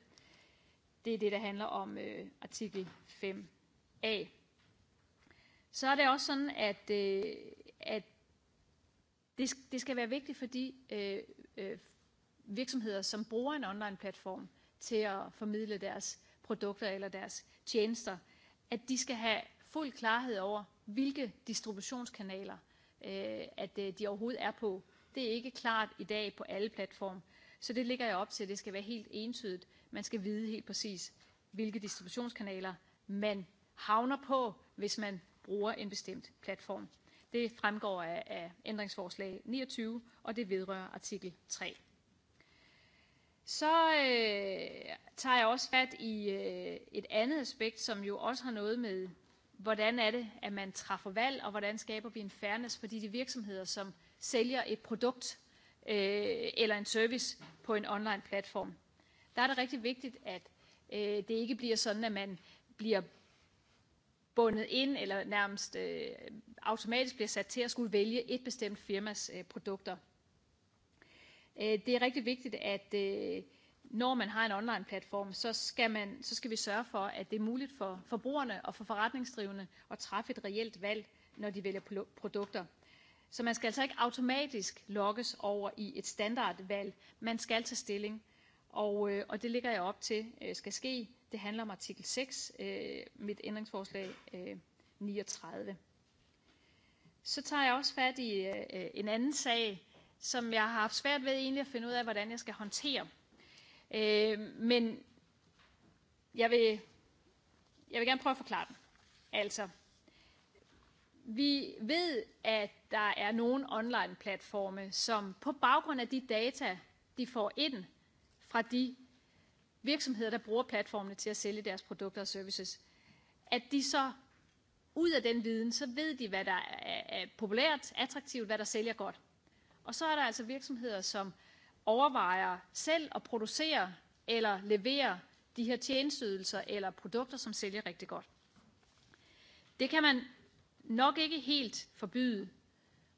Det er det, der handler om øh, artikel 5a. Så er det også sådan, at, øh, at det, det skal være vigtigt for de øh, øh, virksomheder, som bruger en online-platform til at formidle deres produkter eller deres tjenester, at de skal have fuld klarhed over, hvilke distributionskanaler øh, at øh, de overhovedet er på, Det er ikke klart i dag på alle platforme, så det ligger jeg op til, at det skal være helt entydigt. Man skal vide helt præcis, hvilke distributionskanaler man havner på, hvis man bruger en bestemt platform. Det fremgår af, af ændringsforslag 29, og det vedrører artikel 3. Så øh, tager jeg også fat i øh, et andet aspekt, som jo også har noget med, hvordan er det, at man træffer valg, og hvordan skaber vi en fairness for de virksomheder, som sælger et produkt øh, eller en service på en online platform. Der er det rigtig vigtigt, at øh, det ikke bliver sådan, at man bliver bundet ind eller nærmest øh, automatisk bliver sat til at skulle vælge et bestemt firmas øh, produkter. Øh, det er rigtig vigtigt, at øh, når man har en online platform, så skal, man, så skal vi sørge for, at det er muligt for forbrugerne og for forretningsdrivende at træffe et reelt valg, når de vælger produkter. Så man skal altså ikke automatisk lokkes over i et standardvalg. Man skal tage stilling, og, øh, og det ligger jeg op til øh, skal ske. Det handler om artikel 6, øh, mit ændringsforslag øh, 39. Så tager jeg også fat i øh, en anden sag, som jeg har haft svært ved egentlig at finde ud af, hvordan jeg skal håndtere. Øh, men jeg vil, jeg vil gerne prøve at forklare den. Altså, Vi ved, at der er nogle online-platforme, som på baggrund af de data, de får ind fra de virksomheder, der bruger platformene til at sælge deres produkter og services, at de så ud af den viden, så ved de, hvad der er, er populært, attraktivt, hvad der sælger godt. Og så er der altså virksomheder, som overvejer selv at producere eller levere de her tjenesteydelser eller produkter, som sælger rigtig godt. Det kan man nok ikke helt forbyde,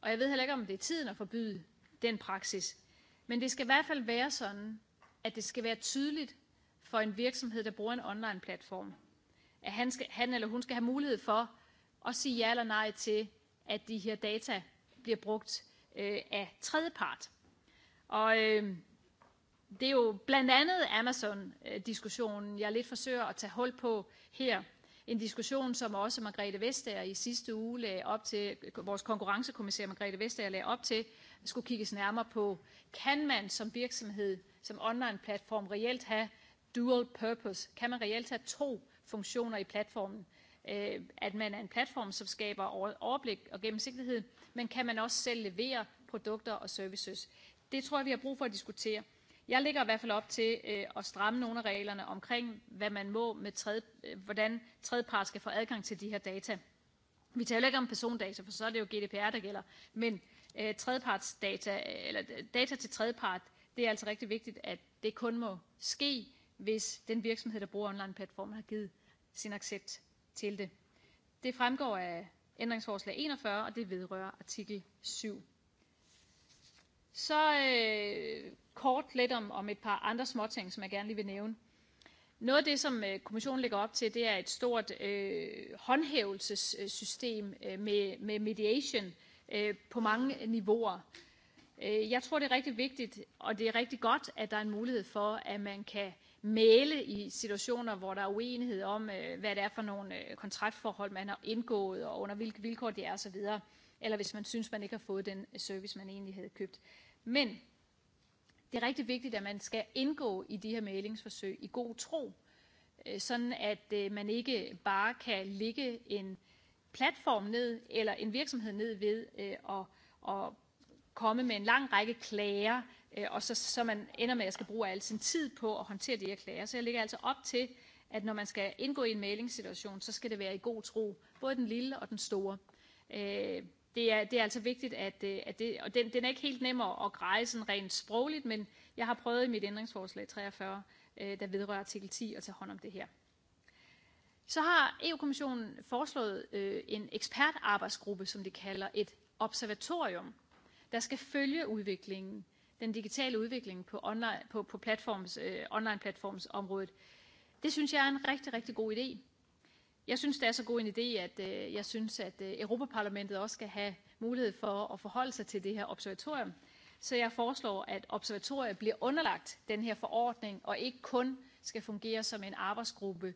og jeg ved heller ikke, om det er tiden at forbyde den praksis, men det skal i hvert fald være sådan, at det skal være tydeligt for en virksomhed, der bruger en online-platform, at han, skal, han eller hun skal have mulighed for at sige ja eller nej til, at de her data bliver brugt øh, af tredjepart. Og øh, det er jo blandt andet Amazon-diskussionen, jeg lidt forsøger at tage hul på her en diskussion, som også Margrethe Vestager i sidste uge lagde op til, vores konkurrencekommissær Margrethe Vestager lagde op til, skulle kigges nærmere på. Kan man som virksomhed, som online-platform, reelt have dual purpose? Kan man reelt have to funktioner i platformen? øh, at man er en platform, som skaber overblik og gennemsigtighed, men kan man også selv levere produkter og services? Det tror jeg, vi har brug for at diskutere. Jeg lægger i hvert fald op til øh, at stramme nogle af reglerne omkring, hvad man må med tredje, øh, hvordan tredjepart skal få adgang til de her data. Vi taler ikke om persondata, for så er det jo GDPR, der gælder, men øh, tredjepartsdata, øh, eller øh, data til tredjepart, det er altså rigtig vigtigt, at det kun må ske, hvis den virksomhed, der bruger online-platformen, har givet sin accept til det. Det fremgår af ændringsforslag 41, og det vedrører artikel 7. Så øh, kort lidt om, om et par andre småting, som jeg gerne lige vil nævne. Noget af det, som øh, kommissionen lægger op til, det er et stort øh, håndhævelsessystem øh, med, med mediation øh, på mange niveauer. Øh, jeg tror, det er rigtig vigtigt, og det er rigtig godt, at der er en mulighed for, at man kan male i situationer, hvor der er uenighed om, øh, hvad det er for nogle øh, kontraktforhold, man har indgået, og under hvilke vilkår de er osv., eller hvis man synes, man ikke har fået den service, man egentlig havde købt. Men det er rigtig vigtigt, at man skal indgå i de her mæglingsforsøg i god tro, øh, sådan at øh, man ikke bare kan lægge en platform ned eller en virksomhed ned ved at, øh, at komme med en lang række klager, og så, så man ender med at skal bruge al sin tid på at håndtere de her klager. Så jeg lægger altså op til, at når man skal indgå i en mæglingssituation, så skal det være i god tro, både den lille og den store. Øh, det er, det er altså vigtigt, at, øh, at det, og den, den er ikke helt nem at, at greje sådan rent sprogligt, men jeg har prøvet i mit ændringsforslag 43, øh, der vedrører artikel 10, at tage hånd om det her. Så har EU-kommissionen foreslået øh, en ekspertarbejdsgruppe, som de kalder et observatorium, der skal følge udviklingen, den digitale udvikling på, online, på, på platforms, øh, online-platformsområdet. Det synes jeg er en rigtig, rigtig god idé. Jeg synes, det er så god en idé, at øh, jeg synes, at øh, Europaparlamentet også skal have mulighed for at forholde sig til det her observatorium. Så jeg foreslår, at observatoriet bliver underlagt den her forordning og ikke kun skal fungere som en arbejdsgruppe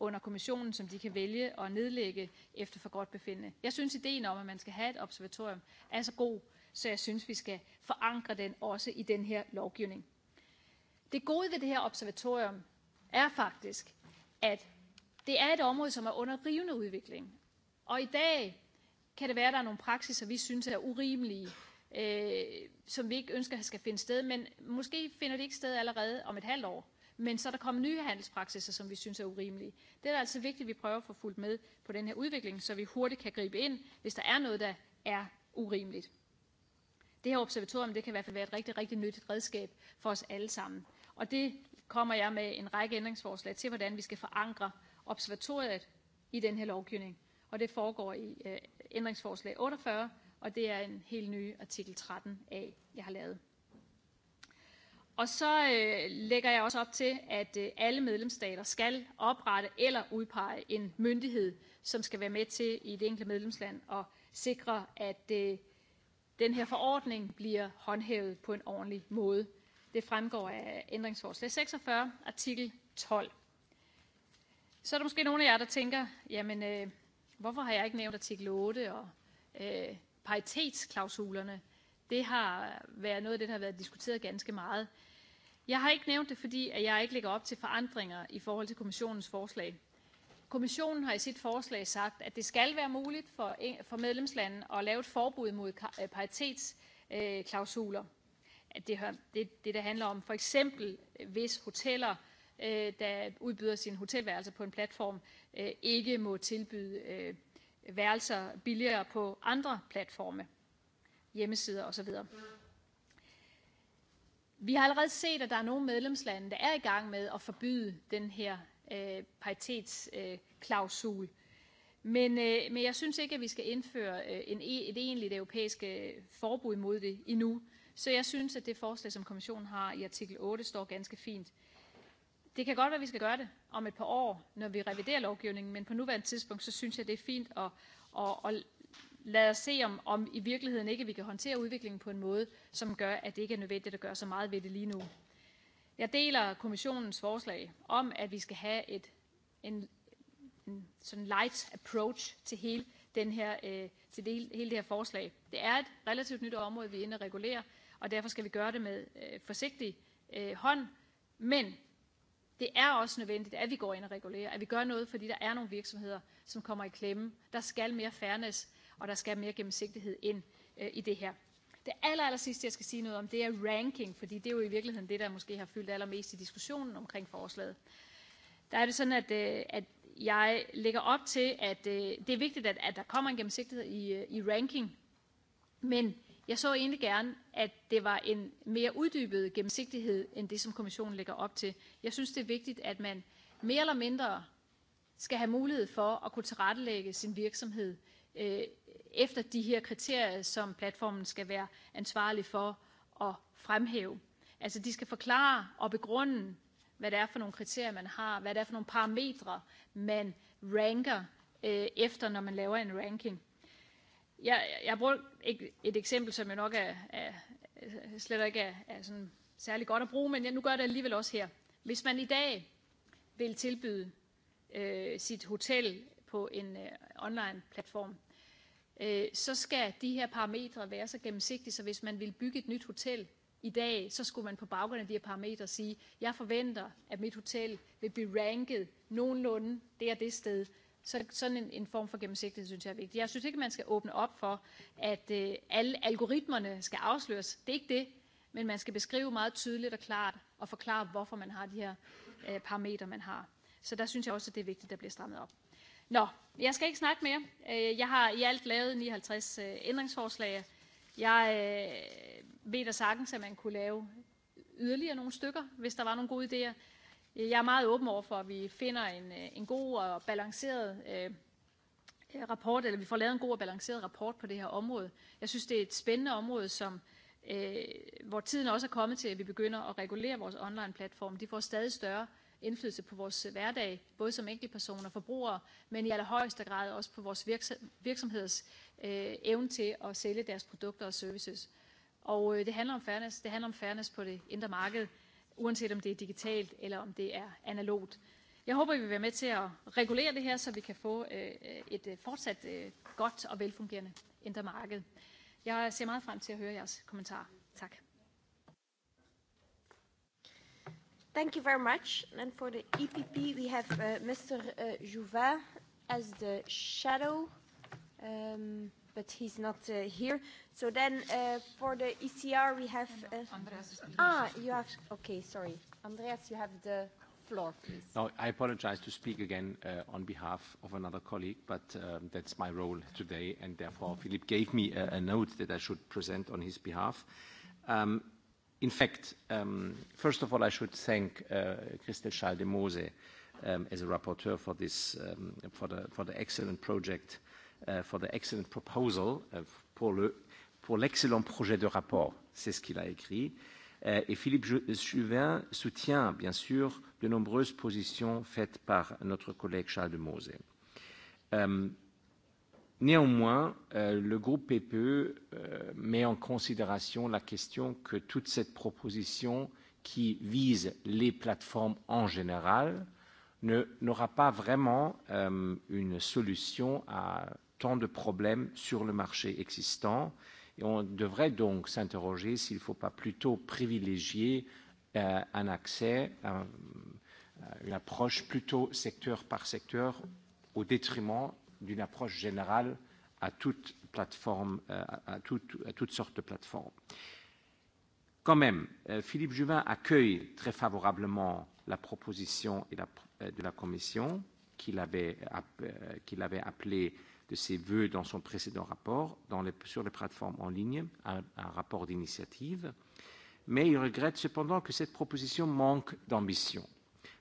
under kommissionen, som de kan vælge at nedlægge efter for godt befindende. Jeg synes, ideen om, at man skal have et observatorium, er så god, så jeg synes, vi skal forankre den også i den her lovgivning. Det gode ved det her observatorium er faktisk, at Det er et område, som er under rivende udvikling. Og i dag kan det være, at der er nogle praksiser, vi synes er urimelige, øh, som vi ikke ønsker skal finde sted. Men måske finder det ikke sted allerede om et halvt år. Men så er der kommet nye handelspraksiser, som vi synes er urimelige. Det er altså vigtigt, at vi prøver at få fulgt med på den her udvikling, så vi hurtigt kan gribe ind, hvis der er noget, der er urimeligt. Det her observatorium det kan i hvert fald være et rigtig, rigtig nyttigt redskab for os alle sammen. Og det kommer jeg med en række ændringsforslag til, hvordan vi skal forankre observatoriet i den her lovgivning, og det foregår i øh, ændringsforslag 48, og det er en helt ny artikel 13a, jeg har lavet. Og så øh, lægger jeg også op til, at øh, alle medlemsstater skal oprette eller udpege en myndighed, som skal være med til i det enkelte medlemsland at sikre, at øh, den her forordning bliver håndhævet på en ordentlig måde. Det fremgår af ændringsforslag 46, artikel 12. Så er der måske nogle af jer, der tænker, jamen øh, hvorfor har jeg ikke nævnt artikel 8 og øh, paritetsklausulerne? Det har været noget af det, der har været diskuteret ganske meget. Jeg har ikke nævnt det, fordi at jeg ikke lægger op til forandringer i forhold til kommissionens forslag. Kommissionen har i sit forslag sagt, at det skal være muligt for, for medlemslandene at lave et forbud mod øh, paritetsklausuler. Øh, at det, det, det, der handler om for eksempel, hvis hoteller øh, der udbyder sine hotelværelser på en platform, øh, ikke må tilbyde øh, værelser billigere på andre platforme, hjemmesider osv. Vi har allerede set, at der er nogle medlemslande, der er i gang med at forbyde den her øh, paritetsklausul. Øh, men, øh, men jeg synes ikke, at vi skal indføre øh, en, e, et egentligt europæisk øh, forbud mod det endnu. Så jeg synes, at det forslag, som kommissionen har i artikel 8, står ganske fint. Det kan godt være, at vi skal gøre det om et par år, når vi reviderer lovgivningen, men på nuværende tidspunkt, så synes jeg, det er fint at, at, at lade os se, om, om i virkeligheden ikke vi kan håndtere udviklingen på en måde, som gør, at det ikke er nødvendigt at gøre så meget ved det lige nu. Jeg deler kommissionens forslag om, at vi skal have et, en, en sådan light approach til hele, den her, øh, til det, hele det her forslag. Det er et relativt nyt område, vi er inde og regulere, og derfor skal vi gøre det med øh, forsigtig øh, hånd. Men det er også nødvendigt, at vi går ind og regulerer, at vi gør noget, fordi der er nogle virksomheder, som kommer i klemme. Der skal mere fairness, og der skal mere gennemsigtighed ind øh, i det her. Det aller, aller sidste, jeg skal sige noget om, det er ranking, fordi det er jo i virkeligheden det, der måske har fyldt allermest i diskussionen omkring forslaget. Der er det sådan, at, øh, at jeg lægger op til, at øh, det er vigtigt, at, at der kommer en gennemsigtighed i, øh, i ranking, men Jeg så egentlig gerne, at det var en mere uddybet gennemsigtighed end det, som kommissionen lægger op til. Jeg synes, det er vigtigt, at man mere eller mindre skal have mulighed for at kunne tilrettelægge sin virksomhed øh, efter de her kriterier, som platformen skal være ansvarlig for at fremhæve. Altså de skal forklare og begrunde, hvad det er for nogle kriterier, man har, hvad det er for nogle parametre, man ranker øh, efter, når man laver en ranking. Jeg, jeg brugte et, et eksempel, som jo nok er, er, er, slet ikke er, er sådan særlig godt at bruge, men jeg nu gør det alligevel også her. Hvis man i dag vil tilbyde øh, sit hotel på en øh, online-platform, øh, så skal de her parametre være så gennemsigtige, så hvis man vil bygge et nyt hotel i dag, så skulle man på baggrund af de her parametre sige, jeg forventer, at mit hotel vil blive ranket nogenlunde det og det sted, Så sådan en, en form for gennemsigtighed synes jeg er vigtig. Jeg synes ikke, man skal åbne op for, at øh, alle algoritmerne skal afsløres. Det er ikke det. Men man skal beskrive meget tydeligt og klart og forklare, hvorfor man har de her øh, parametre, man har. Så der synes jeg også, at det er vigtigt, at der bliver strammet op. Nå, jeg skal ikke snakke mere. Øh, jeg har i alt lavet 59 øh, ændringsforslag. Jeg øh, ved da sagtens, at man kunne lave yderligere nogle stykker, hvis der var nogle gode idéer. Jeg er meget åben over for, at vi finder en, øh, en god og balanceret øh, rapport, eller vi får lavet en god og balanceret rapport på det her område. Jeg synes, det er et spændende område, som, øh, hvor tiden også er kommet til, at vi begynder at regulere vores online-platform. De får stadig større indflydelse på vores øh, hverdag, både som enkeltpersoner og forbrugere, men i allerhøjeste grad også på vores virksomheds øh, evne til at sælge deres produkter og services. Og øh, det handler om fairness. Det handler om fairness på det indre marked uanset om det er digitalt eller om det er analogt. Jeg håber, I vil være med til at regulere det her, så vi kan få øh, et øh, fortsat øh, godt og velfungerende indre marked. Jeg ser meget frem til at høre jeres kommentarer. Tak. Thank you very much. And for the EPP, we have uh, Mr. Uh, Jouvin as the shadow. Um, but he's not uh, here. So then uh, for the ECR, we have... Uh, Andreas. Ah, you have... Okay, sorry. Andreas, you have the floor, please. No, I apologize to speak again uh, on behalf of another colleague, but um, that's my role today, and therefore Philippe gave me a, a note that I should present on his behalf. Um, in fact, um, first of all, I should thank uh, Christel Schaldemose um, as a rapporteur for this, um, for the, for the excellent project uh, for the excellent proposal, uh, pour le pour l'excellent projet de rapport. C'est ce qu'il a écrit. Euh, et Philippe euh, Juvin soutient, bien sûr, de nombreuses positions faites par notre collègue Charles de Mose. Euh, néanmoins, euh, le groupe PPE euh, met en considération la question que toute cette proposition qui vise les plateformes en général n'aura pas vraiment euh, une solution à tant de problèmes sur le marché existant. Et on devrait donc s'interroger s'il ne faut pas plutôt privilégier euh, un accès, un, euh, une approche plutôt secteur par secteur au détriment d'une approche générale à toute plateforme, euh, à, toute, à toutes sortes de plateformes. Quand même, euh, Philippe Juvin accueille très favorablement la proposition et la, euh, de la Commission qu'il avait, euh, qu'il avait appelée euh, de ses voeux dans son précédent rapport dans les, sur les plateformes en ligne, un, un rapport d'initiative, mais il regrette cependant que cette proposition manque d'ambition.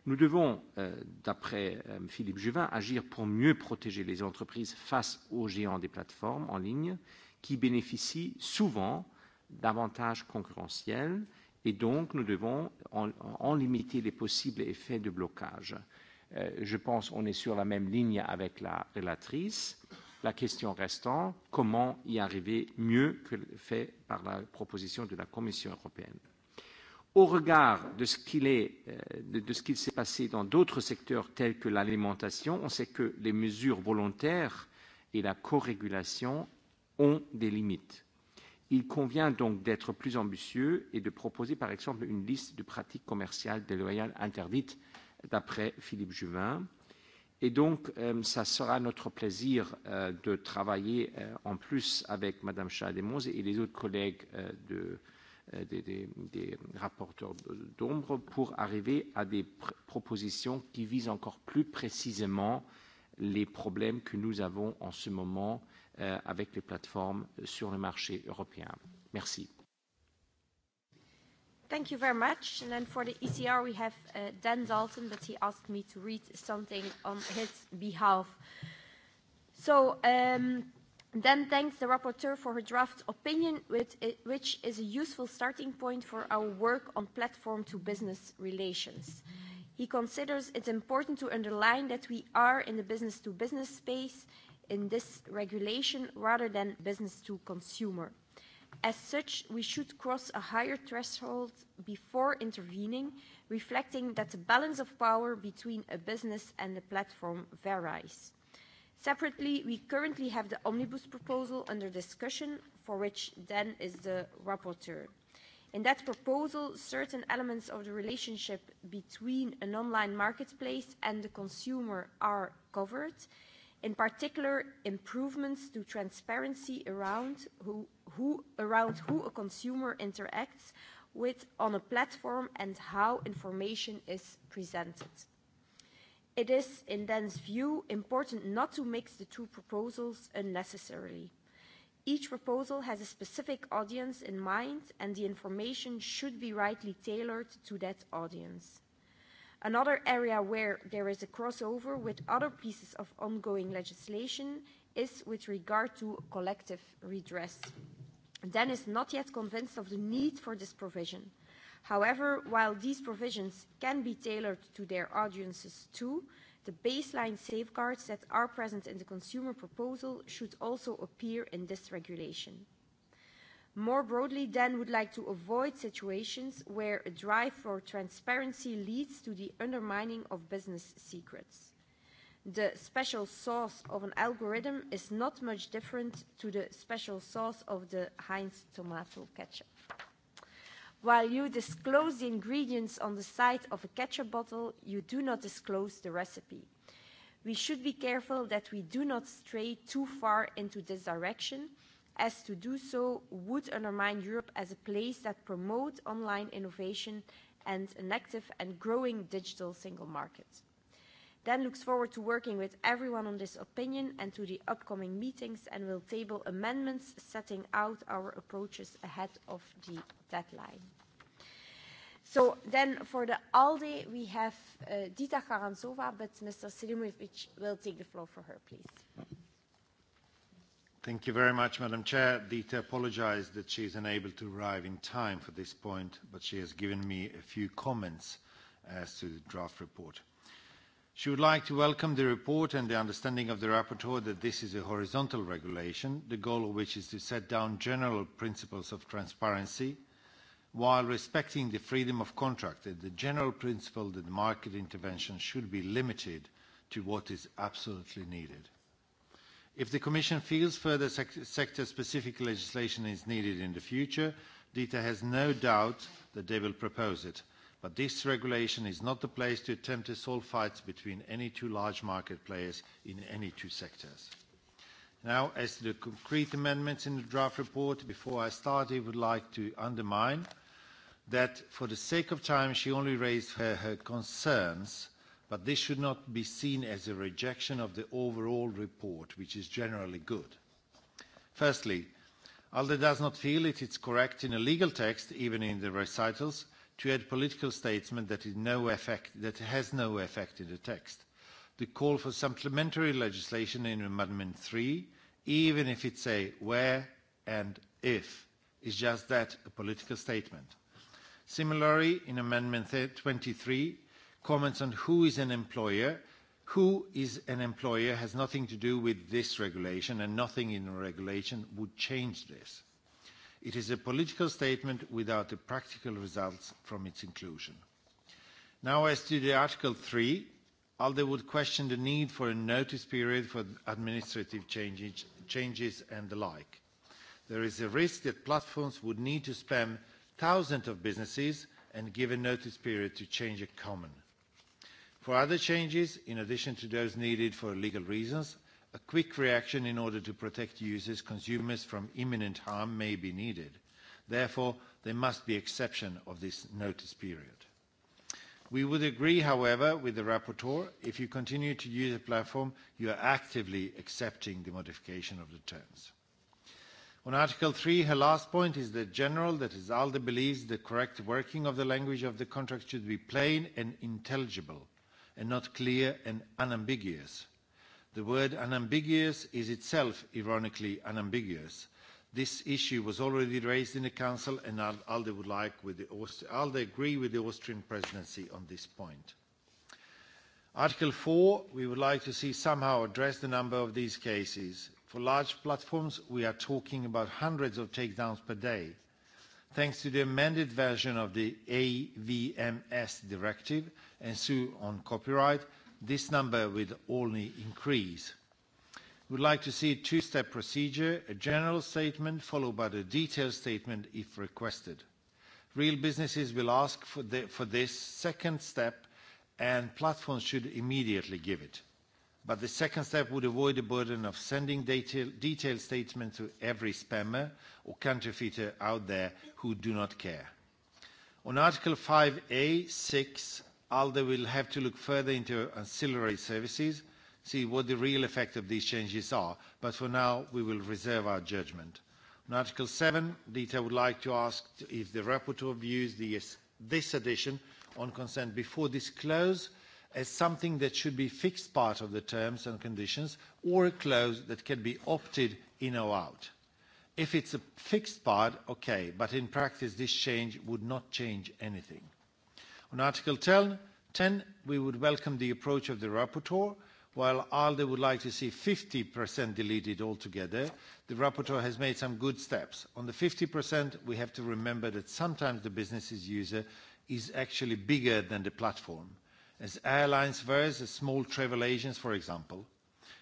Nous devons, euh, d'après euh, Philippe Juvin, agir pour mieux protéger les entreprises face aux géants des plateformes en ligne qui bénéficient souvent d'avantages concurrentiels et donc nous devons en, en limiter les possibles effets de blocage. Euh, je pense qu'on est sur la même ligne avec la relatrice. La question restant, comment y arriver mieux que fait par la proposition de la Commission européenne Au regard de ce qu'il est, euh, de, de ce qu'il s'est passé dans d'autres secteurs tels que l'alimentation, on sait que les mesures volontaires et la corégulation ont des limites. Il convient donc d'être plus ambitieux et de proposer, par exemple, une liste de pratiques commerciales déloyales interdites d'après Philippe Juvin. Et donc, euh, ça sera notre plaisir euh, de travailler euh, en plus avec Mme Chaldemons et les autres collègues euh, de, euh, des, des, des rapporteurs d'ombre pour arriver à des pr propositions qui visent encore plus précisément les problèmes que nous avons en ce moment euh, avec les plateformes sur le marché européen. Merci. Thank you very much. And then for the ECR, we have uh, Dan Dalton, but he asked me to read something on his behalf. So, um, Dan thanks the rapporteur for her draft opinion, which, uh, which is a useful starting point for our work on platform-to-business relations. He considers it important to underline that we are in the business-to-business -business space in this regulation rather than business-to-consumer. -consumer. As such, we should cross a higher threshold before intervening, reflecting that the balance of power between a business and the platform varies. Separately, we currently have the omnibus proposal under discussion, for which Dan is the rapporteur. In that proposal, certain elements of the relationship between an online marketplace and the consumer are covered, in particular improvements to transparency around who who, around who a consumer interacts with on a platform and how information is presented. It is, in Dan's view, important not to mix the two proposals unnecessarily. Each proposal has a specific audience in mind and the information should be rightly tailored to that audience. Another area where there is a crossover with other pieces of ongoing legislation is with regard to collective redress then is not yet convinced of the need for this provision. However, while these provisions can be tailored to their audiences too, the baseline safeguards that are present in the consumer proposal should also appear in this regulation. More broadly, then, would like to avoid situations where a drive for transparency leads to the undermining of business secrets the special sauce of an algorithm is not much different to the special sauce of the Heinz tomato ketchup. While you disclose the ingredients on the side of a ketchup bottle, you do not disclose the recipe. We should be careful that we do not stray too far into this direction, as to do so would undermine Europe as a place that promotes online innovation and an active and growing digital single market then looks forward to working with everyone on this opinion and to the upcoming meetings and will table amendments setting out our approaches ahead of the deadline. So then for the ALDE, we have uh, Dita Garanzova, but Mr. Selimovic will take the floor for her, please. Thank you very much, Madam Chair. Dita apologized that she is unable to arrive in time for this point, but she has given me a few comments as to the draft report. She would like to welcome the report and the understanding of the rapporteur that this is a horizontal regulation, the goal of which is to set down general principles of transparency while respecting the freedom of contract and the general principle that market intervention should be limited to what is absolutely needed. If the Commission feels further sec sector-specific legislation is needed in the future, DITA has no doubt that they will propose it, But this regulation is not the place to attempt to solve fights between any two large market players in any two sectors. Now, as to the concrete amendments in the draft report, before I start, I would like to undermine that for the sake of time, she only raised her, her concerns, but this should not be seen as a rejection of the overall report, which is generally good. Firstly, ALDE does not feel it is correct in a legal text, even in the recitals, to add political statement that, is no effect, that has no effect in the text. The call for supplementary legislation in Amendment 3, even if it's a where and if, is just that, a political statement. Similarly, in Amendment 23, comments on who is an employer who is an employer has nothing to do with this regulation and nothing in the regulation would change this. It is a political statement without the practical results from its inclusion. Now, as to the Article 3, ALDE would question the need for a notice period for administrative changes, changes and the like. There is a risk that platforms would need to spam thousands of businesses and give a notice period to change a common. For other changes, in addition to those needed for legal reasons, A quick reaction in order to protect users, consumers from imminent harm may be needed. Therefore, there must be exception of this notice period. We would agree, however, with the rapporteur, if you continue to use a platform, you are actively accepting the modification of the terms. On Article 3, her last point is that general, that is, ALDE believes the correct working of the language of the contract should be plain and intelligible, and not clear and unambiguous. The word unambiguous is itself, ironically, unambiguous. This issue was already raised in the Council, and ALDE would like with the Aust- ALDE agree with the Austrian presidency on this point. Article 4, we would like to see somehow address the number of these cases. For large platforms, we are talking about hundreds of takedowns per day. Thanks to the amended version of the AVMS directive and soon on copyright, This number will only increase. We would like to see a two-step procedure, a general statement followed by the detailed statement if requested. Real businesses will ask for, the, for this second step, and platforms should immediately give it. But the second step would avoid the burden of sending detail, detailed statements to every spammer or counterfeiter out there who do not care. On Article 5A, 6, ALDE will have to look further into ancillary services, see what the real effect of these changes are, but for now, we will reserve our judgment. On Article 7, Dita would like to ask if the rapporteur views the, this addition on consent before disclose as something that should be fixed part of the terms and conditions or a clause that can be opted in or out. If it's a fixed part, okay, but in practice, this change would not change anything. On Article 10, 10, we would welcome the approach of the rapporteur. While ALDE would like to see 50% deleted altogether, the rapporteur has made some good steps. On the 50%, we have to remember that sometimes the business's user is actually bigger than the platform. As airlines versus small travel agents, for example,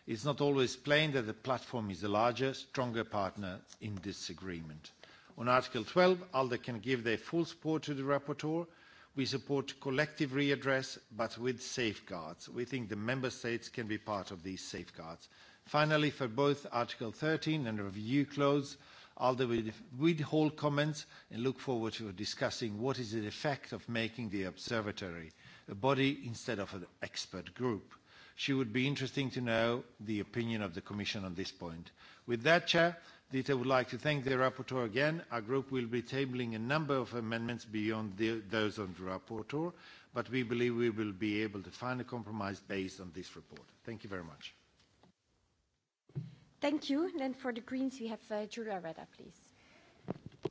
it's not always plain that the platform is the larger, stronger partner in this agreement. On Article 12, ALDE can give their full support to the rapporteur We support collective redress, but with safeguards. We think the member states can be part of these safeguards. Finally, for both Article 13 and review clause, ALDE will withhold comments and look forward to discussing what is the effect of making the observatory a body instead of an expert group. She would be interesting to know the opinion of the Commission on this point. With that, Chair, Dieter would like to thank the rapporteur again. Our group will be tabling a number of amendments beyond the, those of the rapporteur, but we believe we will be able to find a compromise based on this report. Thank you very much. Thank you. And then for the Greens, we have uh, Julia Reda, please.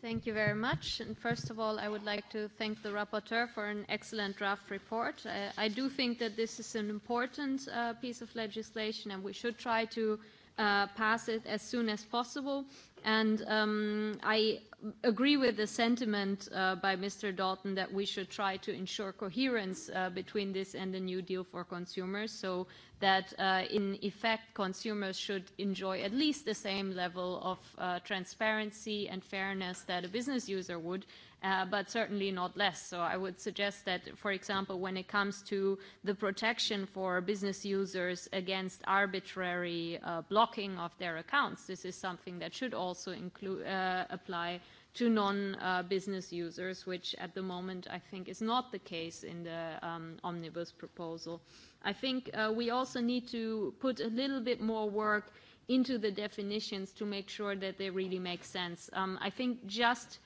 Thank you very much. And first of all, I would like to thank the rapporteur for an excellent draft report. Uh, I do think that this is an important uh, piece of legislation, and we should try to uh, uh, pass it as soon as possible. And um, I agree with the sentiment uh, by Mr. Dalton that we should try to ensure coherence uh, between this and the New Deal for consumers so that, uh, in effect, consumers should enjoy at least the same level of uh, transparency and fairness that a business user would uh, but certainly not less. So I would suggest that, for example, when it comes to the protection for business users against arbitrary uh, blocking of their accounts, this is something that should also include, uh, apply to non-business uh, users, which at the moment I think is not the case in the um, omnibus proposal. I think uh, we also need to put a little bit more work into the definitions to make sure that they really make sense. Um, I think just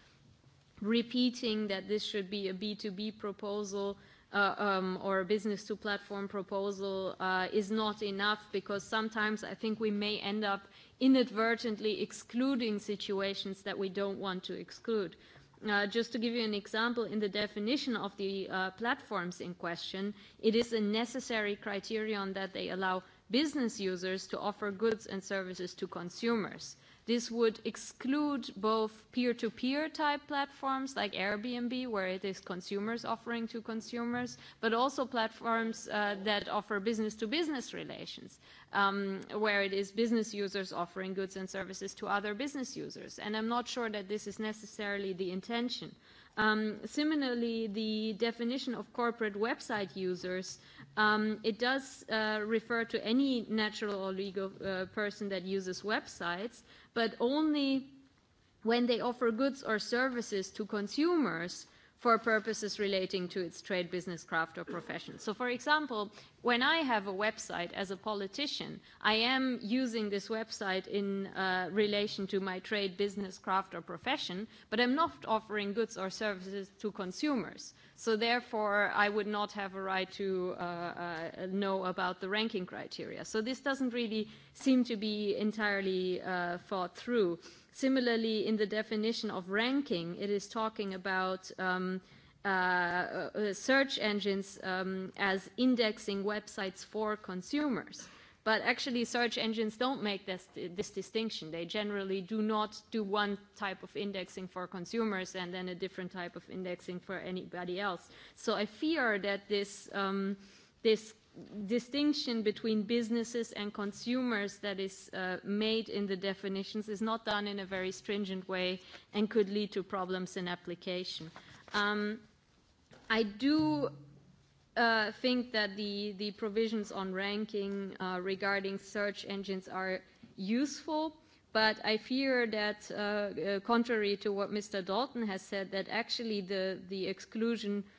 repeating that this should be a B2B proposal uh, um, or a business to platform proposal uh, is not enough because sometimes I think we may end up inadvertently excluding situations that we don't want to exclude. Uh, just to give you an example, in the definition of the uh, platforms in question, it is a necessary criterion that they allow business users to offer goods and services to consumers. Uh, This would exclude both peer-to-peer -peer type platforms like Airbnb, where it is consumers offering to consumers, but also platforms uh, that offer business-to-business -business relations, um, where it is business users offering goods and services to other business users. And I'm not sure that this is necessarily the intention. Um, similarly, the definition of corporate website users uh, Um, it does uh, refer to any natural or legal uh, person that uses websites, but only when they offer goods or services to consumers for purposes relating to its trade, business, craft, or profession. So, for example, when I have a website as a politician, I am using this website in uh, relation to my trade, business, craft, or profession, but I'm not offering goods or services to consumers. So, therefore, I would not have a right to uh, uh, know about the ranking criteria. So, this doesn't really seem to be entirely uh, thought through. Uh, Similarly, in the definition of ranking, it is talking about um, uh, uh, search engines um, as indexing websites for consumers. But actually, search engines don't make this, this distinction. They generally do not do one type of indexing for consumers and then a different type of indexing for anybody else. So I fear that this, um, this distinction between businesses and consumers that is uh, made in the definitions is not done in a very stringent way and could lead to problems in application. Um, I do uh, think that the, the provisions on ranking uh, regarding search engines are useful, but I fear that, uh, uh, contrary to what Mr. Dalton has said, that actually the, the exclusion –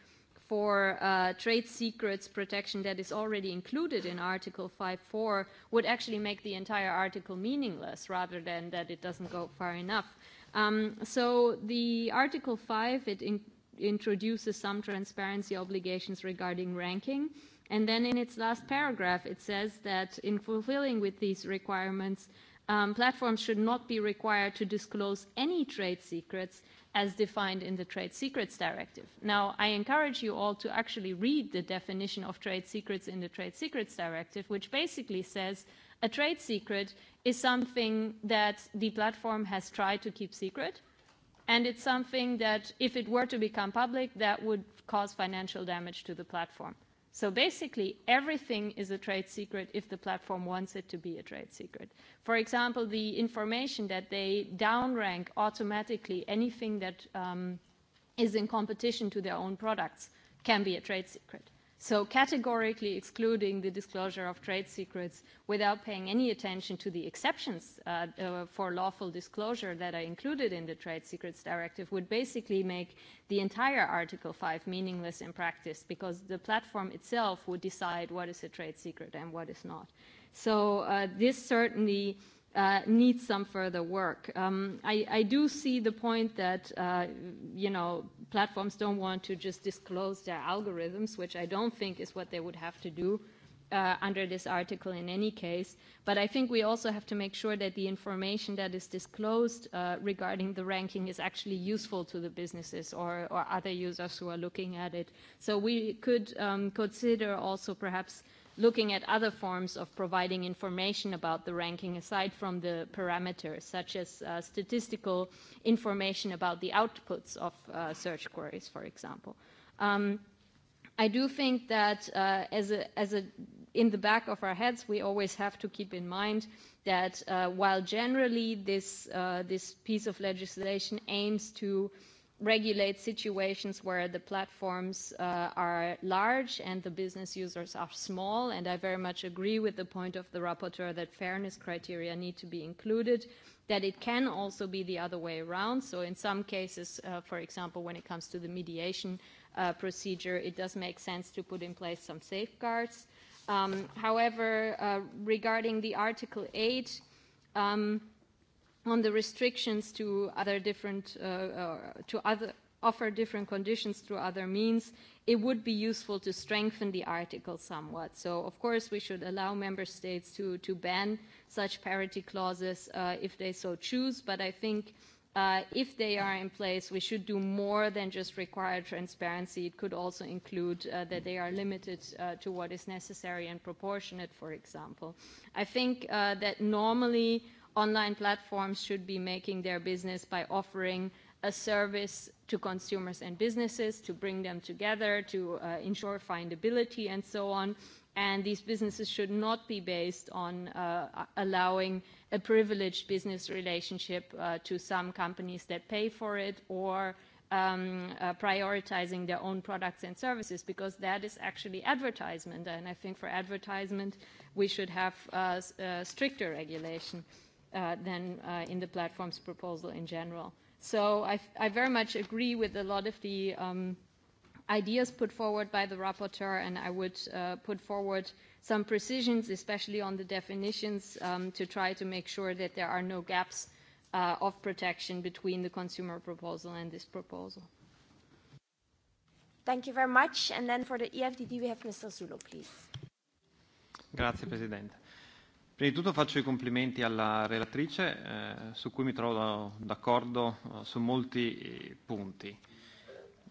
for uh, trade secrets protection that is already included in Article 5.4 would actually make the entire article meaningless rather than that it doesn't go far enough. Um, so the Article 5, it in introduces some transparency obligations regarding ranking. And then in its last paragraph, it says that in fulfilling with these requirements, um, platforms should not be required to disclose any trade secrets as defined in the Trade Secrets Directive. Now, I encourage you all to actually read the definition of trade secrets in the Trade Secrets Directive, which basically says a trade secret is something that the platform has tried to keep secret, and it's something that, if it were to become public, that would cause financial damage to the platform. So basically, everything is a trade secret if the platform wants it to be a trade secret. For example, the information that they downrank automatically anything that um, is in competition to their own products can be a trade secret. So categorically excluding the disclosure of trade secrets without paying any attention to the exceptions uh, uh, for lawful disclosure that are included in the Trade Secrets Directive would basically make the entire Article 5 meaningless in practice because the platform itself would decide what is a trade secret and what is not. So uh, this certainly uh, uh, needs some further work. Um, I, I do see the point that uh, you know platforms don't want to just disclose their algorithms, which I don't think is what they would have to do uh, under this article in any case. But I think we also have to make sure that the information that is disclosed uh, regarding the ranking is actually useful to the businesses or, or other users who are looking at it. So we could um, consider also perhaps uh, looking at other forms of providing information about the ranking aside from the parameters, such as uh, statistical information about the outputs of uh, search queries, for example. Um, I do think that uh, as a, as a, in the back of our heads, we always have to keep in mind that uh, while generally this, uh, this piece of legislation aims to uh, regulate situations where the platforms uh, are large and the business users are small. And I very much agree with the point of the rapporteur that fairness criteria need to be included, that it can also be the other way around. So in some cases, uh, for example, when it comes to the mediation uh, procedure, it does make sense to put in place some safeguards. Um, however, uh, regarding the Article 8, um, on the restrictions to other different uh, uh, to other offer different conditions through other means, it would be useful to strengthen the article somewhat. So, of course, we should allow member states to, to ban such parity clauses uh, if they so choose, but I think uh, if they are in place, we should do more than just require transparency. It could also include uh, that they are limited uh, to what is necessary and proportionate, for example. I think uh, that normally uh, online platforms should be making their business by offering a service to consumers and businesses to bring them together, to uh, ensure findability, and so on. And these businesses should not be based on uh, allowing a privileged business relationship uh, to some companies that pay for it or um, uh, prioritizing their own products and services because that is actually advertisement. And I think for advertisement, we should have uh, uh, stricter regulation. Uh, uh, than uh, in the platform's proposal in general. So I, I very much agree with a lot of the um, ideas put forward by the rapporteur, and I would uh, put forward some precisions, especially on the definitions, um, to try to make sure that there are no gaps uh, of protection between the consumer proposal and this proposal. Thank you very much. And then for the EFDD, we have Mr. Zulo, please. Grazie, Presidente. Prima di tutto faccio i complimenti alla relatrice, eh, su cui mi trovo d'accordo eh, su molti eh, punti.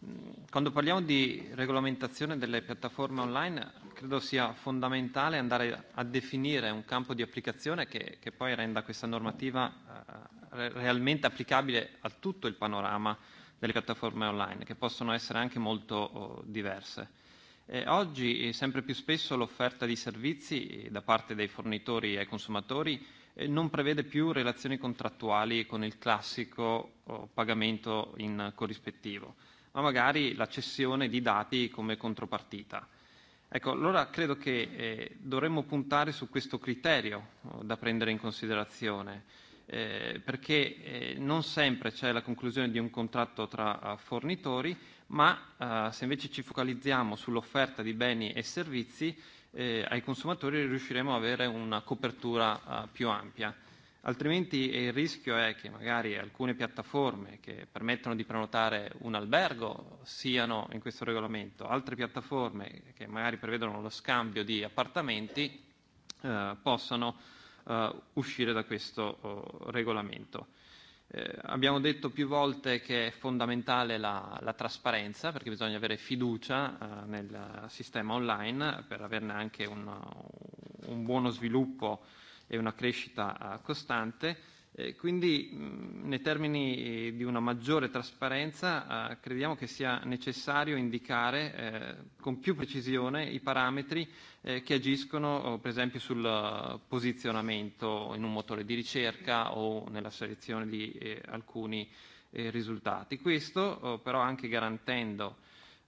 Mm, quando parliamo di regolamentazione delle piattaforme online, credo sia fondamentale andare a definire un campo di applicazione che, che poi renda questa normativa eh, realmente applicabile a tutto il panorama delle piattaforme online, che possono essere anche molto oh, diverse. Eh, oggi e sempre più spesso l'offerta di servizi eh, da parte dei fornitori ai consumatori eh, non prevede più relazioni contrattuali con il classico oh, pagamento in corrispettivo, ma magari la cessione di dati come contropartita. Ecco, allora credo che eh, dovremmo puntare su questo criterio oh, da prendere in considerazione, eh, perché eh, non sempre c'è la conclusione di un contratto tra uh, fornitori, ma eh, se invece ci focalizziamo sull'offerta di beni e servizi eh, ai consumatori riusciremo ad avere una copertura eh, più ampia. Altrimenti il rischio è che magari alcune piattaforme che permettono di prenotare un albergo siano in questo regolamento, altre piattaforme che magari prevedono lo scambio di appartamenti eh, possano eh, uscire da questo eh, regolamento. Eh, abbiamo detto più volte che è fondamentale la, la trasparenza perché bisogna avere fiducia eh, nel sistema online per averne anche un, un buono sviluppo e una crescita eh, costante Eh, quindi mh, mm, nei termini eh, di una maggiore trasparenza eh, crediamo che sia necessario indicare eh, con più precisione i parametri eh, che agiscono oh, per esempio sul posizionamento in un motore di ricerca o nella selezione di eh, alcuni eh, risultati. Questo oh, però anche garantendo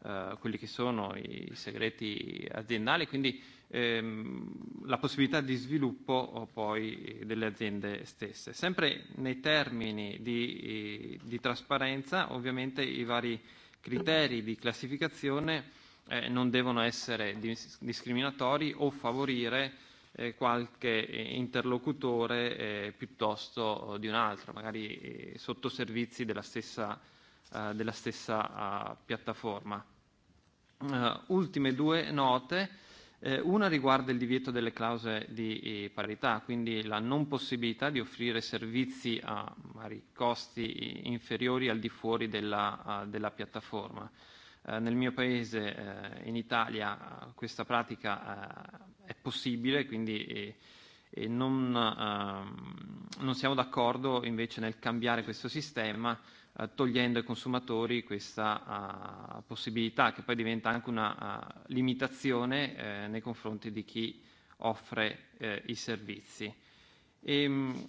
eh, quelli che sono i segreti aziendali, quindi eh, ehm, la possibilità di sviluppo oh, poi eh, delle aziende stesse. Sempre nei termini di, eh, di trasparenza, ovviamente i vari criteri di classificazione eh, non devono essere dis- discriminatori o favorire eh, qualche eh, interlocutore eh, piuttosto oh, di un altro, magari eh, sottoservizi della stessa, eh, della stessa ah, eh, piattaforma. Uh, ultime due note Eh, una riguarda il divieto delle clausole di eh, parità, quindi la non possibilità di offrire servizi a magari, costi eh, inferiori al di fuori della, uh, della piattaforma. Eh, nel mio paese, eh, in Italia, eh, questa pratica eh, è possibile, quindi eh, e non, eh, non siamo d'accordo invece nel cambiare questo sistema eh, togliendo ai consumatori questa uh, possibilità che poi diventa anche una uh, limitazione eh, nei confronti di chi offre eh, i servizi. E, ehm, mh,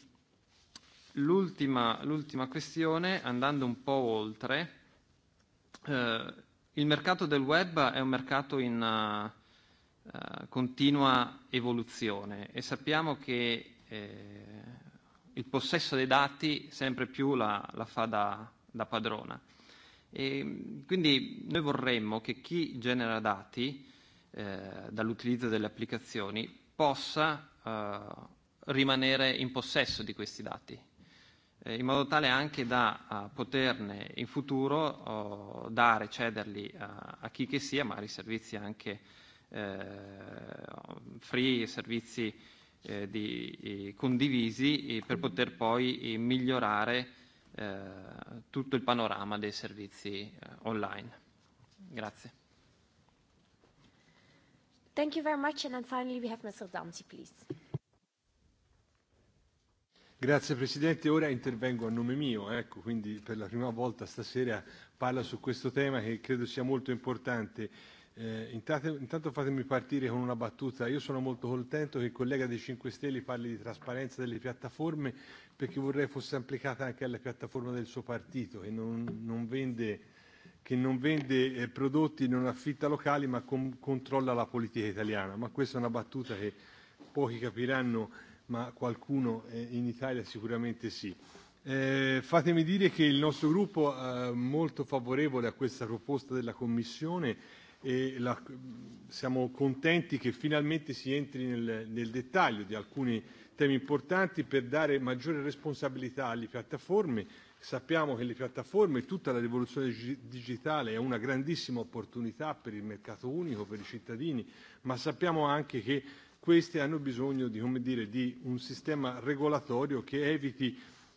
l'ultima, l'ultima questione, andando un po' oltre, eh, il mercato del web è un mercato in uh, uh, continua evoluzione e sappiamo che eh, il possesso dei dati sempre più la, la fa da da padrona. E quindi noi vorremmo che chi genera dati eh, dall'utilizzo delle applicazioni possa eh, rimanere in possesso di questi dati, eh, in modo tale anche da uh, poterne in futuro oh, dare, cederli a, a chi che sia, magari servizi anche eh, free, servizi eh, di, eh, condivisi, eh, per poter poi eh, migliorare eh, eh, tutto il panorama dei servizi eh, online. Grazie. Thank you very much and then finally we have Mr. Danti, please. Grazie Presidente, ora intervengo a nome mio, ecco, quindi per la prima volta stasera parlo su questo tema che credo sia molto importante Eh, intanto, intanto fatemi partire con una battuta. Io sono molto contento che il collega dei 5 Stelle parli di trasparenza delle piattaforme perché vorrei fosse applicata anche alla piattaforma del suo partito che non, non vende, che non vende eh, prodotti, non affitta locali ma com- controlla la politica italiana. Ma questa è una battuta che pochi capiranno ma qualcuno eh, in Italia sicuramente sì. Eh, fatemi dire che il nostro gruppo è eh, molto favorevole a questa proposta della Commissione e la, siamo contenti che finalmente si entri nel, nel dettaglio di alcuni temi importanti per dare maggiore responsabilità alle piattaforme. Sappiamo che le piattaforme, tutta la rivoluzione digitale è una grandissima opportunità per il mercato unico, per i cittadini, ma sappiamo anche che queste hanno bisogno di, come dire, di un sistema regolatorio che eviti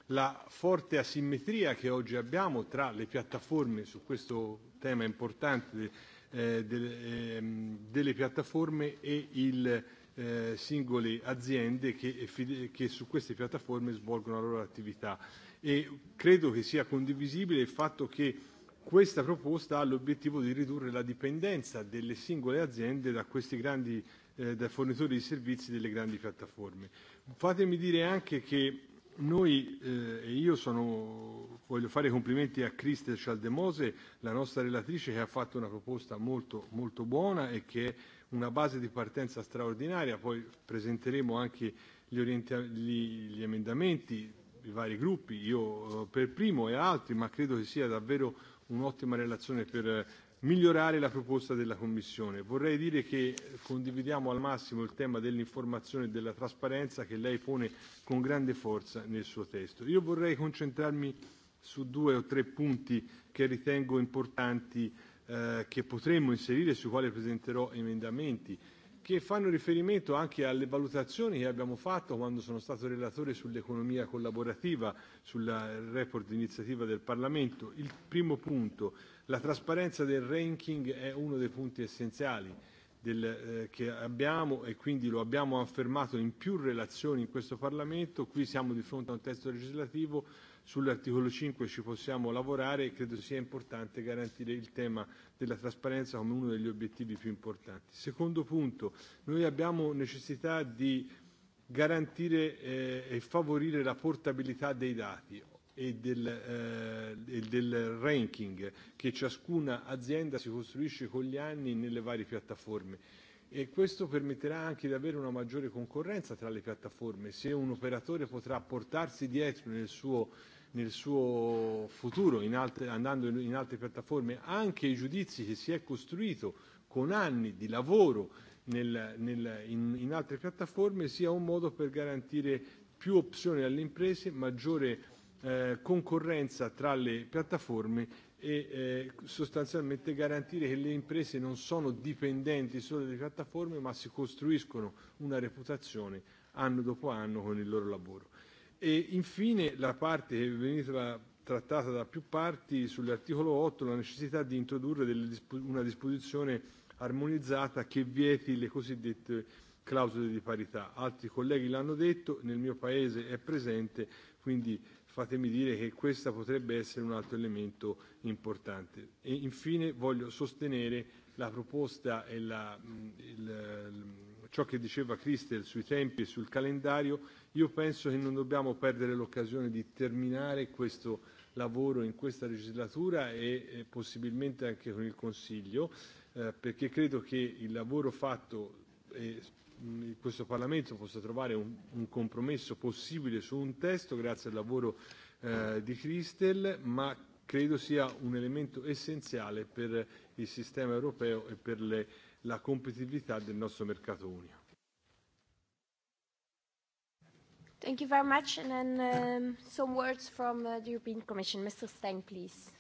la forte asimmetria che oggi abbiamo tra le piattaforme su questo tema importante eh, de, ehm, delle piattaforme e il, eh, singole aziende che, eh, che su queste piattaforme svolgono la loro attività. E credo che sia condivisibile il fatto che questa proposta ha l'obiettivo di ridurre la dipendenza delle singole aziende da questi grandi, eh, dai fornitori di servizi delle grandi piattaforme. Fatemi dire anche che Noi eh, e io sono, voglio fare complimenti a Christel Schaldemose, la nostra relatrice che ha fatto una proposta molto, molto buona e che è una base di partenza straordinaria. Poi presenteremo anche gli, orienta- gli, gli emendamenti, i vari gruppi, io eh, per primo e altri, ma credo che sia davvero un'ottima relazione per migliorare la proposta della Commissione. Vorrei dire che condividiamo al massimo il tema dell'informazione e della trasparenza che lei pone con grande forza nel suo testo. Io vorrei concentrarmi su due o tre punti che ritengo importanti eh, che potremmo inserire, sui quali presenterò emendamenti che fanno riferimento anche alle valutazioni che abbiamo fatto quando sono stato relatore sull'economia collaborativa, sul report d'iniziativa del Parlamento. Il primo punto La trasparenza del ranking è uno dei punti essenziali del, eh, che abbiamo e quindi lo abbiamo affermato in più relazioni in questo Parlamento. Qui siamo di fronte a un testo legislativo, sull'articolo 5 ci possiamo lavorare e credo sia importante garantire il tema della trasparenza come uno degli obiettivi più importanti. Secondo punto, noi abbiamo necessità di garantire eh, e favorire la portabilità dei dati e del, eh, e del ranking che ciascuna azienda si costruisce con gli anni nelle varie piattaforme e questo permetterà anche di avere una maggiore concorrenza tra le piattaforme. Se un operatore potrà portarsi dietro nel suo, nel suo futuro, in altre, andando in altre piattaforme, anche i giudizi che si è costruito con anni di lavoro nel, nel, in, in altre piattaforme, sia un modo per garantire più opzioni alle imprese, maggiore eh, concorrenza tra le piattaforme e eh, sostanzialmente garantire che le imprese non sono dipendenti solo dalle piattaforme ma si costruiscono una reputazione anno dopo anno con il loro lavoro. E infine la parte che veniva trattata da più parti sull'articolo 8, la necessità di introdurre delle, una disposizione armonizzata che vieti le cosiddette clausole di parità. Altri colleghi l'hanno detto, nel mio paese è presente, quindi fatemi dire che questo potrebbe essere un altro elemento importante. E infine voglio sostenere la proposta e la, il, ciò che diceva Christel sui tempi e sul calendario, io penso che non dobbiamo perdere l'occasione di terminare questo lavoro in questa legislatura e eh, possibilmente anche con il Consiglio, eh, perché credo che il lavoro fatto e in questo Parlamento possa trovare un, un compromesso possibile su un testo grazie al lavoro eh, di Christel, ma credo sia un elemento essenziale per il sistema europeo e per le, la competitività del nostro mercato unico. Thank you very much. And then um, some words from uh, the European Commission. Mr. Steng, please.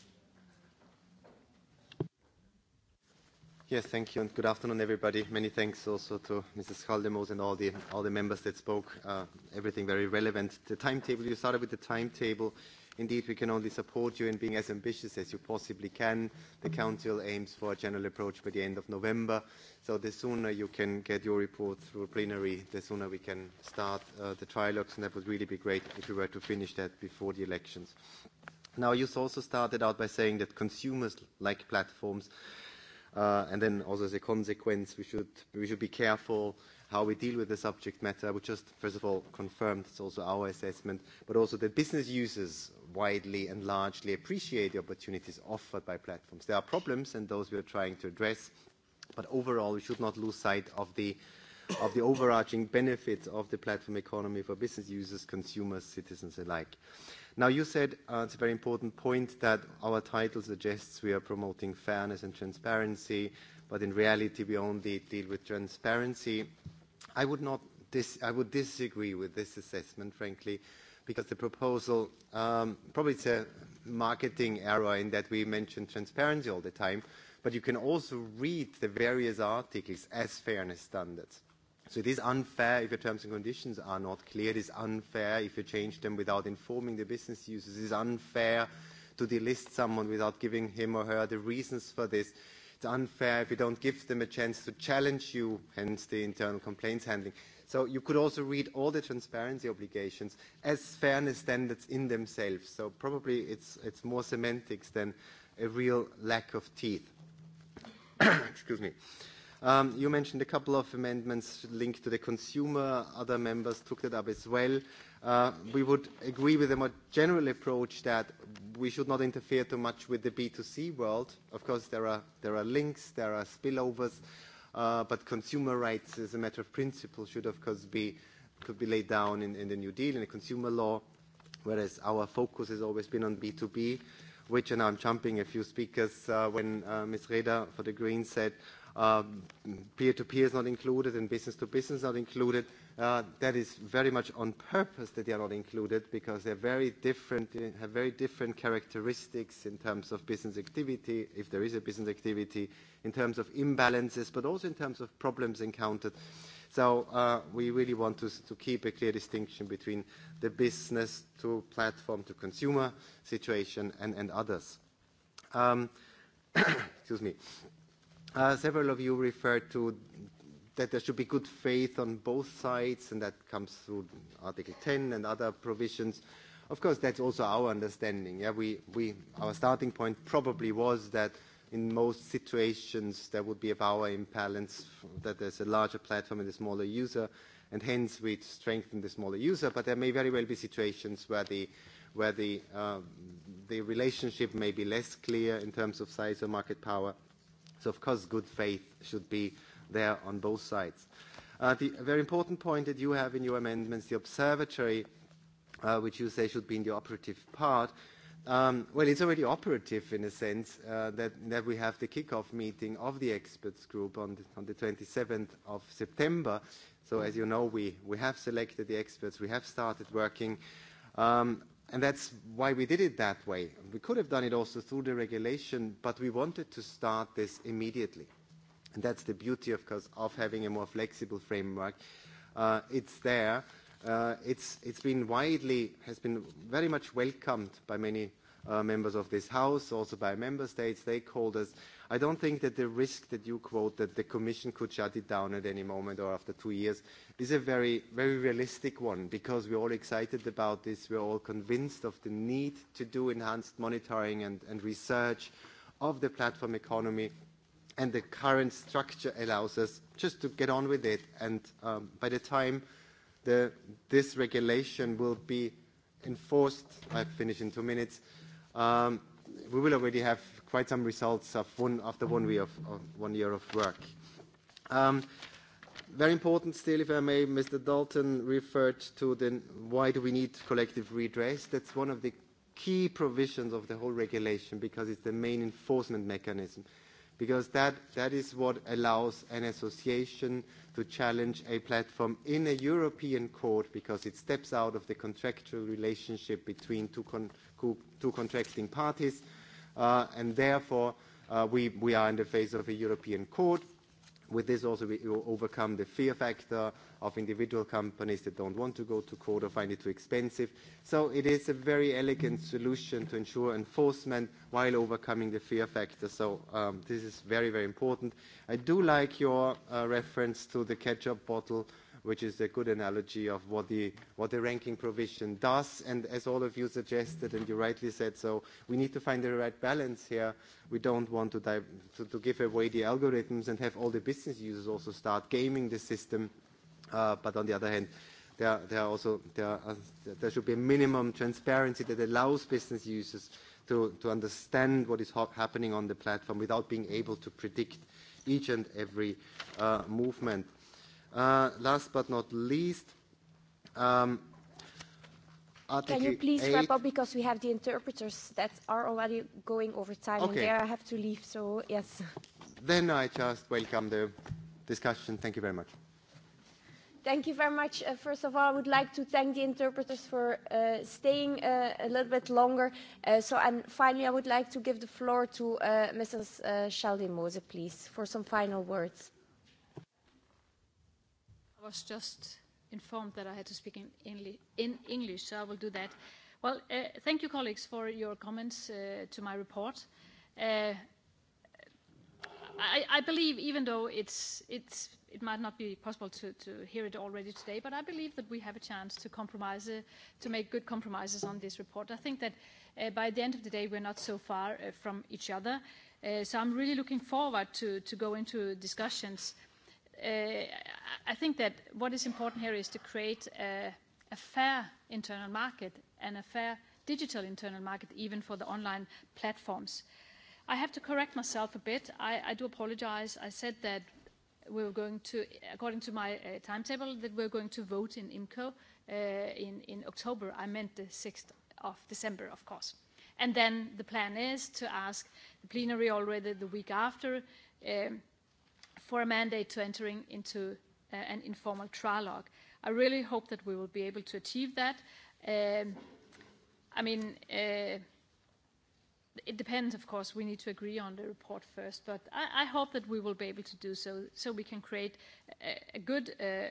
Yes, thank you, and good afternoon, everybody. Many thanks also to Mrs. Schaldemose and all the, all the members that spoke. Uh, everything very relevant. The timetable, you started with the timetable. Indeed, we can only support you in being as ambitious as you possibly can. The mm-hmm. Council aims for a general approach by the end of November. So the sooner you can get your report through plenary, the sooner we can start uh, the trilogues, and that would really be great if we were to finish that before the elections. Now, you also started out by saying that consumers like platforms Uh, and then also as a consequence, we should, we should be careful how we deal with the subject matter. We just, first of all, confirmed it's also our assessment, but also that business users widely and largely appreciate the opportunities offered by platforms. There are problems, and those we are trying to address, but overall, we should not lose sight of the of the overarching benefits of the platform economy for business users, consumers, citizens alike. Uh, Now, you said, uh, it's a very important point that our title suggests we are promoting fairness and transparency, but in reality, we only deal with transparency. I would not dis- I would disagree with this assessment, frankly, because the proposal, um, probably it's a marketing error in that we mention transparency all the time, but you can also read the various articles as fairness standards. So it is unfair if your terms and conditions are not clear. It is unfair if you change them without informing the business users. It is unfair to delist someone without giving him or her the reasons for this. It's unfair if you don't give them a chance to challenge you, hence the internal complaints handling. So you could also read all the transparency obligations as fairness standards in themselves. So probably it's, it's more semantics than a real lack of teeth. (coughs) Excuse me. Uh, Um, you mentioned a couple of amendments linked to the consumer. Other members took that up as well. Uh, we would agree with a more general approach that we should not interfere too much with the B2C world. Of course, there are, there are links, there are spillovers, uh, but consumer rights as a matter of principle should, of course, be, could be laid down in, in the New Deal, in the consumer law, whereas our focus has always been on B2B, which, and I'm jumping a few speakers, uh, when uh, Ms. Reda for the Greens said, Um, peer-to-peer -peer is not included and business-to-business -business not included. Uh, that is very much on purpose that they are not included because they're very different, uh, have very different characteristics in terms of business activity, if there is a business activity, in terms of imbalances, but also in terms of problems encountered. So uh, we really want to, to keep a clear distinction between the business to platform to consumer situation and, and others. Um, (coughs) excuse me. Uh, several of you referred to that there should be good faith on both sides, and that comes through Article 10 and other provisions. Of course, that's also our understanding. Yeah, we, we, our starting point probably was that in most situations there would be a power imbalance, that there's a larger platform and a smaller user, and hence we strengthen the smaller user. But there may very well be situations where the where the uh, the relationship may be less clear in terms of size or market power. So, of course, good faith should be there on both sides. Uh, the very important point that you have in your amendments, the observatory, uh, which you say should be in the operative part, Um, well, it's already operative in a sense uh, that, that we have the kickoff meeting of the experts group on the, on the 27th of September. So as you know, we, we have selected the experts. We have started working. Um, And that's why we did it that way. We could have done it also through the regulation, but we wanted to start this immediately. And that's the beauty, of course, of having a more flexible framework. Uh, it's there. Uh, it's, it's been widely, has been very much welcomed by many uh, members of this House, also by member state stakeholders. I don't think that the risk that you quote that the Commission could shut it down at any moment or after two years is a very, very realistic one because we're all excited about this. We're all convinced of the need to do enhanced monitoring and, and research of the platform economy and the current structure allows us just to get on with it. And um, by the time the, this regulation will be enforced, I finish in two minutes, um, we will already have quite some results of one, after one, of, of one year of work. Um, very important still, if I may, Mr. Dalton referred to the why do we need collective redress. That's one of the key provisions of the whole regulation because it's the main enforcement mechanism. Uh, because that, that is what allows an association to challenge a platform in a European court because it steps out of the contractual relationship between two, con two contracting parties. Uh, and therefore, uh, we, we are in the face of a European court With this also, we will overcome the fear factor of individual companies that don't want to go to court or find it too expensive. So it is a very elegant solution to ensure enforcement while overcoming the fear factor. So um, this is very, very important. I do like your uh, reference to the ketchup bottle which is a good analogy of what the, what the ranking provision does. And as all of you suggested, and you rightly said so, we need to find the right balance here. We don't want to, dive, to, to give away the algorithms and have all the business users also start gaming the system. Uh, but on the other hand, there, there, also, there, uh, there should be a minimum transparency that allows business users to, to understand what is ha happening on the platform without being able to predict each and every uh, movement. Uh, Uh, last but not least, um, Article Can you please eight. wrap up because we have the interpreters that are already going over time okay. and they have to leave, so yes. Then I just welcome the discussion. Thank you very much. Thank you very much. Uh, first of all, I would like to thank the interpreters for uh, staying uh, a little bit longer. Uh, so, and finally, I would like to give the floor to uh, Mrs. Uh, Sheldon-Mose, please, for some final words was just informed that I had to speak in, Engli in English, so I will do that. Well, uh, thank you, colleagues, for your comments uh, to my report. Uh, I, I believe, even though it's, it's, it might not be possible to, to hear it already today, but I believe that we have a chance to compromise, uh, to make good compromises on this report. I think that uh, by the end of the day, we're not so far uh, from each other. Uh, so I'm really looking forward to, to go into discussions uh, Uh, I think that what is important here is to create a, a fair internal market and a fair digital internal market, even for the online platforms. I have to correct myself a bit. I, I do apologize. I said that we were going to, according to my uh, timetable, that we're going to vote in IMCO uh, in, in October. I meant the 6th of December, of course. And then the plan is to ask the plenary already the week after, um, for a mandate to entering into uh, an informal trilogue. I really hope that we will be able to achieve that. Um, I mean, uh, it depends, of course. We need to agree on the report first, but I, I hope that we will be able to do so, so we can create a, a good uh,